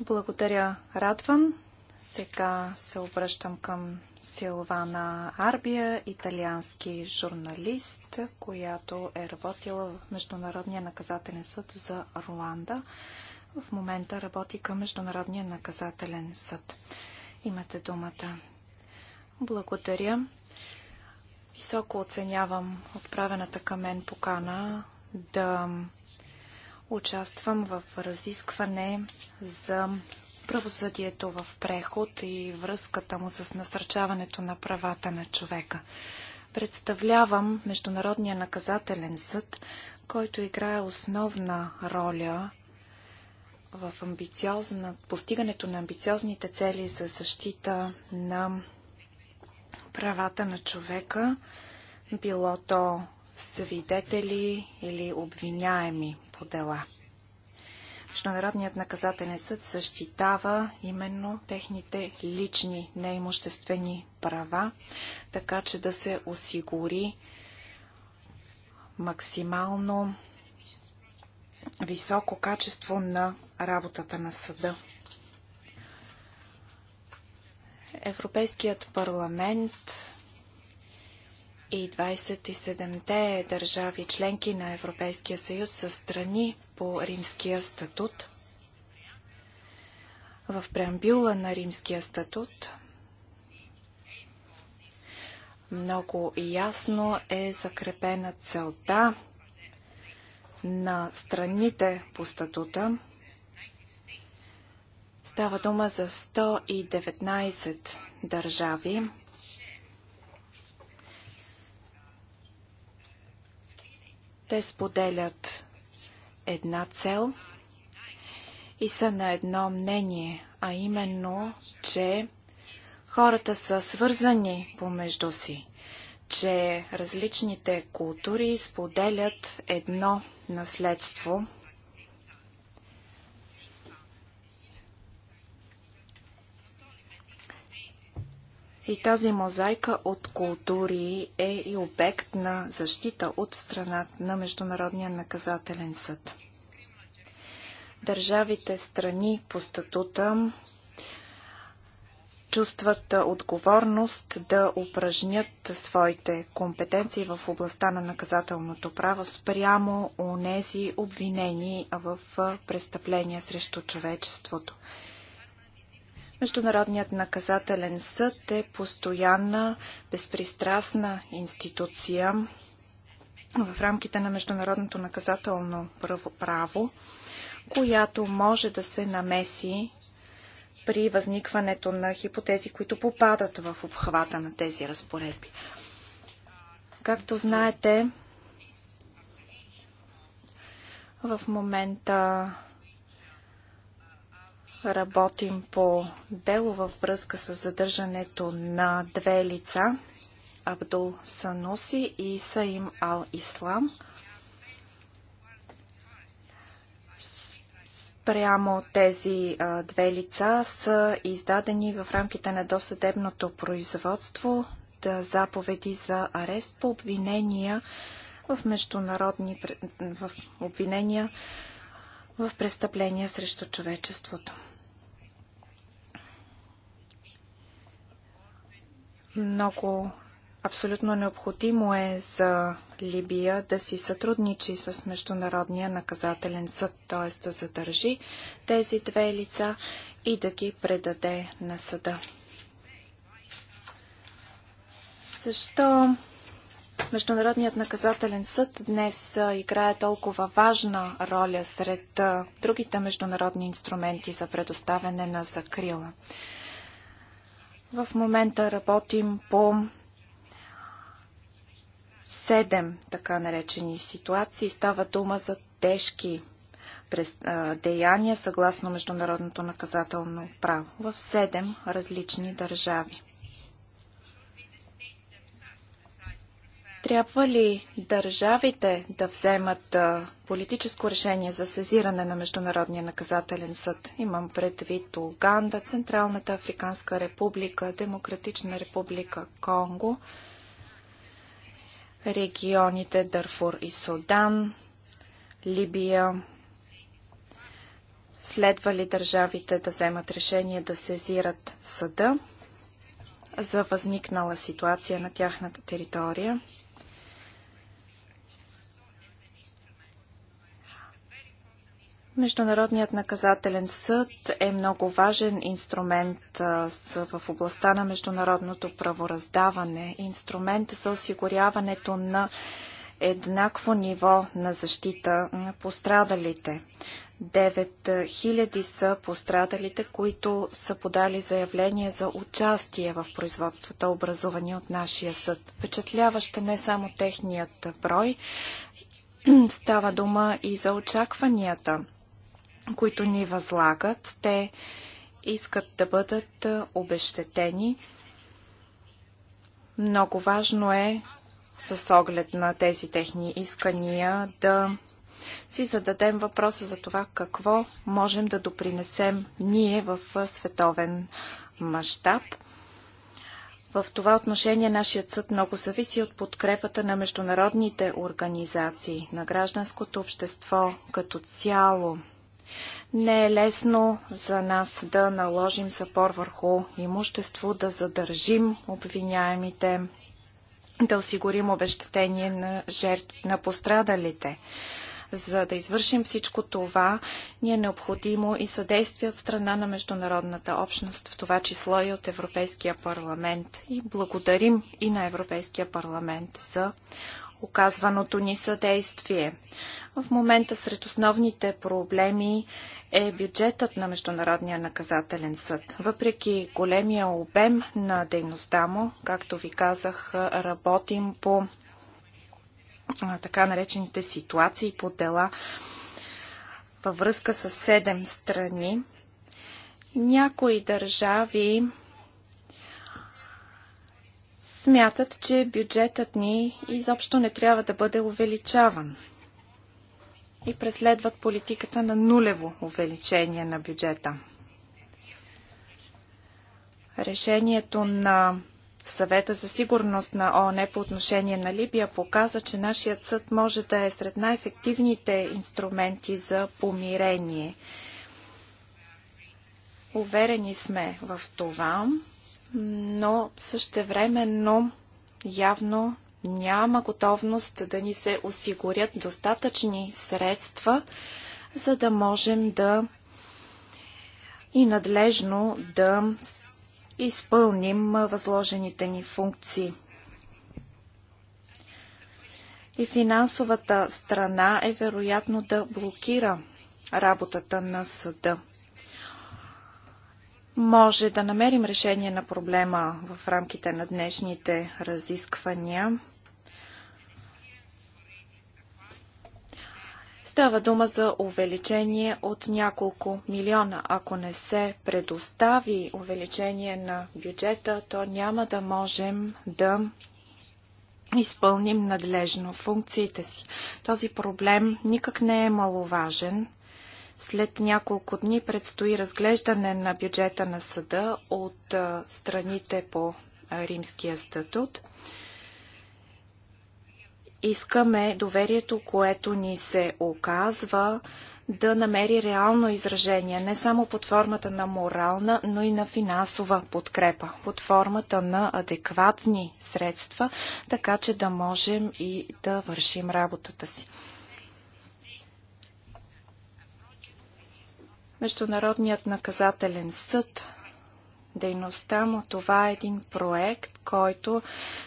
Благодаря, Радван. Сега се обръщам към Силвана Арбия, италиански журналист, която е работила в Международния наказателен съд за Руанда. В момента работи към Международния наказателен съд. Имате думата. Благодаря. Високо оценявам отправената към мен покана да участвам в разискване за правосъдието в преход и връзката му с насърчаването на правата на човека. Представлявам Международния наказателен съд, който играе основна роля в постигането на амбициозните цели за защита на правата на човека, било то свидетели или обвиняеми по дела. Международният наказателен съд защитава именно техните лични неимуществени права, така че да се осигури максимално високо качество на работата на съда. Европейският парламент и 27-те държави членки на Европейския съюз са страни по римския статут. В преамбюла на римския статут много ясно е закрепена целта на страните по статута – Става дума за 119 държави. Те споделят една цел и са на едно мнение, а именно, че хората са свързани помежду си, че различните култури споделят едно наследство – И тази мозайка от култури е и обект на защита от страна на Международния наказателен съд. Държавите страни по статута чувстват отговорност да упражнят своите компетенции в областта на наказателното право спрямо нези обвинени в престъпления срещу човечеството. Международният наказателен съд е постоянна, безпристрастна институция в рамките на международното наказателно право, която може да се намеси при възникването на хипотези, които попадат в обхвата на тези разпоредби. Както знаете, в момента Работим по дело във връзка с задържането на две лица Абдул Сануси и Саим Ал Ислам. Прямо тези а, две лица са издадени в рамките на досъдебното производство да заповеди за арест по обвинения в международни в обвинения в престъпления срещу човечеството. Много абсолютно необходимо е за Либия да си сътрудничи с Международния наказателен съд, т.е. да задържи тези две лица и да ги предаде на съда. Защо Международният наказателен съд днес играе толкова важна роля сред другите международни инструменти за предоставяне на закрила? В момента работим по седем така наречени ситуации. Става дума за тежки деяния съгласно международното наказателно право в седем различни държави. Трябва ли държавите да вземат политическо решение за сезиране на Международния наказателен съд? Имам предвид Уганда, Централната Африканска република, Демократична република Конго, регионите Дарфур и Судан, Либия. Следва ли държавите да вземат решение да сезират съда за възникнала ситуация на тяхната територия? Международният наказателен съд е много важен инструмент в областта на международното правораздаване, инструмент за осигуряването на еднакво ниво на защита на пострадалите. 9000 са пострадалите, които са подали заявление за участие в производствата, образувани от нашия съд. Впечатляваща не само техният брой, става дума и за очакванията които ни възлагат. Те искат да бъдат обещетени. Много важно е с оглед на тези техни искания да си зададем въпроса за това какво можем да допринесем ние в световен мащаб. В това отношение нашият съд много зависи от подкрепата на международните организации, на гражданското общество като цяло. Не е лесно за нас да наложим запор върху имущество, да задържим обвиняемите, да осигурим обещетение на жертв на пострадалите. За да извършим всичко това, ни е необходимо и съдействие от страна на международната общност, в това число и от Европейския парламент. И благодарим и на Европейския парламент за оказваното ни съдействие. В момента сред основните проблеми е бюджетът на Международния наказателен съд. Въпреки големия обем на дейността му, както ви казах, работим по така наречените ситуации по дела във връзка с седем страни. Някои държави смятат, че бюджетът ни изобщо не трябва да бъде увеличаван и преследват политиката на нулево увеличение на бюджета. Решението на съвета за сигурност на ООН по отношение на Либия показа, че нашият съд може да е сред най-ефективните инструменти за помирение. Уверени сме в това но същевременно явно няма готовност да ни се осигурят достатъчни средства, за да можем да и надлежно да изпълним възложените ни функции. И финансовата страна е вероятно да блокира работата на съда. Може да намерим решение на проблема в рамките на днешните разисквания. Става дума за увеличение от няколко милиона. Ако не се предостави увеличение на бюджета, то няма да можем да изпълним надлежно функциите си. Този проблем никак не е маловажен. След няколко дни предстои разглеждане на бюджета на съда от страните по римския статут. Искаме доверието, което ни се оказва, да намери реално изражение, не само под формата на морална, но и на финансова подкрепа, под формата на адекватни средства, така че да можем и да вършим работата си. Международният наказателен съд, дейността му, това е един проект, който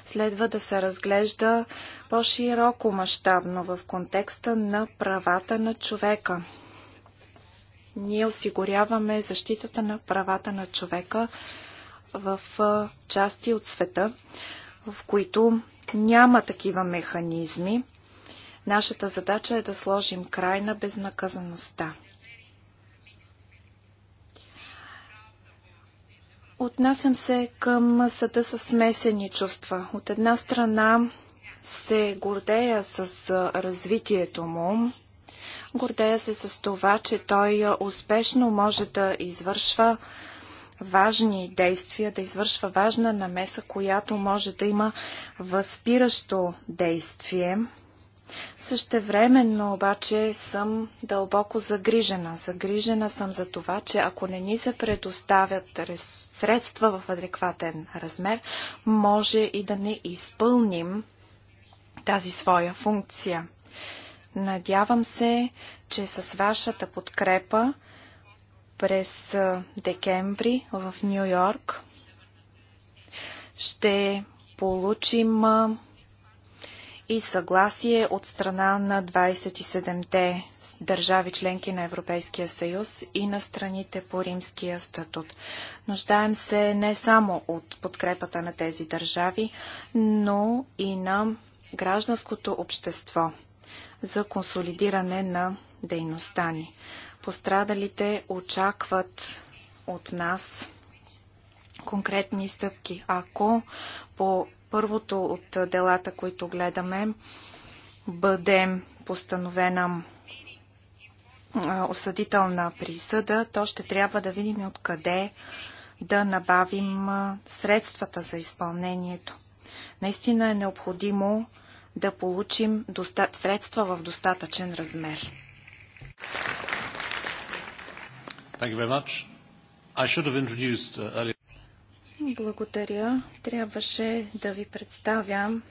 следва да се разглежда по-широко мащабно в контекста на правата на човека. Ние осигуряваме защитата на правата на човека в части от света, в които няма такива механизми. Нашата задача е да сложим край на безнаказаността. Отнасям се към съда с смесени чувства. От една страна се гордея с развитието му. Гордея се с това, че той успешно може да извършва важни действия, да извършва важна намеса, която може да има възпиращо действие. Същевременно обаче съм дълбоко загрижена. Загрижена съм за това, че ако не ни се предоставят средства в адекватен размер, може и да не изпълним тази своя функция. Надявам се, че с вашата подкрепа през декември в Нью Йорк ще получим и съгласие от страна на 27-те държави членки на Европейския съюз и на страните по римския статут. Нуждаем се не само от подкрепата на тези държави, но и на гражданското общество за консолидиране на дейността ни. Пострадалите очакват от нас конкретни стъпки. Ако по първото от делата, които гледаме, бъде постановена осъдителна присъда, то ще трябва да видим откъде да набавим средствата за изпълнението. Наистина е необходимо да получим средства в достатъчен размер. Thank you very much. I should have introduced uh, earlier. Благодаря. Трябваше да ви представя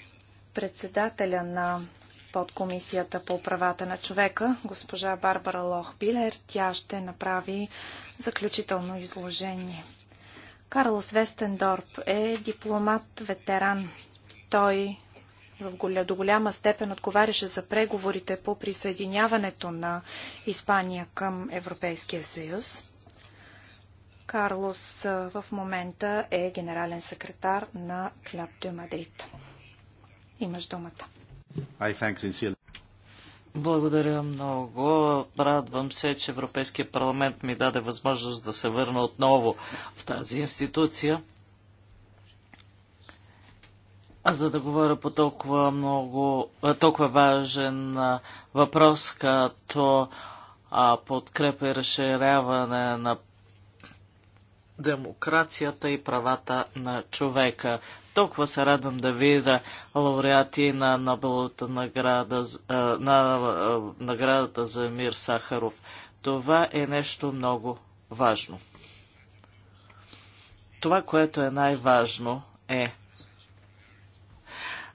председателя на подкомисията по правата на човека, госпожа Барбара Лохбилер. Тя ще направи заключително изложение. Карлос Вестендорп е дипломат-ветеран. Той в до голяма степен отговаряше за преговорите по присъединяването на Испания към Европейския съюз. Карлос в момента е генерален секретар на Кляб де Мадрид. Имаш думата. Благодаря много. Радвам се, че Европейския парламент ми даде възможност да се върна отново в тази институция, за да говоря по толкова много, толкова важен въпрос, като подкрепа и разширяване на демокрацията и правата на човека. Толкова се радвам да видя лауреати на Нобеловата награда, на наградата за мир Сахаров. Това е нещо много важно. Това, което е най-важно е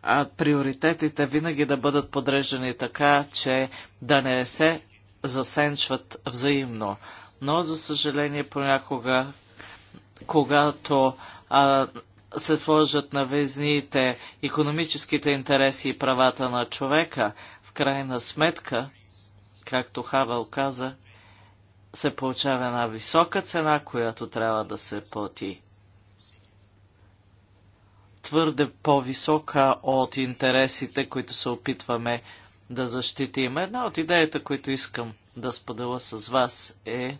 а, приоритетите винаги да бъдат подреждани така, че да не се засенчват взаимно. Но, за съжаление, понякога когато а, се сложат на везните економическите интереси и правата на човека, в крайна сметка, както Хавел каза, се получава една висока цена, която трябва да се плати. Твърде по-висока от интересите, които се опитваме да защитим. Една от идеята, които искам да споделя с вас е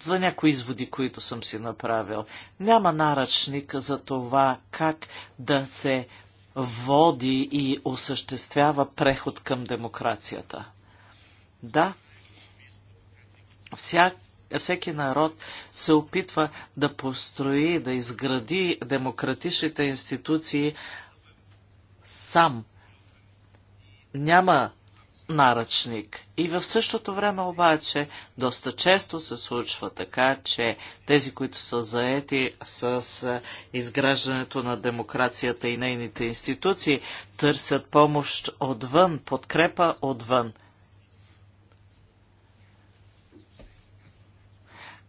за някои изводи, които съм си направил. Няма наръчник за това как да се води и осъществява преход към демокрацията. Да, всяк, всеки народ се опитва да построи, да изгради демократичните институции сам. Няма наръчник. И в същото време обаче доста често се случва така, че тези, които са заети с изграждането на демокрацията и нейните институции, търсят помощ отвън, подкрепа отвън.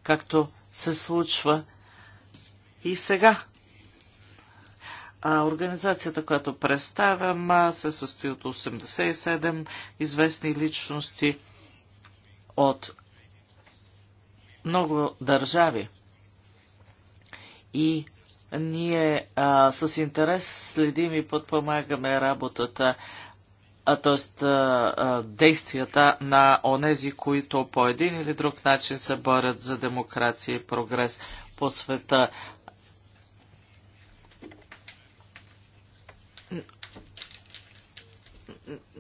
Както се случва и сега а, организацията, която представям, се състои от 87 известни личности от много държави. И ние а, с интерес следим и подпомагаме работата, т.е. действията на онези, които по един или друг начин се борят за демокрация и прогрес по света.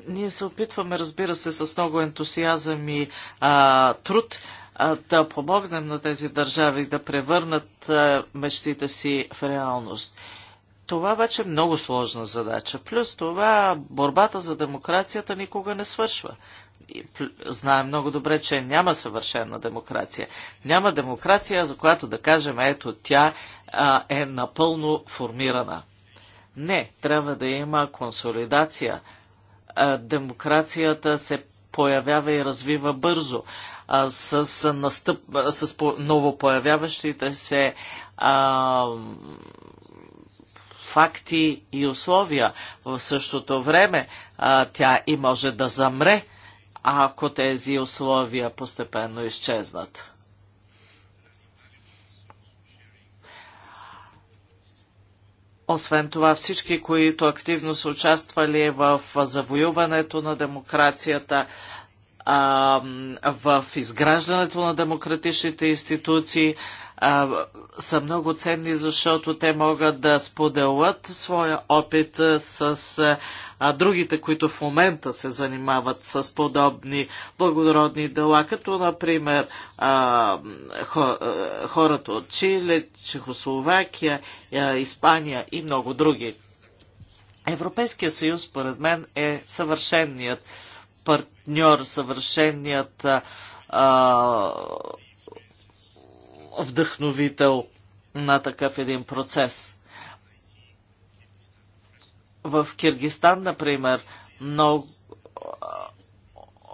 Ние се опитваме, разбира се, с много ентусиазъм и а, труд а, да помогнем на тези държави да превърнат а, мечтите си в реалност. Това вече е много сложна задача. Плюс това борбата за демокрацията никога не свършва. Знаем много добре, че няма съвършена демокрация. Няма демокрация, за която да кажем, ето тя а, е напълно формирана. Не, трябва да има консолидация – демокрацията се появява и развива бързо. А, с, настъп, с по, новопоявяващите се а, факти и условия. В същото време а, тя и може да замре, ако тези условия постепенно изчезнат. Освен това, всички, които активно са участвали в завоюването на демокрацията, в изграждането на демократичните институции, а, са много ценни, защото те могат да споделят своя опит с а, другите, които в момента се занимават с подобни благородни дела, като например а, хората от Чили, Чехословакия, Испания и много други. Европейския съюз, според мен, е съвършенният партньор, съвършенният а, вдъхновител на такъв един процес. В Киргистан, например, много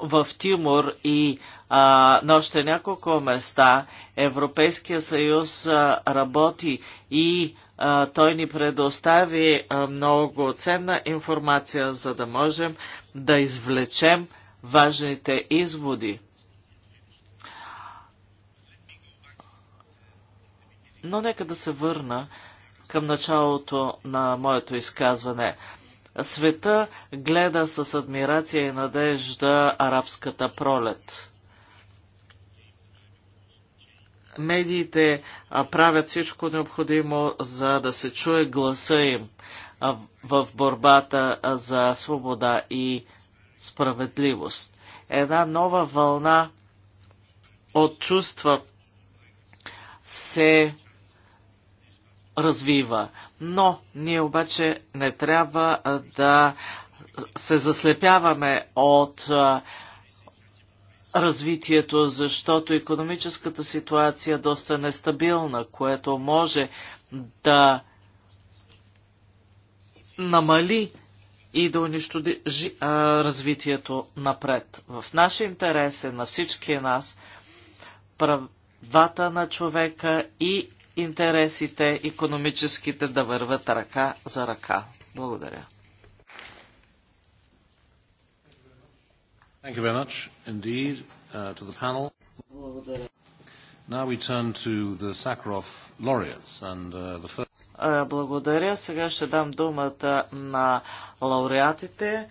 в Тимур и а, на още няколко места Европейския съюз а, работи и а, той ни предостави а, много ценна информация, за да можем да извлечем важните изводи. Но нека да се върна към началото на моето изказване. Света гледа с адмирация и надежда арабската пролет. Медиите правят всичко необходимо, за да се чуе гласа им в борбата за свобода и справедливост. Една нова вълна от чувства се развива. Но ние обаче не трябва да се заслепяваме от развитието, защото економическата ситуация е доста нестабилна, което може да намали и да унищожи развитието напред. В наш интерес е на всички нас правата на човека и интересите, економическите да върват ръка за ръка. Благодаря. Thank you very much indeed uh, to the panel. Благодаря. Now we turn to the Sakharov laureates and uh, the first... Uh, благодаря. Сега ще дам думата на лауреатите.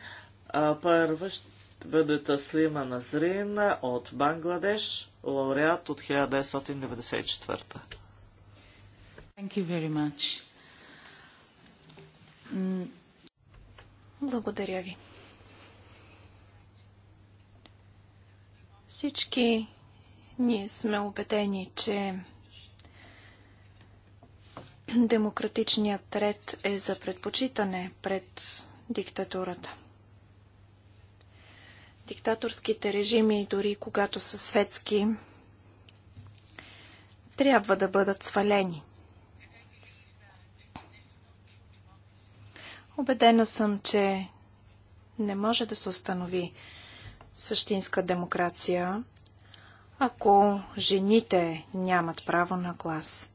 Uh, първа ще бъде Таслима Назрин от Бангладеш, лауреат от 1994. Thank you very much. Mm. Благодаря ви. Всички ние сме убедени, че демократичният ред е за предпочитане пред диктатурата. Диктаторските режими, дори когато са светски, трябва да бъдат свалени – Обедена съм, че не може да се установи същинска демокрация, ако жените нямат право на глас.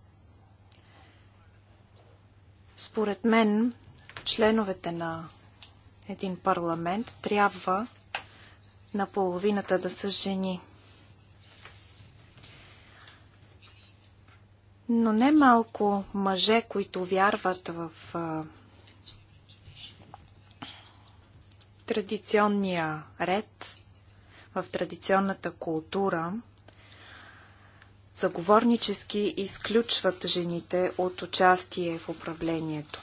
Според мен, членовете на един парламент трябва на половината да са жени. Но не малко мъже, които вярват в традиционния ред, в традиционната култура, заговорнически изключват жените от участие в управлението.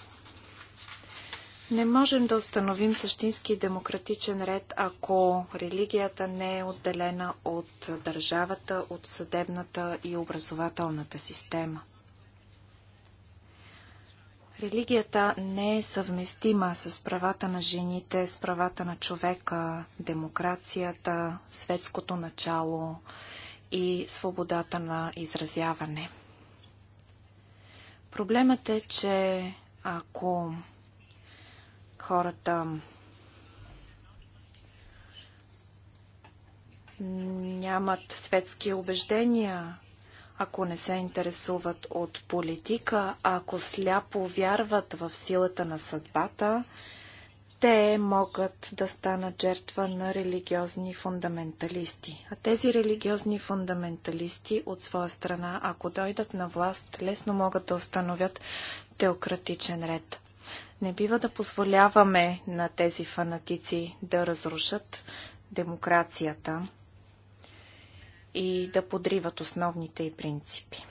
Не можем да установим същински демократичен ред, ако религията не е отделена от държавата, от съдебната и образователната система. Религията не е съвместима с правата на жените, с правата на човека, демокрацията, светското начало и свободата на изразяване. Проблемът е, че ако хората нямат светски убеждения, ако не се интересуват от политика, ако сляпо вярват в силата на съдбата, те могат да станат жертва на религиозни фундаменталисти. А тези религиозни фундаменталисти от своя страна, ако дойдат на власт, лесно могат да установят теократичен ред. Не бива да позволяваме на тези фанатици да разрушат демокрацията и да подриват основните и принципи.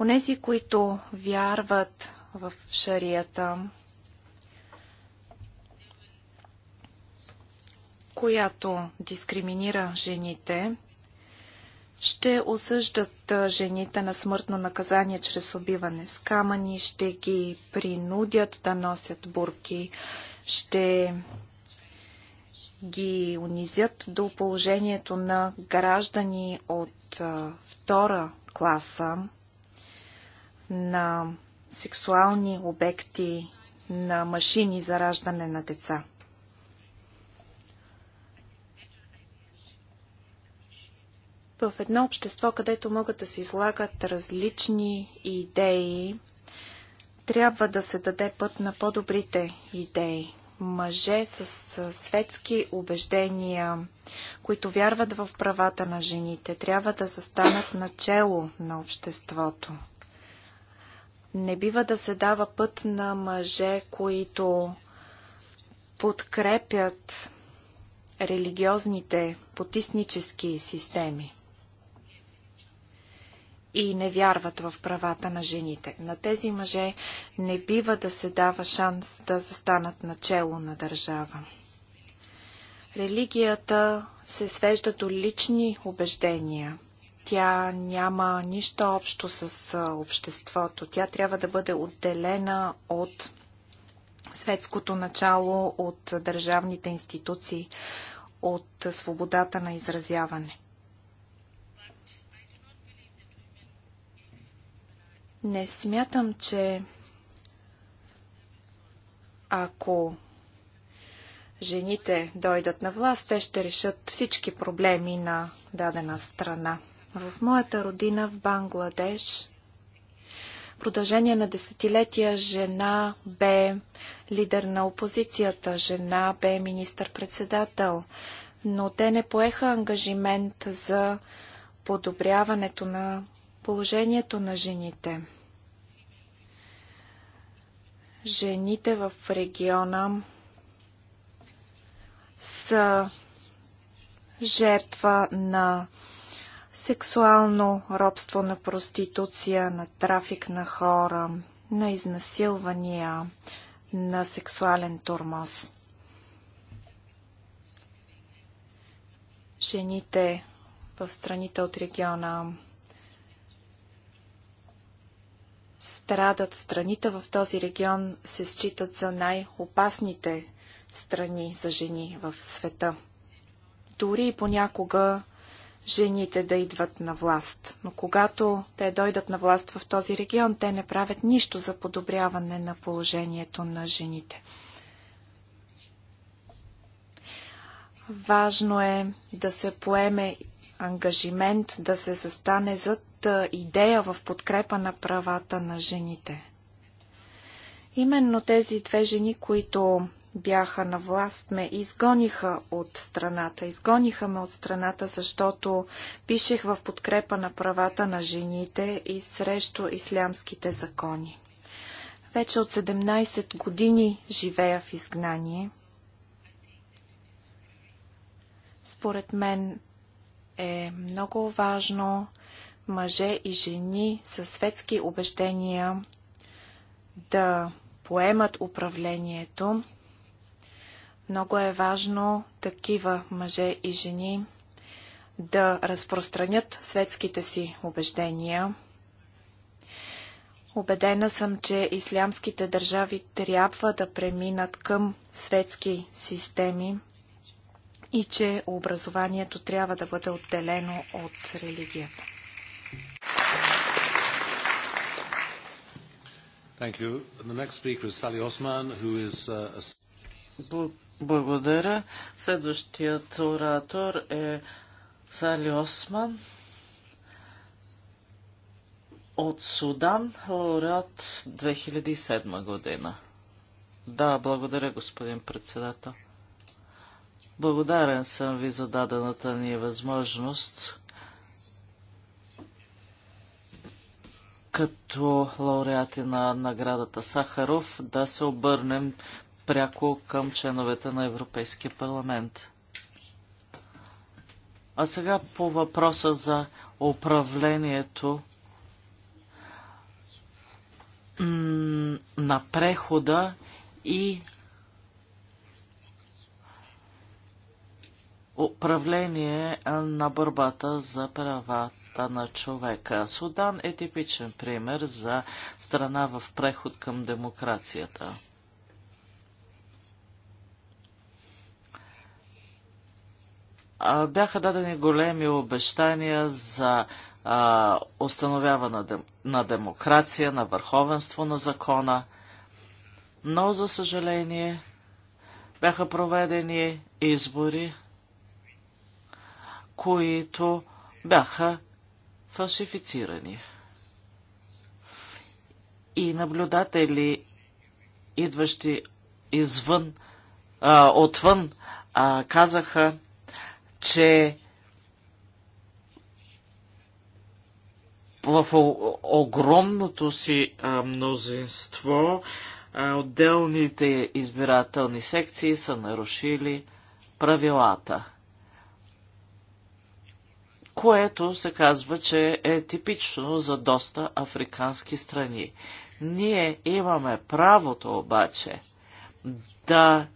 Онези, които вярват в шарията, която дискриминира жените, ще осъждат жените на смъртно наказание чрез убиване с камъни, ще ги принудят да носят бурки, ще ги унизят до положението на граждани от втора класа, на сексуални обекти, на машини за раждане на деца. В едно общество, където могат да се излагат различни идеи, трябва да се даде път на по-добрите идеи мъже с светски убеждения, които вярват в правата на жените, трябва да застанат начало на обществото. Не бива да се дава път на мъже, които подкрепят религиозните потиснически системи и не вярват в правата на жените. На тези мъже не бива да се дава шанс да застанат начело на държава. Религията се свежда до лични убеждения. Тя няма нищо общо с обществото. Тя трябва да бъде отделена от светското начало, от държавните институции, от свободата на изразяване. Не смятам, че ако жените дойдат на власт, те ще решат всички проблеми на дадена страна. В моята родина в Бангладеш продължение на десетилетия жена бе лидер на опозицията, жена бе министър-председател, но те не поеха ангажимент за подобряването на положението на жените. Жените в региона са жертва на сексуално робство на проституция, на трафик на хора, на изнасилвания, на сексуален турмоз. Жените в страните от региона страдат страните в този регион, се считат за най-опасните страни за жени в света. Дори и понякога жените да идват на власт. Но когато те дойдат на власт в този регион, те не правят нищо за подобряване на положението на жените. Важно е да се поеме ангажимент да се застане зад общата идея в подкрепа на правата на жените. Именно тези две жени, които бяха на власт, ме изгониха от страната. Изгониха ме от страната, защото пишех в подкрепа на правата на жените и срещу ислямските закони. Вече от 17 години живея в изгнание. Според мен е много важно мъже и жени със светски убеждения да поемат управлението. Много е важно такива мъже и жени да разпространят светските си убеждения. Обедена съм, че ислямските държави трябва да преминат към светски системи и че образованието трябва да бъде отделено от религията. Is... Uh, благодаря. Следващият оратор е Сали Осман от Судан, лауреат 2007 година. Да, благодаря, господин председател. Благодарен съм ви за дадената ни възможност като лауреати на наградата Сахаров да се обърнем пряко към членовете на Европейския парламент. А сега по въпроса за управлението на прехода и управление на борбата за правата свободата на човека. Судан е типичен пример за страна в преход към демокрацията. Бяха дадени големи обещания за установяване на демокрация, на върховенство на закона, но за съжаление бяха проведени избори, които бяха фалшифицирани. И наблюдатели, идващи извън, а, отвън, а, казаха, че в огромното си а, мнозинство а, отделните избирателни секции са нарушили правилата което се казва, че е типично за доста африкански страни. Ние имаме правото обаче да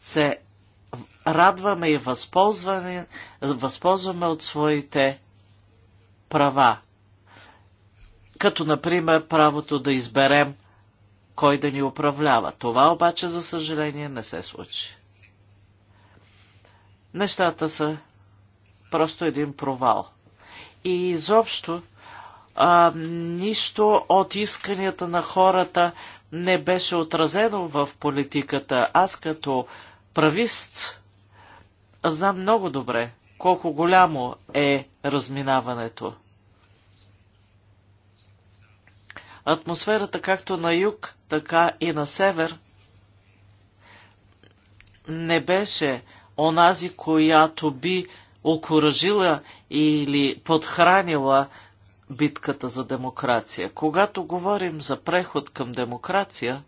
се радваме и възползваме, възползваме от своите права. Като, например, правото да изберем кой да ни управлява. Това обаче, за съжаление, не се случи. Нещата са просто един провал. И изобщо а, нищо от исканията на хората не беше отразено в политиката. Аз като правист знам много добре колко голямо е разминаването. Атмосферата както на юг, така и на север не беше онази, която би окоръжила или подхранила битката за демокрация. Когато говорим за преход към демокрация,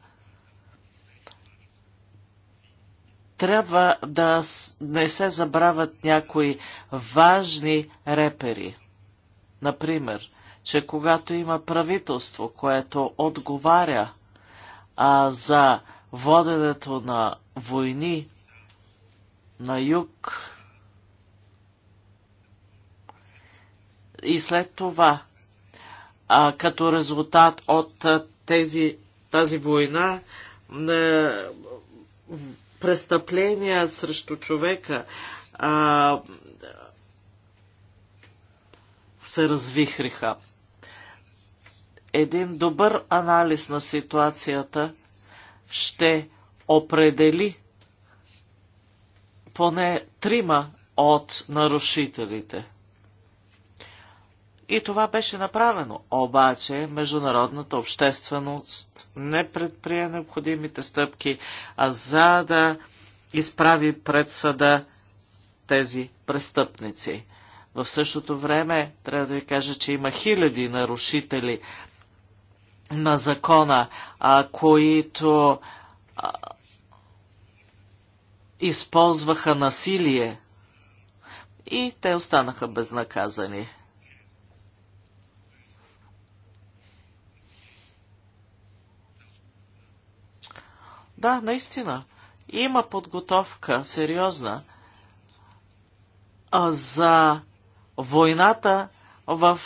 трябва да не се забравят някои важни репери. Например, че когато има правителство, което отговаря а, за воденето на войни на юг, и след това, а, като резултат от тези, тази война, а, е, престъпления срещу човека а, се развихриха. Един добър анализ на ситуацията ще определи поне трима от нарушителите – и това беше направено. Обаче международната общественост не предприе необходимите стъпки, а за да изправи пред съда тези престъпници. В същото време трябва да ви кажа, че има хиляди нарушители на закона, а, които а, използваха насилие и те останаха безнаказани. Да, наистина. Има подготовка, сериозна, за войната в,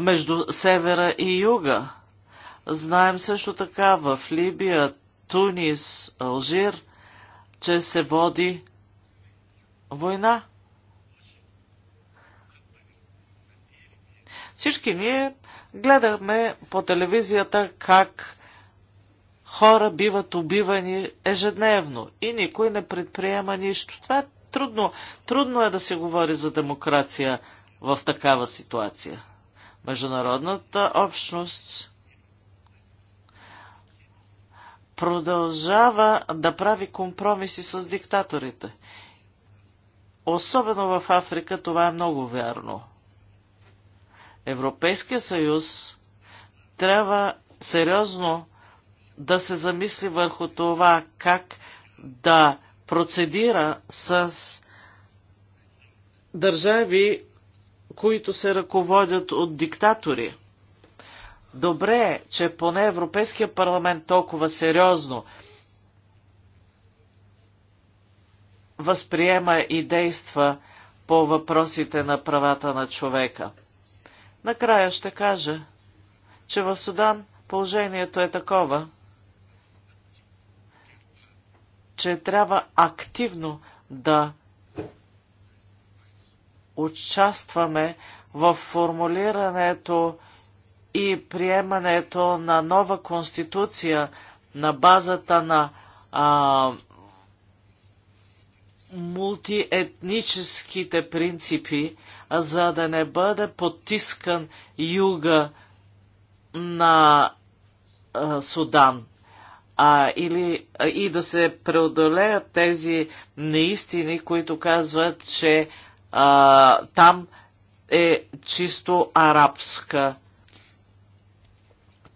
между севера и юга. Знаем също така в Либия, Тунис, Алжир, че се води война. Всички ние гледахме по телевизията как хора биват убивани ежедневно и никой не предприема нищо. Това е трудно. Трудно е да се говори за демокрация в такава ситуация. Международната общност продължава да прави компромиси с диктаторите. Особено в Африка това е много вярно. Европейския съюз трябва сериозно да се замисли върху това как да процедира с държави, които се ръководят от диктатори. Добре е, че поне Европейския парламент толкова сериозно възприема и действа по въпросите на правата на човека. Накрая ще кажа, че в Судан положението е такова – че трябва активно да участваме в формулирането и приемането на нова конституция на базата на а, мултиетническите принципи, за да не бъде потискан юга на а, Судан а, или, а, и да се преодолеят тези неистини, които казват, че а, там е чисто арабска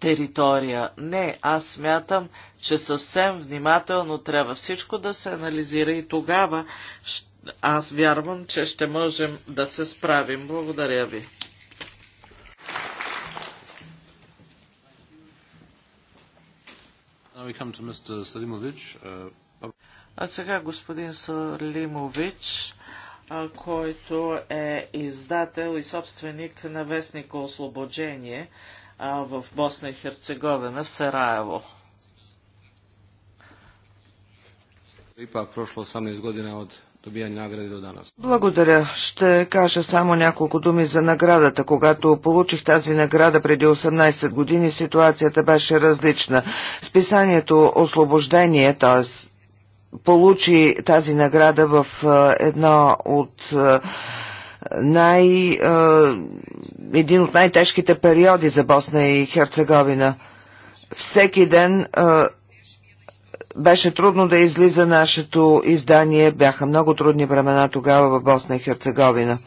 територия. Не, аз смятам, че съвсем внимателно трябва всичко да се анализира и тогава аз вярвам, че ще можем да се справим. Благодаря ви. Uh, а сега господин Салимович, който е издател и собственик на вестника Ослобожение в Босна и Херцеговина, в Сараево. Ипак прошло 18 година от благодаря. Ще кажа само няколко думи за наградата. Когато получих тази награда преди 18 години, ситуацията беше различна. Списанието Освобождение, т.е. получи тази награда в е, едно от е, най, е, един от най-тежките периоди за Босна и Херцеговина. Всеки ден беше трудно да излиза нашето издание. Бяха много трудни времена тогава в Босна и Херцеговина.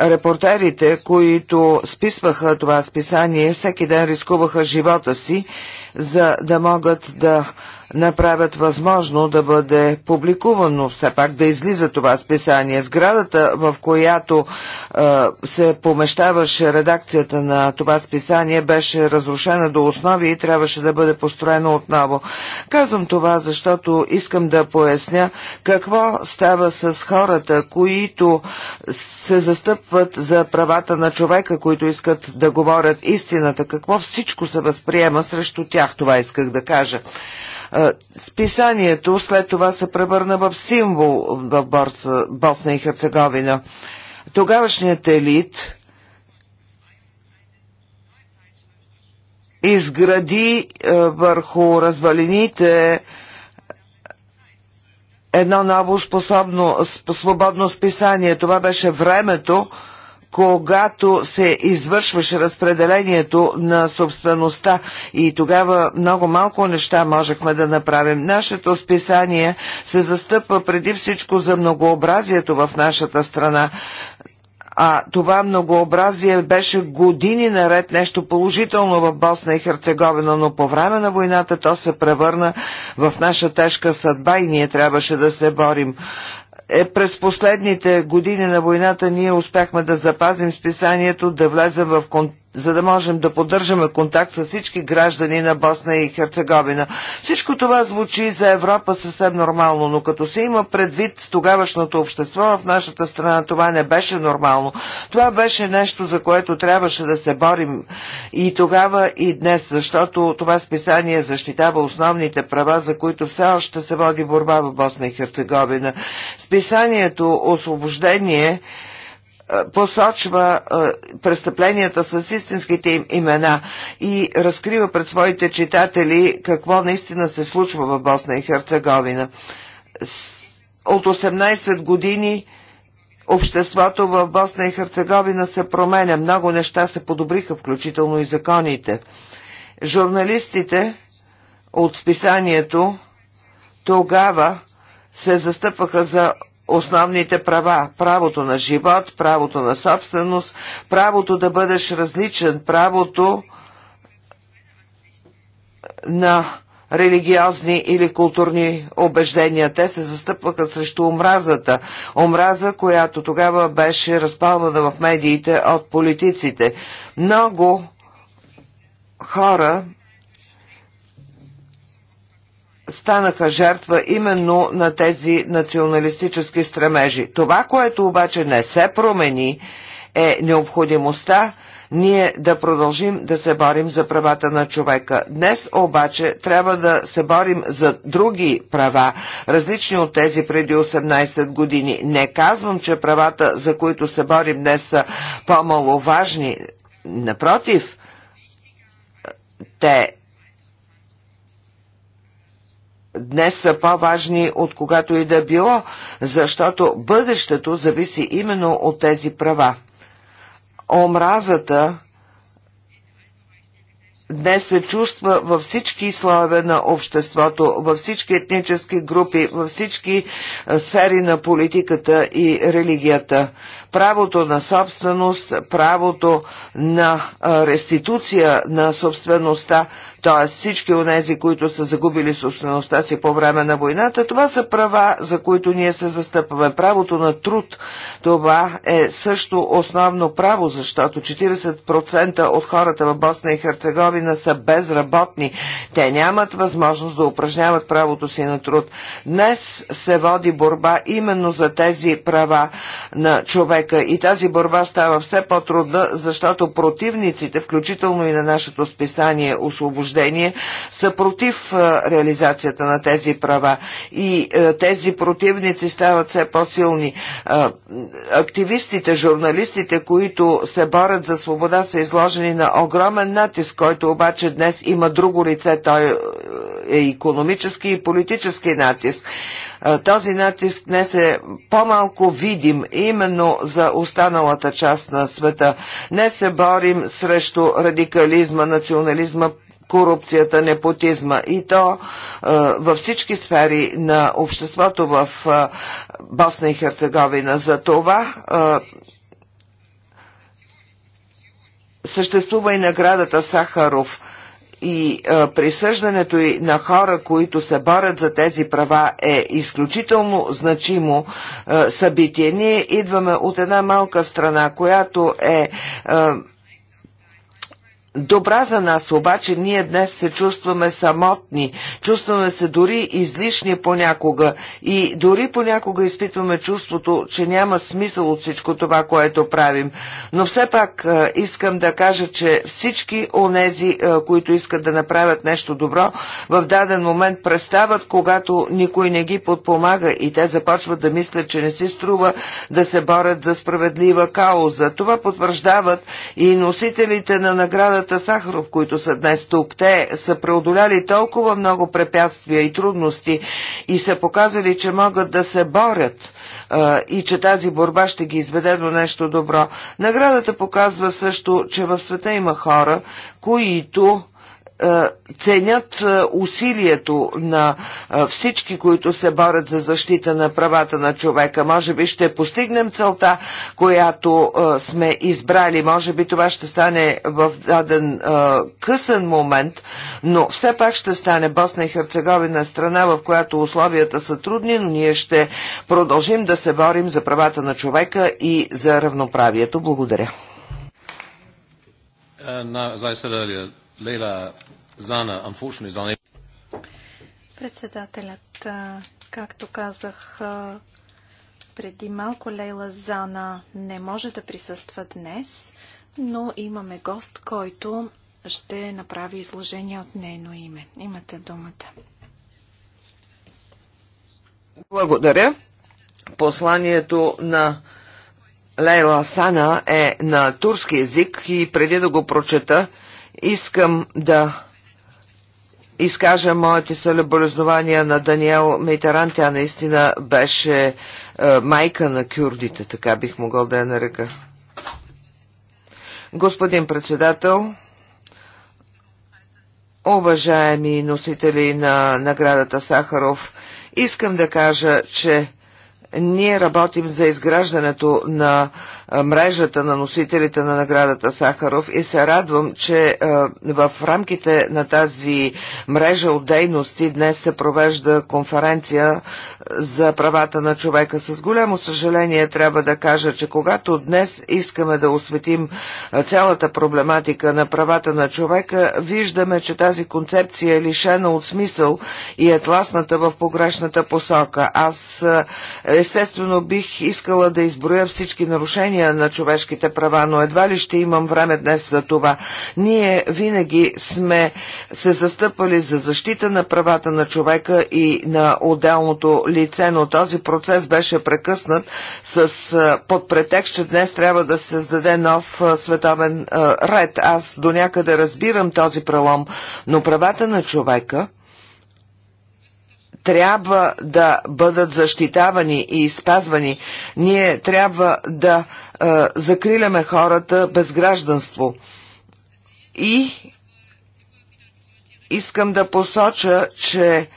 Репортерите, които списваха това списание, всеки ден рискуваха живота си, за да могат да направят възможно да бъде публикувано, все пак да излиза това списание. Сградата, в която е, се помещаваше редакцията на това списание, беше разрушена до основи и трябваше да бъде построена отново. Казвам това, защото искам да поясня какво става с хората, които се застъпват за правата на човека, които искат да говорят истината, какво всичко се възприема срещу тях, това исках да кажа. Списанието след това се превърна в символ в Борса, Босна и Херцеговина. Тогавашният елит изгради върху развалините едно ново способно, свободно списание. Това беше времето, когато се извършваше разпределението на собствеността и тогава много малко неща можехме да направим. Нашето списание се застъпва преди всичко за многообразието в нашата страна. А това многообразие беше години наред нещо положително в Босна и Херцеговина, но по време на войната то се превърна в наша тежка съдба и ние трябваше да се борим е през последните години на войната ние успяхме да запазим списанието, да влезе в контакт за да можем да поддържаме контакт с всички граждани на Босна и Херцеговина. Всичко това звучи за Европа съвсем нормално, но като се има предвид тогавашното общество в нашата страна, това не беше нормално. Това беше нещо, за което трябваше да се борим и тогава и днес, защото това списание защитава основните права, за които все още се води борба в Босна и Херцеговина. Списанието «Освобождение» Е, посочва е, престъпленията с истинските им имена и разкрива пред своите читатели какво наистина се случва в Босна и Херцеговина. От 18 години обществото в Босна и Херцеговина се променя, много неща се подобриха, включително и законите. Журналистите от списанието тогава се застъпваха за основните права – правото на живот, правото на собственост, правото да бъдеш различен, правото на религиозни или културни убеждения. Те се застъпваха срещу омразата. Омраза, която тогава беше разпалвана в медиите от политиците. Много хора станаха жертва именно на тези националистически стремежи. Това, което обаче не се промени, е необходимостта ние да продължим да се борим за правата на човека. Днес обаче трябва да се борим за други права, различни от тези преди 18 години. Не казвам, че правата, за които се борим днес, са по-маловажни. Напротив, те днес са по-важни от когато и да било, защото бъдещето зависи именно от тези права. Омразата днес се чувства във всички слоеве на обществото, във всички етнически групи, във всички сфери на политиката и религията правото на собственост, правото на реституция на собствеността, т.е. всички от тези, които са загубили собствеността си по време на войната, това са права, за които ние се застъпваме. Правото на труд, това е също основно право, защото 40% от хората в Босна и Херцеговина са безработни. Те нямат възможност да упражняват правото си на труд. Днес се води борба именно за тези права на човека човека и тази борба става все по-трудна, защото противниците, включително и на нашето списание Освобождение, са против реализацията на тези права и тези противници стават все по-силни. Активистите, журналистите, които се борят за свобода, са изложени на огромен натиск, който обаче днес има друго лице. Той е економически и политически натиск. Е, този натиск днес е по-малко видим именно за останалата част на света. Не се борим срещу радикализма, национализма, корупцията, непотизма и то е, във всички сфери на обществото в е, Босна и Херцеговина. За това е, съществува и наградата Сахаров – и а, присъждането и на хора, които се борят за тези права е изключително значимо а, събитие. Ние идваме от една малка страна, която е а, добра за нас, обаче ние днес се чувстваме самотни, чувстваме се дори излишни понякога и дори понякога изпитваме чувството, че няма смисъл от всичко това, което правим. Но все пак е, искам да кажа, че всички онези, е, които искат да направят нещо добро, в даден момент престават, когато никой не ги подпомага и те започват да мислят, че не си струва да се борят за справедлива кауза. Това потвърждават и носителите на наградата наградата Сахаров, които са днес тук. Те са преодоляли толкова много препятствия и трудности и са показали, че могат да се борят и че тази борба ще ги изведе до нещо добро. Наградата показва също, че в света има хора, които е, ценят е, усилието на е, всички, които се борят за защита на правата на човека. Може би ще постигнем целта, която сме избрали. Може би това ще стане в даден късен момент, но все пак ще стане Босна и Херцеговина страна, в която условията са трудни, но ние ще продължим да се борим за правата на човека и за равноправието. Благодаря. Uh, no, Лейла Зана, unfortunately, is unable... Председателят, както казах преди малко, Лейла Зана не може да присъства днес, но имаме гост, който ще направи изложение от нейно име. Имате думата. Благодаря. Посланието на Лейла Сана е на турски язик и преди да го прочета, Искам да изкажа моите съболезнования на Даниел Мейтаран, Тя наистина беше е, майка на кюрдите, така бих могъл да я нарека. Господин председател, уважаеми носители на наградата Сахаров, искам да кажа, че ние работим за изграждането на мрежата на носителите на наградата Сахаров и се радвам, че в рамките на тази мрежа от дейности днес се провежда конференция за правата на човека. С голямо съжаление трябва да кажа, че когато днес искаме да осветим цялата проблематика на правата на човека, виждаме, че тази концепция е лишена от смисъл и е тласната в погрешната посока. Аз естествено бих искала да изброя всички нарушения нарушения на човешките права, но едва ли ще имам време днес за това. Ние винаги сме се застъпали за защита на правата на човека и на отделното лице, но този процес беше прекъснат с под претекст, че днес трябва да се създаде нов световен ред. Аз до някъде разбирам този прелом, но правата на човека трябва да бъдат защитавани и спазвани. Ние трябва да е, закриляме хората без гражданство. И искам да посоча, че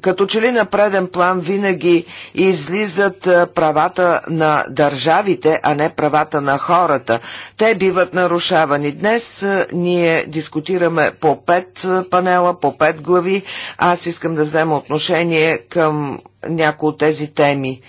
като че ли на преден план винаги излизат правата на държавите, а не правата на хората. Те биват нарушавани. Днес ние дискутираме по пет панела, по пет глави. Аз искам да взема отношение към някои от тези теми.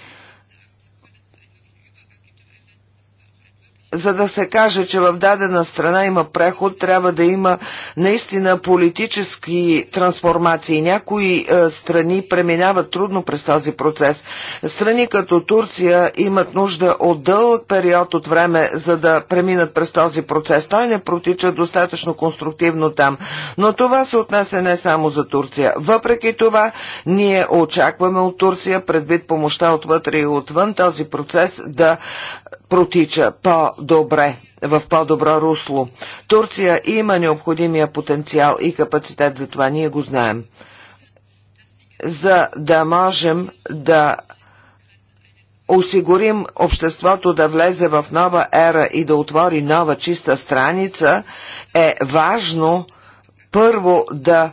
за да се каже, че в дадена страна има преход, трябва да има наистина политически трансформации. Някои е, страни преминават трудно през този процес. Страни като Турция имат нужда от дълъг период от време, за да преминат през този процес. Той не протича достатъчно конструктивно там. Но това се отнася не само за Турция. Въпреки това, ние очакваме от Турция, предвид помощта отвътре и отвън, този процес да е, протича по-добре, в по-добро русло. Турция има необходимия потенциал и капацитет, за това ние го знаем. За да можем да осигурим обществото да влезе в нова ера и да отвори нова чиста страница, е важно първо да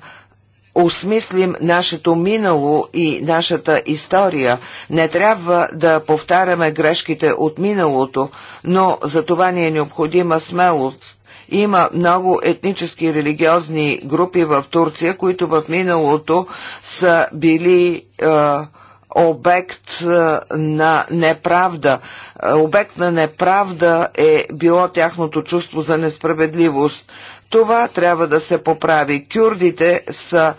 осмислим нашето минало и нашата история. Не трябва да повтаряме грешките от миналото, но за това ни е необходима смелост. Има много етнически и религиозни групи в Турция, които в миналото са били е, обект е, на неправда. Е, обект на неправда е било тяхното чувство за несправедливост. Това трябва да се поправи. Кюрдите са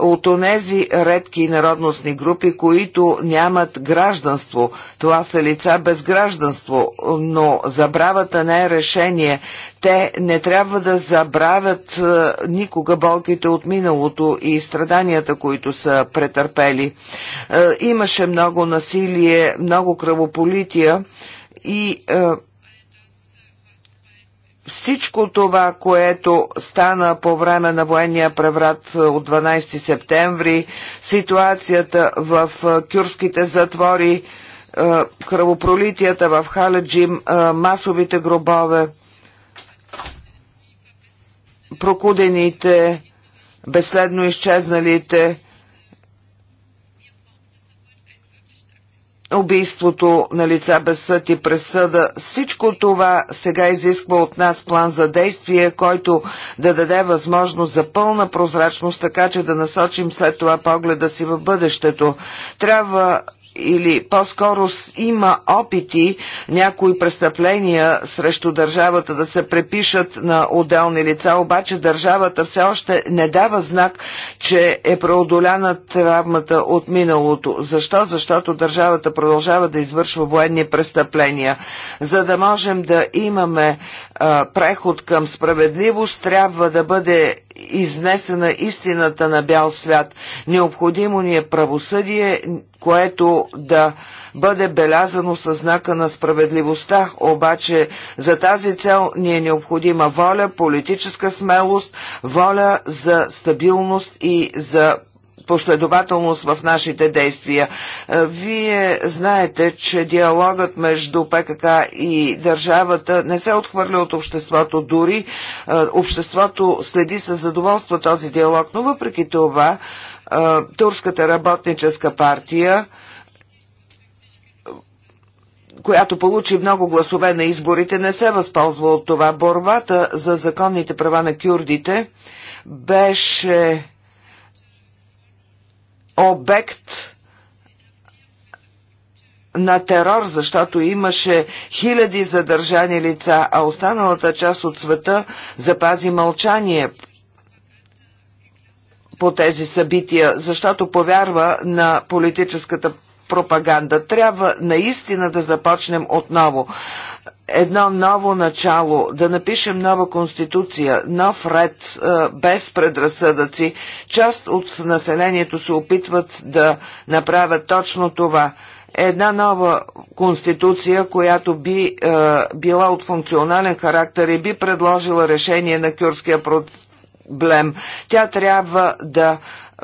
от онези редки народностни групи, които нямат гражданство. Това са лица без гражданство, но забравата не е решение. Те не трябва да забравят е, никога болките от миналото и страданията, които са претърпели. Е, имаше много насилие, много кръвополития и е, всичко това, което стана по време на военния преврат е, от 12 септември, ситуацията в е, кюрските затвори, е, кръвопролитията в Халеджим, масовите гробове, прокудените, безследно изчезналите, убийството на лица без съд и пресъда. Всичко това сега изисква от нас план за действие, който да даде възможност за пълна прозрачност, така че да насочим след това погледа си в бъдещето. Трябва или по-скоро има опити някои престъпления срещу държавата да се препишат на отделни лица, обаче държавата все още не дава знак, че е преодоляна травмата от миналото. Защо? Защото държавата продължава да извършва военни престъпления. За да можем да имаме а, преход към справедливост, трябва да бъде изнесена истината на бял свят. Необходимо ни е правосъдие, което да бъде белязано със знака на справедливостта, обаче за тази цел ни е необходима воля, политическа смелост, воля за стабилност и за последователност в нашите действия. Е, вие знаете, че диалогът между ПКК и държавата не се отхвърля от обществото. Дори е, обществото следи с задоволство този диалог, но въпреки това е, Турската работническа партия която получи много гласове на изборите, не се възползва от това. Борбата за законните права на кюрдите беше обект на терор, защото имаше хиляди задържани лица, а останалата част от света запази мълчание по тези събития, защото повярва на политическата пропаганда. Трябва наистина да започнем отново едно ново начало, да напишем нова конституция, нов ред, е, без предразсъдъци. Част от населението се опитват да направят точно това. Една нова конституция, която би е, била от функционален характер и би предложила решение на кюрския проблем. Тя трябва да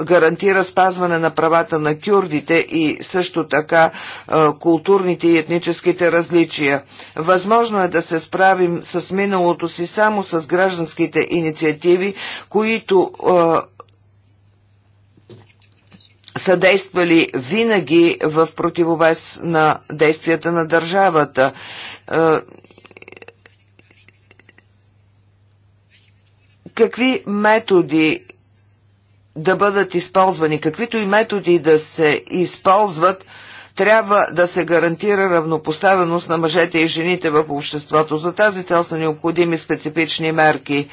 гарантира спазване на правата на кюрдите и също така е, културните и етническите различия. Възможно е да се справим с миналото си само с гражданските инициативи, които е, са действали винаги в противовес на действията на държавата. Е, какви методи да бъдат използвани, каквито и методи да се използват, трябва да се гарантира равнопоставеност на мъжете и жените в обществото. За тази цел са необходими специфични мерки.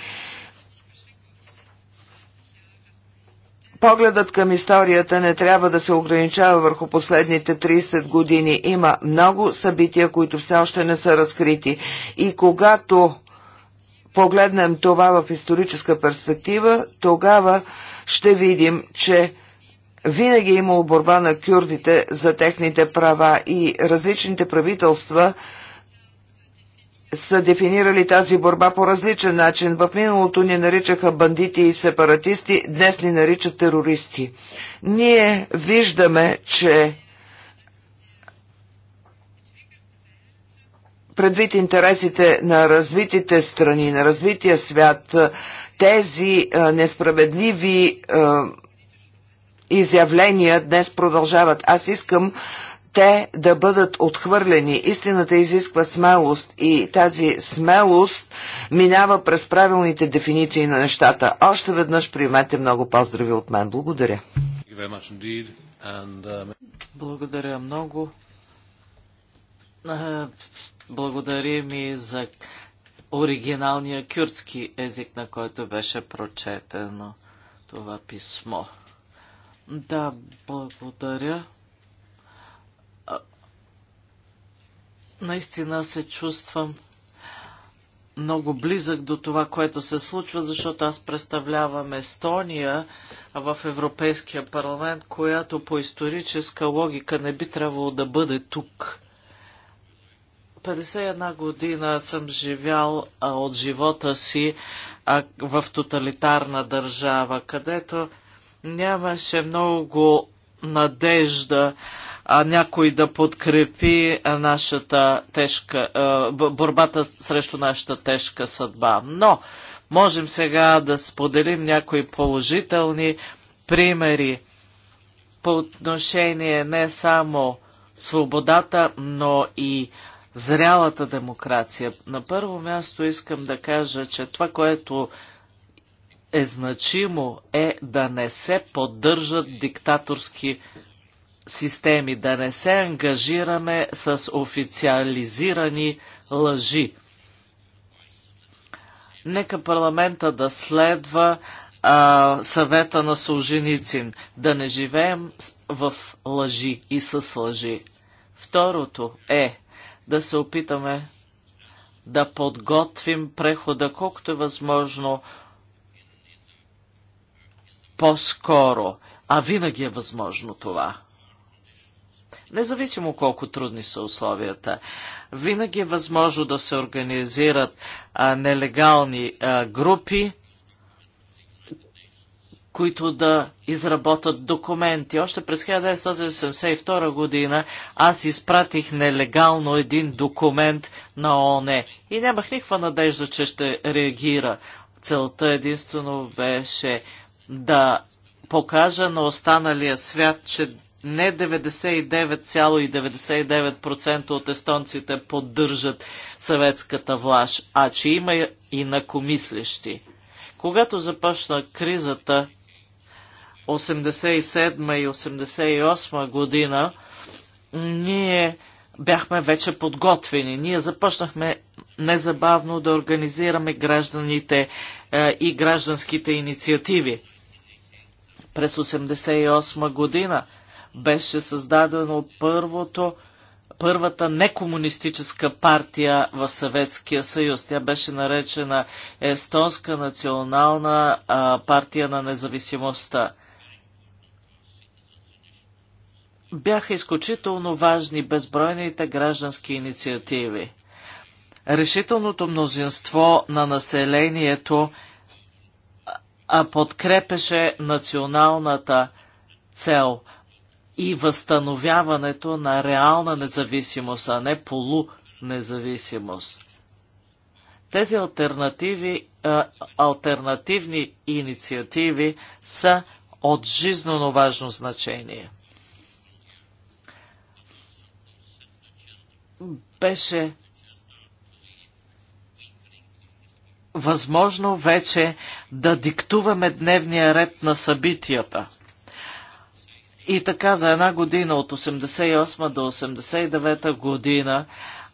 Погледът към историята не трябва да се ограничава върху последните 30 години. Има много събития, които все още не са разкрити. И когато погледнем това в историческа перспектива, тогава ще видим, че винаги е имало борба на кюрдите за техните права и различните правителства са дефинирали тази борба по различен начин. В миналото ни наричаха бандити и сепаратисти, днес ни наричат терористи. Ние виждаме, че предвид интересите на развитите страни, на развития свят, тези несправедливи изявления днес продължават. Аз искам те да бъдат отхвърлени. Истината изисква смелост и тази смелост минава през правилните дефиниции на нещата. Още веднъж приемете много поздрави от мен. Благодаря. Благодаря много. Благодарим и за оригиналния кюртски език, на който беше прочетено това писмо. Да, благодаря. Наистина се чувствам много близък до това, което се случва, защото аз представлявам Естония в Европейския парламент, която по историческа логика не би трябвало да бъде тук. 51 година съм живял а, от живота си а, в тоталитарна държава, където нямаше много надежда а, някой да подкрепи а, нашата тежка, а, борбата срещу нашата тежка съдба. Но можем сега да споделим някои положителни примери по отношение не само свободата, но и зрялата демокрация. На първо място искам да кажа, че това, което е значимо е да не се поддържат диктаторски системи, да не се ангажираме с официализирани лъжи. Нека парламента да следва а, съвета на Солженицин, да не живеем в лъжи и с лъжи. Второто е да се опитаме да подготвим прехода колкото е възможно по-скоро, а винаги е възможно това. Независимо колко трудни са условията, винаги е възможно да се организират а, нелегални а, групи, които да изработат документи. Още през 1972 година аз изпратих нелегално един документ на ОНЕ и нямах никаква надежда, че ще реагира. Целта единствено беше да покажа на останалия свят, че не 99,99% ,99 от естонците поддържат съветската власт, а че има и накомислещи. Когато започна кризата, 87 и 88 година ние бяхме вече подготвени. Ние започнахме незабавно да организираме гражданите е, и гражданските инициативи. През 1988 година беше създадено първото, първата некомунистическа партия в Съветския съюз. Тя беше наречена Естонска национална партия на независимостта. бяха изключително важни безбройните граждански инициативи. Решителното мнозинство на населението а подкрепеше националната цел и възстановяването на реална независимост, а не полунезависимост. Тези альтернативи, альтернативни инициативи са от жизненно важно значение – беше възможно вече да диктуваме дневния ред на събитията. И така за една година от 88 до 89 година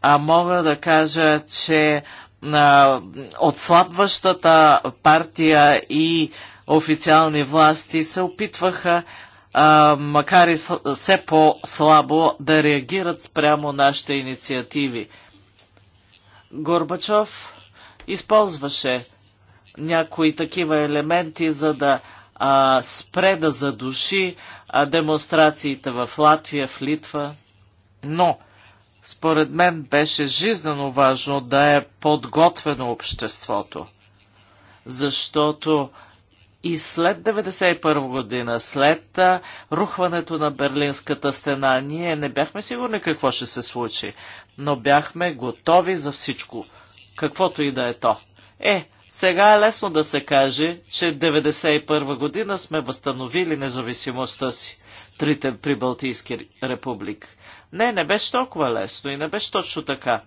а мога да кажа, че а, отслабващата партия и официални власти се опитваха а, макар и все по-слабо, да реагират спрямо нашите инициативи. Горбачов използваше някои такива елементи, за да а, спре да задуши а, демонстрациите в Латвия, в Литва. Но, според мен, беше жизненно важно да е подготвено обществото, защото и след 1991 година, след рухването на Берлинската стена, ние не бяхме сигурни какво ще се случи, но бяхме готови за всичко, каквото и да е то. Е, сега е лесно да се каже, че 1991 година сме възстановили независимостта си, трите Балтийски републик. Не, не беше толкова лесно и не беше точно така.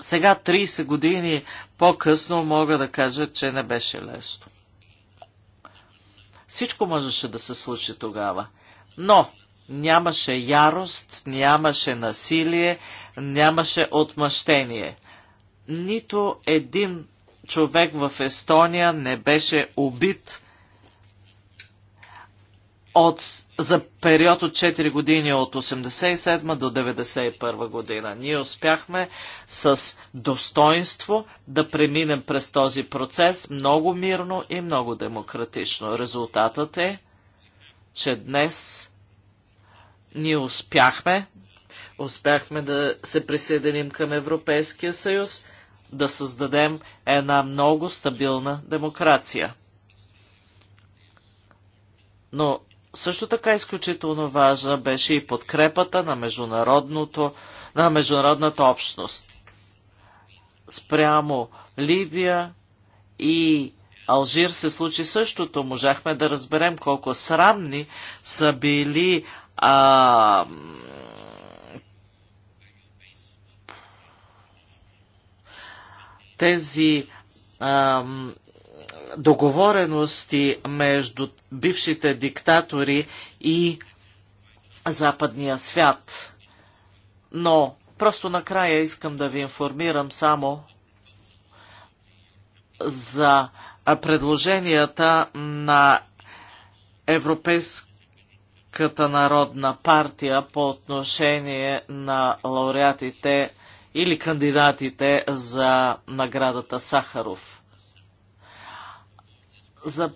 Сега, 30 години по-късно, мога да кажа, че не беше лесно. Всичко можеше да се случи тогава. Но нямаше ярост, нямаше насилие, нямаше отмъщение. Нито един човек в Естония не беше убит от, за период от 4 години от 87 до 91 година. Ние успяхме с достоинство да преминем през този процес много мирно и много демократично. Резултатът е, че днес ние успяхме, успяхме да се присъединим към Европейския съюз, да създадем една много стабилна демокрация. Но също така изключително важна беше и подкрепата на, международното, на международната общност спрямо Либия и Алжир се случи същото. Можахме да разберем колко срамни са били а, тези а, договорености между бившите диктатори и западния свят. Но просто накрая искам да ви информирам само за предложенията на Европейската народна партия по отношение на лауреатите или кандидатите за наградата Сахаров за...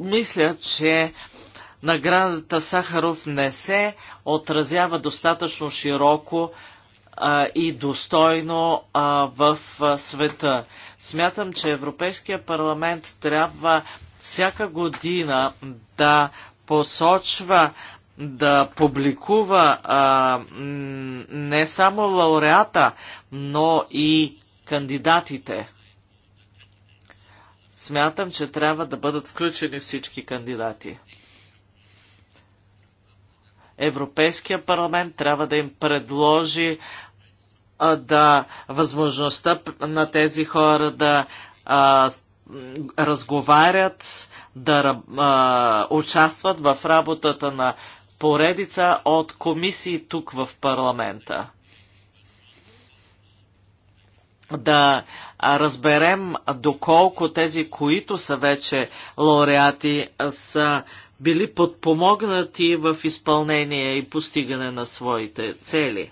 Мисля, че наградата Сахаров не се отразява достатъчно широко а, и достойно а, в а, света. Смятам, че Европейския парламент трябва всяка година да посочва, да публикува а, не само лауреата, но и кандидатите. Смятам, че трябва да бъдат включени всички кандидати. Европейския парламент трябва да им предложи а, да възможността на тези хора да а, разговарят, да а, участват в работата на поредица от комисии тук в парламента да разберем доколко тези, които са вече лауреати, са били подпомогнати в изпълнение и постигане на своите цели.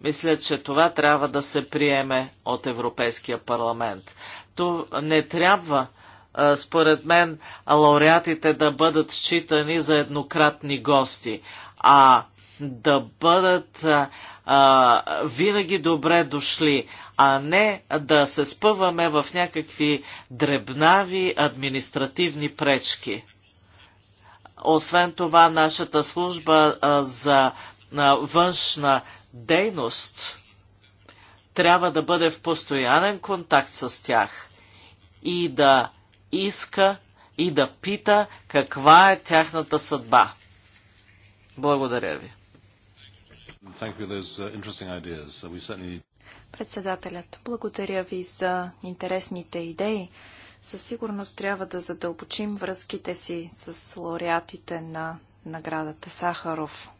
Мисля, че това трябва да се приеме от Европейския парламент. То не трябва, според мен, лауреатите да бъдат считани за еднократни гости, а да бъдат а, винаги добре дошли, а не да се спъваме в някакви дребнави административни пречки. Освен това, нашата служба а, за а, външна дейност трябва да бъде в постоянен контакт с тях и да иска и да пита каква е тяхната съдба. Благодаря ви. Uh, Председателят, благодаря ви за интересните идеи. Със сигурност трябва да задълбочим връзките си с лауреатите на наградата Сахаров.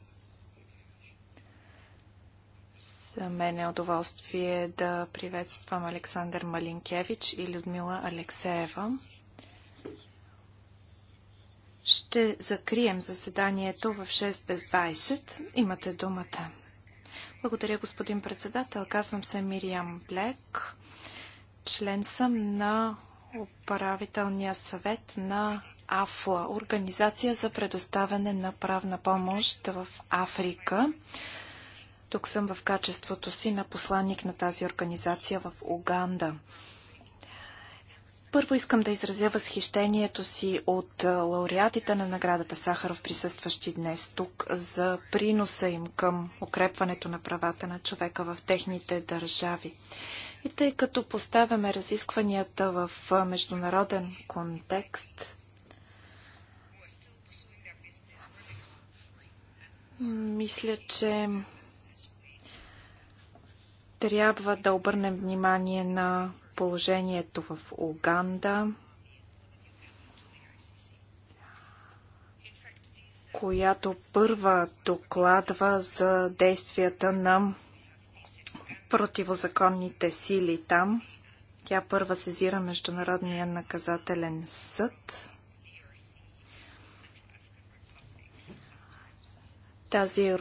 За мен е удоволствие да приветствам Александър Малинкевич и Людмила Алексеева. Ще закрием заседанието в 6 без 20. Имате думата. Благодаря, господин председател. Казвам се Мириам Блек. Член съм на управителния съвет на АФЛА, Организация за предоставяне на правна помощ в Африка. Тук съм в качеството си на посланник на тази организация в Уганда. Първо искам да изразя възхищението си от лауреатите на наградата Сахаров, присъстващи днес тук, за приноса им към укрепването на правата на човека в техните държави. И тъй като поставяме разискванията в международен контекст, мисля, че трябва да обърнем внимание на положението в Уганда, която първа докладва за действията на противозаконните сили там. Тя първа сезира Международния наказателен съд. Тази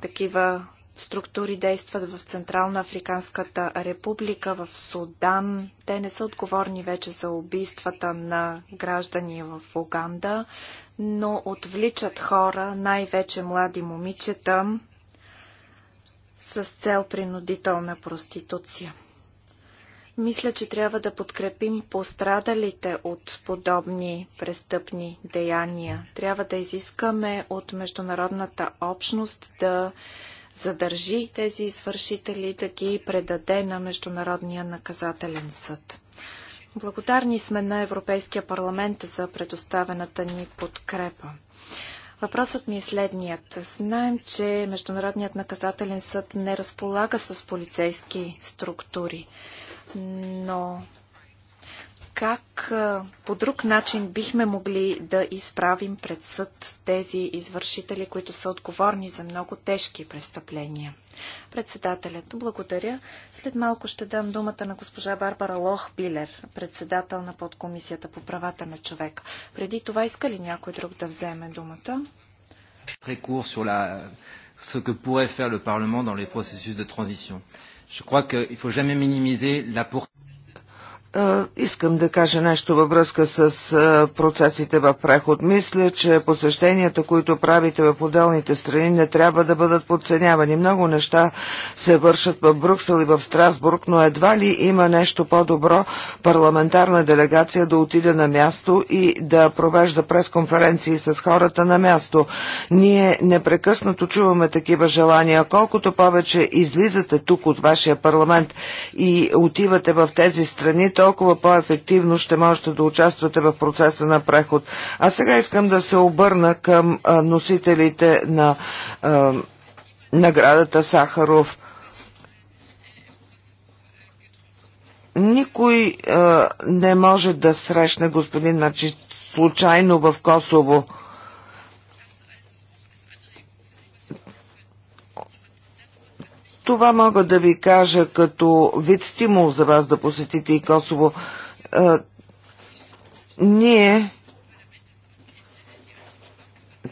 такива структури действат в Централно Африканската република, в Судан. Те не са отговорни вече за убийствата на граждани в Уганда, но отвличат хора, най-вече млади момичета, с цел принудителна проституция. Мисля, че трябва да подкрепим пострадалите от подобни престъпни деяния. Трябва да изискаме от международната общност да задържи тези извършители, да ги предаде на Международния наказателен съд. Благодарни сме на Европейския парламент за предоставената ни подкрепа. Въпросът ми е следният. Знаем, че Международният наказателен съд не разполага с полицейски структури, но как по друг начин бихме могли да изправим пред съд тези извършители, които са отговорни за много тежки престъпления. Председателят, благодаря. След малко ще дам думата на госпожа Барбара Лох Билер, председател на подкомисията по правата на човека. Преди това иска ли някой друг да вземе думата? ce que pourrait faire le Parlement dans les processus de transition. Je crois qu'il ne faut jamais minimiser portée. Искам да кажа нещо във връзка с процесите в преход. Мисля, че посещенията, които правите в отделните страни, не трябва да бъдат подценявани. Много неща се вършат в Брюксел и в Страсбург, но едва ли има нещо по-добро парламентарна делегация да отиде на място и да провежда пресконференции с хората на място. Ние непрекъснато чуваме такива желания. Колкото повече излизате тук от вашия парламент и отивате в тези страни, то толкова по-ефективно ще можете да участвате в процеса на преход. А сега искам да се обърна към носителите на а, наградата Сахаров. Никой а, не може да срещне господин Начи случайно в Косово. Това мога да ви кажа като вид стимул за вас да посетите и Косово. ние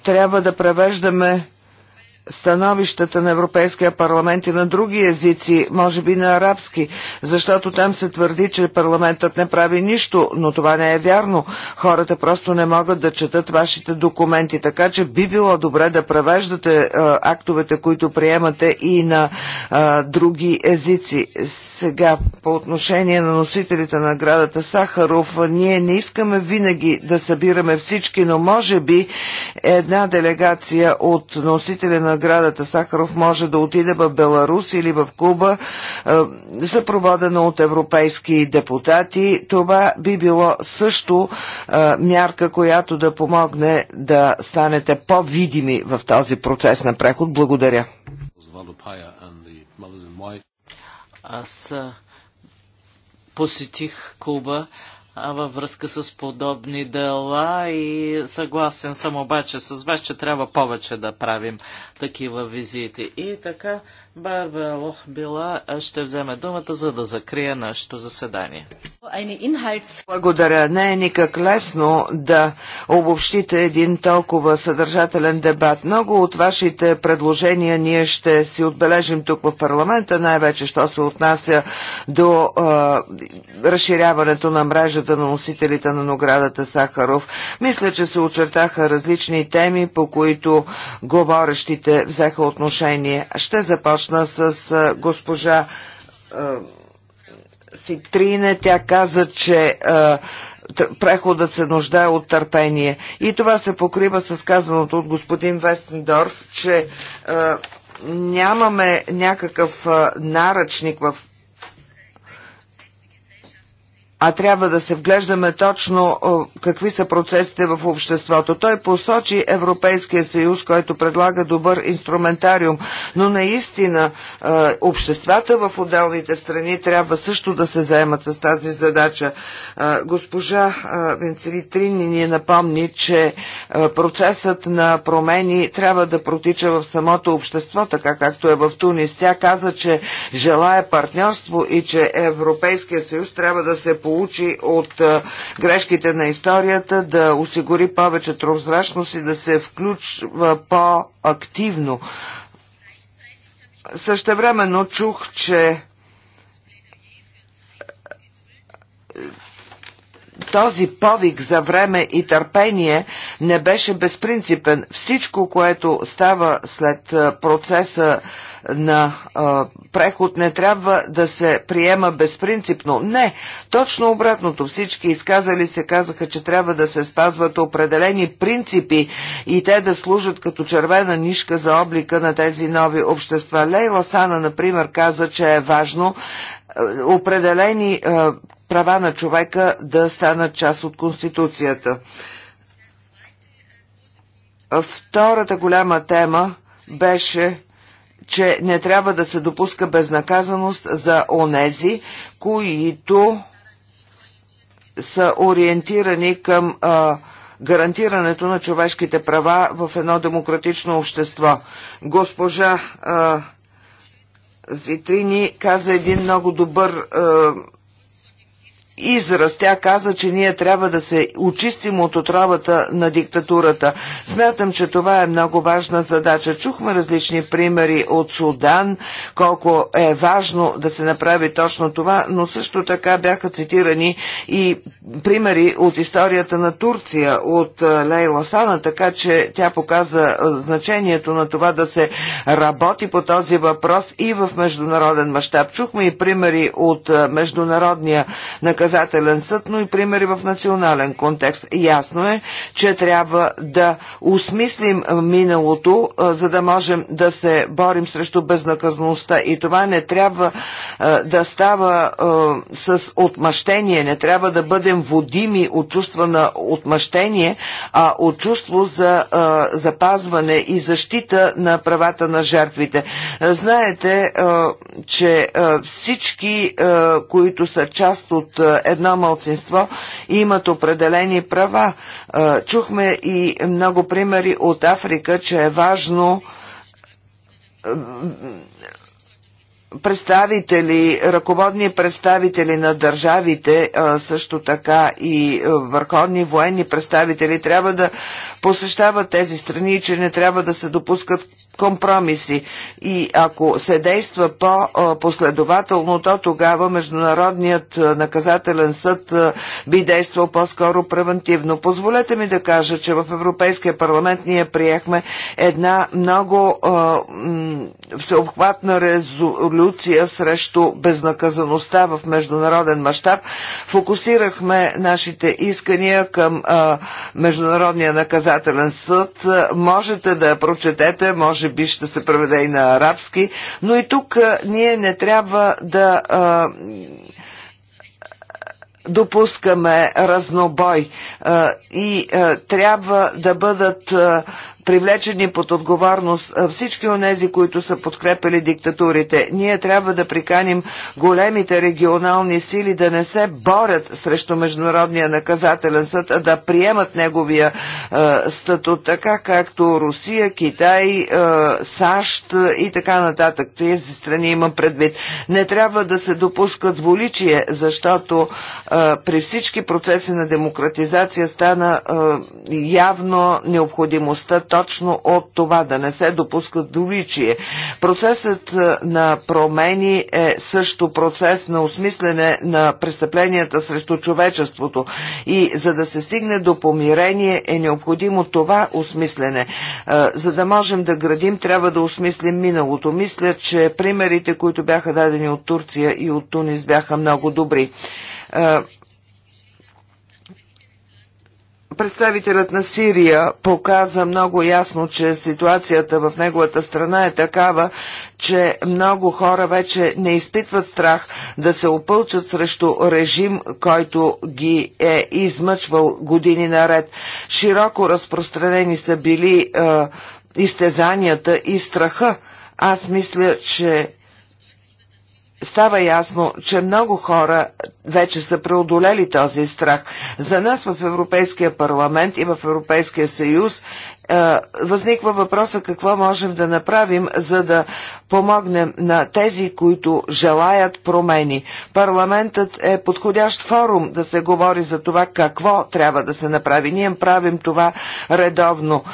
трябва да превеждаме становищата на Европейския парламент и на други езици, може би на арабски, защото там се твърди, че парламентът не прави нищо, но това не е вярно. Хората просто не могат да четат вашите документи, така че би било добре да превеждате а, е, актовете, които приемате и на а, е, други езици. Сега, по отношение на носителите на градата Сахаров, ние не искаме винаги да събираме всички, но може би една делегация от носителя на наградата Сахаров може да отиде в Беларус или в Куба, съпроводена е, от европейски депутати. Това би било също е, мярка, която да помогне да станете по-видими в този процес на преход. Благодаря. Аз е, посетих Куба във връзка с подобни дела и съгласен съм обаче с вас, че трябва повече да правим такива визити. И така, Барбара Лох, била, ще вземе думата, за да закрие нашето заседание. Благодаря. Не е никак лесно да обобщите един толкова съдържателен дебат. Много от вашите предложения ние ще си отбележим тук в парламента, най-вече, що се отнася до е, разширяването на мрежата на носителите на наградата Сахаров. Мисля, че се очертаха различни теми, по които говорещите взеха отношение. Ще започна започна с госпожа Ситрине. Тя каза, че преходът се нуждае от търпение. И това се покрива с казаното от господин Вестендорф, че нямаме някакъв наръчник в а трябва да се вглеждаме точно какви са процесите в обществото. Той посочи Европейския съюз, който предлага добър инструментариум, но наистина е, обществата в отделните страни трябва също да се заемат с тази задача. Е, госпожа е, Венцелитрини ни напомни, че процесът на промени трябва да протича в самото общество, така както е в Тунис. Тя каза, че желая партньорство и че Европейския съюз трябва да се получи получи от грешките на историята, да осигури повече прозрачност и да се включва по-активно. Същевременно чух, че този повик за време и търпение не беше безпринципен. Всичко, което става след процеса на а, преход не трябва да се приема безпринципно. Не, точно обратното. Всички изказали се казаха, че трябва да се спазват определени принципи и те да служат като червена нишка за облика на тези нови общества. Лейла Сана, например, каза, че е важно определени е, права на човека да станат част от Конституцията. Втората голяма тема беше, че не трябва да се допуска безнаказаност за онези, които са ориентирани към а, гарантирането на човешките права в едно демократично общество. Госпожа а, Зитрини каза един много добър е, израз. Тя каза, че ние трябва да се очистим от отравата на диктатурата. Смятам, че това е много важна задача. Чухме различни примери от Судан, колко е важно да се направи точно това, но също така бяха цитирани и примери от историята на Турция, от е, Лейла Сана, така че тя показа е, значението на това да се работи по този въпрос и в международен мащаб. Чухме и примери от е, международния наказателен наказателен съд, но и примери в национален контекст. Ясно е, че трябва да осмислим миналото, за да можем да се борим срещу безнаказаността. И това не трябва да става с отмъщение, не трябва да бъдем водими от чувства на отмъщение, а от чувство за запазване и защита на правата на жертвите. Знаете, че всички, които са част от едно мълцинство и имат определени права. Чухме и много примери от Африка, че е важно представители, ръководни представители на държавите, също така и върховни военни представители трябва да посещават тези страни, че не трябва да се допускат компромиси. И ако се действа по-последователно, то тогава Международният наказателен съд би действал по-скоро превентивно. Позволете ми да кажа, че в Европейския парламент ние приехме една много всеобхватна резолюция срещу безнаказаността в международен мащаб. Фокусирахме нашите искания към Международния наказателен съд. Можете да я прочетете, може може би ще се преведе и на арабски, но и тук ние не трябва да а, допускаме разнобой а, и а, трябва да бъдат а, привлечени под отговорност всички онези, които са подкрепили диктатурите. Ние трябва да приканим големите регионални сили да не се борят срещу Международния наказателен съд, а да приемат неговия е, статут, така както Русия, Китай, е, САЩ и така нататък. Тези страни имам предвид. Не трябва да се допуска дволичие, защото е, при всички процеси на демократизация стана е, явно необходимостта точно от това да не се допуска доличие. Процесът е, на промени е също процес на осмислене на престъпленията срещу човечеството и за да се стигне до помирение е необходимо това осмислене. Е, за да можем да градим, трябва да осмислим миналото. Мисля, че примерите, които бяха дадени от Турция и от Тунис, бяха много добри. Е, Представителят на Сирия показа много ясно, че ситуацията в неговата страна е такава, че много хора вече не изпитват страх да се опълчат срещу режим, който ги е измъчвал години наред. Широко разпространени са били е, изтезанията и страха. Аз мисля, че става ясно, че много хора вече са преодолели този страх. За нас в Европейския парламент и в Европейския съюз възниква въпроса какво можем да направим, за да помогнем на тези, които желаят промени. Парламентът е подходящ форум да се говори за това какво трябва да се направи. Ние правим това редовно.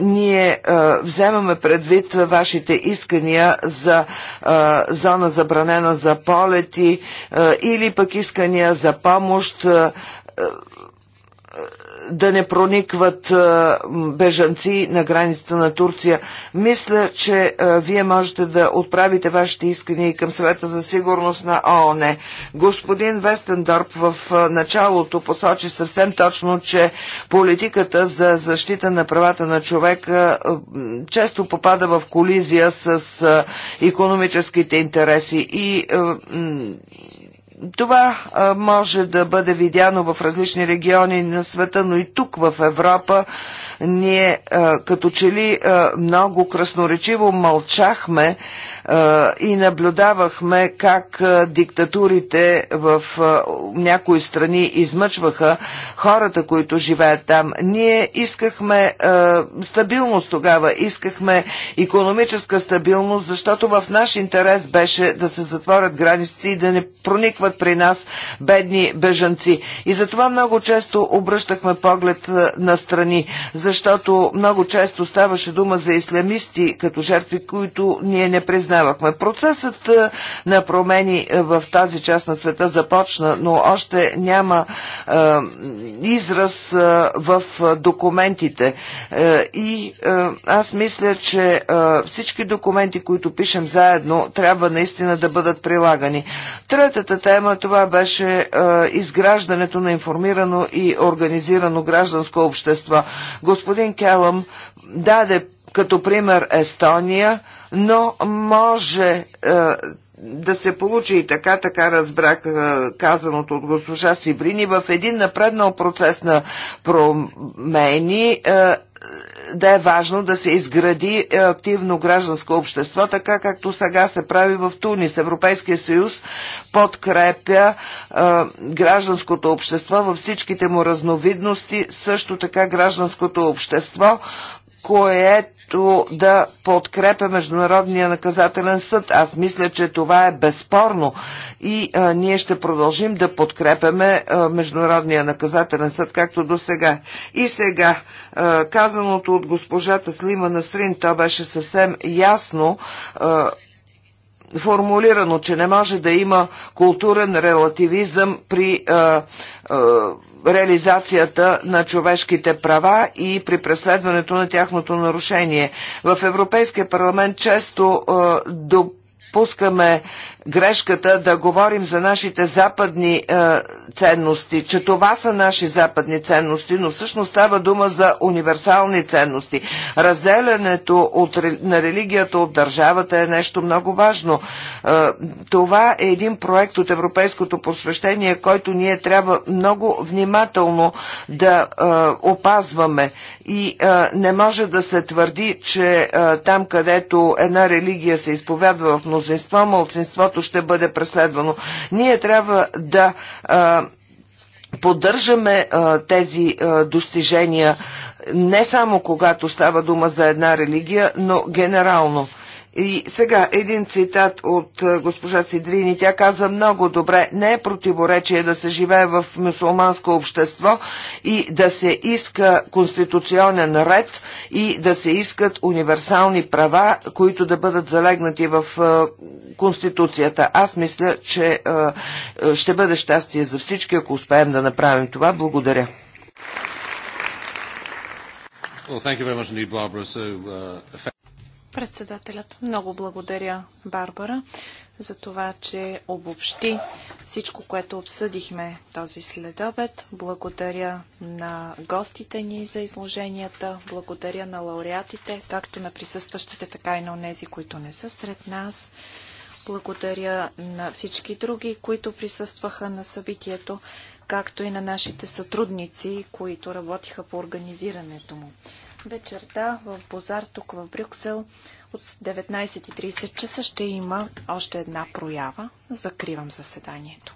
Ние вземаме предвид вашите искания за зона забранена за полети или пък искания за помощ да не проникват бежанци на границата на Турция. Мисля, че вие можете да отправите вашите искания и към съвета за сигурност на ООН. Господин Вестендорп в началото посочи съвсем точно, че политиката за защита на правата на човека често попада в колизия с економическите интереси и това може да бъде видяно в различни региони на света, но и тук в Европа ние като че ли много красноречиво мълчахме и наблюдавахме как диктатурите в някои страни измъчваха хората, които живеят там. Ние искахме стабилност тогава, искахме економическа стабилност, защото в наш интерес беше да се затворят границите и да не проникват при нас бедни бежанци. И затова много често обръщахме поглед на страни, защото много често ставаше дума за ислямисти като жертви, които ние не признаваме признавахме. Процесът е, на промени е, в тази част на света започна, но още няма е, израз е, в документите. Е, и е, аз мисля, че е, всички документи, които пишем заедно, трябва наистина да бъдат прилагани. Третата тема, това беше е, изграждането на информирано и организирано гражданско общество. Господин Келъм даде като пример Естония, но може е, да се получи и така, така разбрах е, казаното от госпожа Сибрини, в един напреднал процес на промени е, да е важно да се изгради активно гражданско общество, така както сега се прави в Тунис. Европейския съюз подкрепя е, гражданското общество във всичките му разновидности, също така гражданското общество, което също да подкрепя Международния наказателен съд. Аз мисля, че това е безспорно и а, ние ще продължим да подкрепяме а, Международния наказателен съд, както до сега. И сега, а, казаното от госпожата Слима Насрин, то беше съвсем ясно. А, формулирано, че не може да има културен релативизъм при а, а, реализацията на човешките права и при преследването на тяхното нарушение. В Европейския парламент често е, допускаме грешката да говорим за нашите западни е, ценности, че това са наши западни ценности, но всъщност става дума за универсални ценности. Разделянето от, на религията от държавата е нещо много важно. Е, това е един проект от Европейското посвещение, който ние трябва много внимателно да е, опазваме. И е, не може да се твърди, че е, там, където една религия се изповядва в мнозинство, мълцинството защото ще бъде преследвано. Ние трябва да а, поддържаме а, тези а, достижения не само когато става дума за една религия, но генерално. И сега един цитат от е, госпожа Сидрини. Тя каза много добре, не е противоречие да се живее в мусулманско общество и да се иска конституционен ред и да се искат универсални права, които да бъдат залегнати в е, Конституцията. Аз мисля, че е, ще бъде щастие за всички, ако успеем да направим това. Благодаря. Well, thank you very much indeed, Barbara. So, uh, Председателят, много благодаря, Барбара, за това, че обобщи всичко, което обсъдихме този следобед. Благодаря на гостите ни за изложенията, благодаря на лауреатите, както на присъстващите, така и на онези, които не са сред нас. Благодаря на всички други, които присъстваха на събитието, както и на нашите сътрудници, които работиха по организирането му. Вечерта в Бозар, тук в Брюксел, от 19.30 часа ще има още една проява. Закривам заседанието.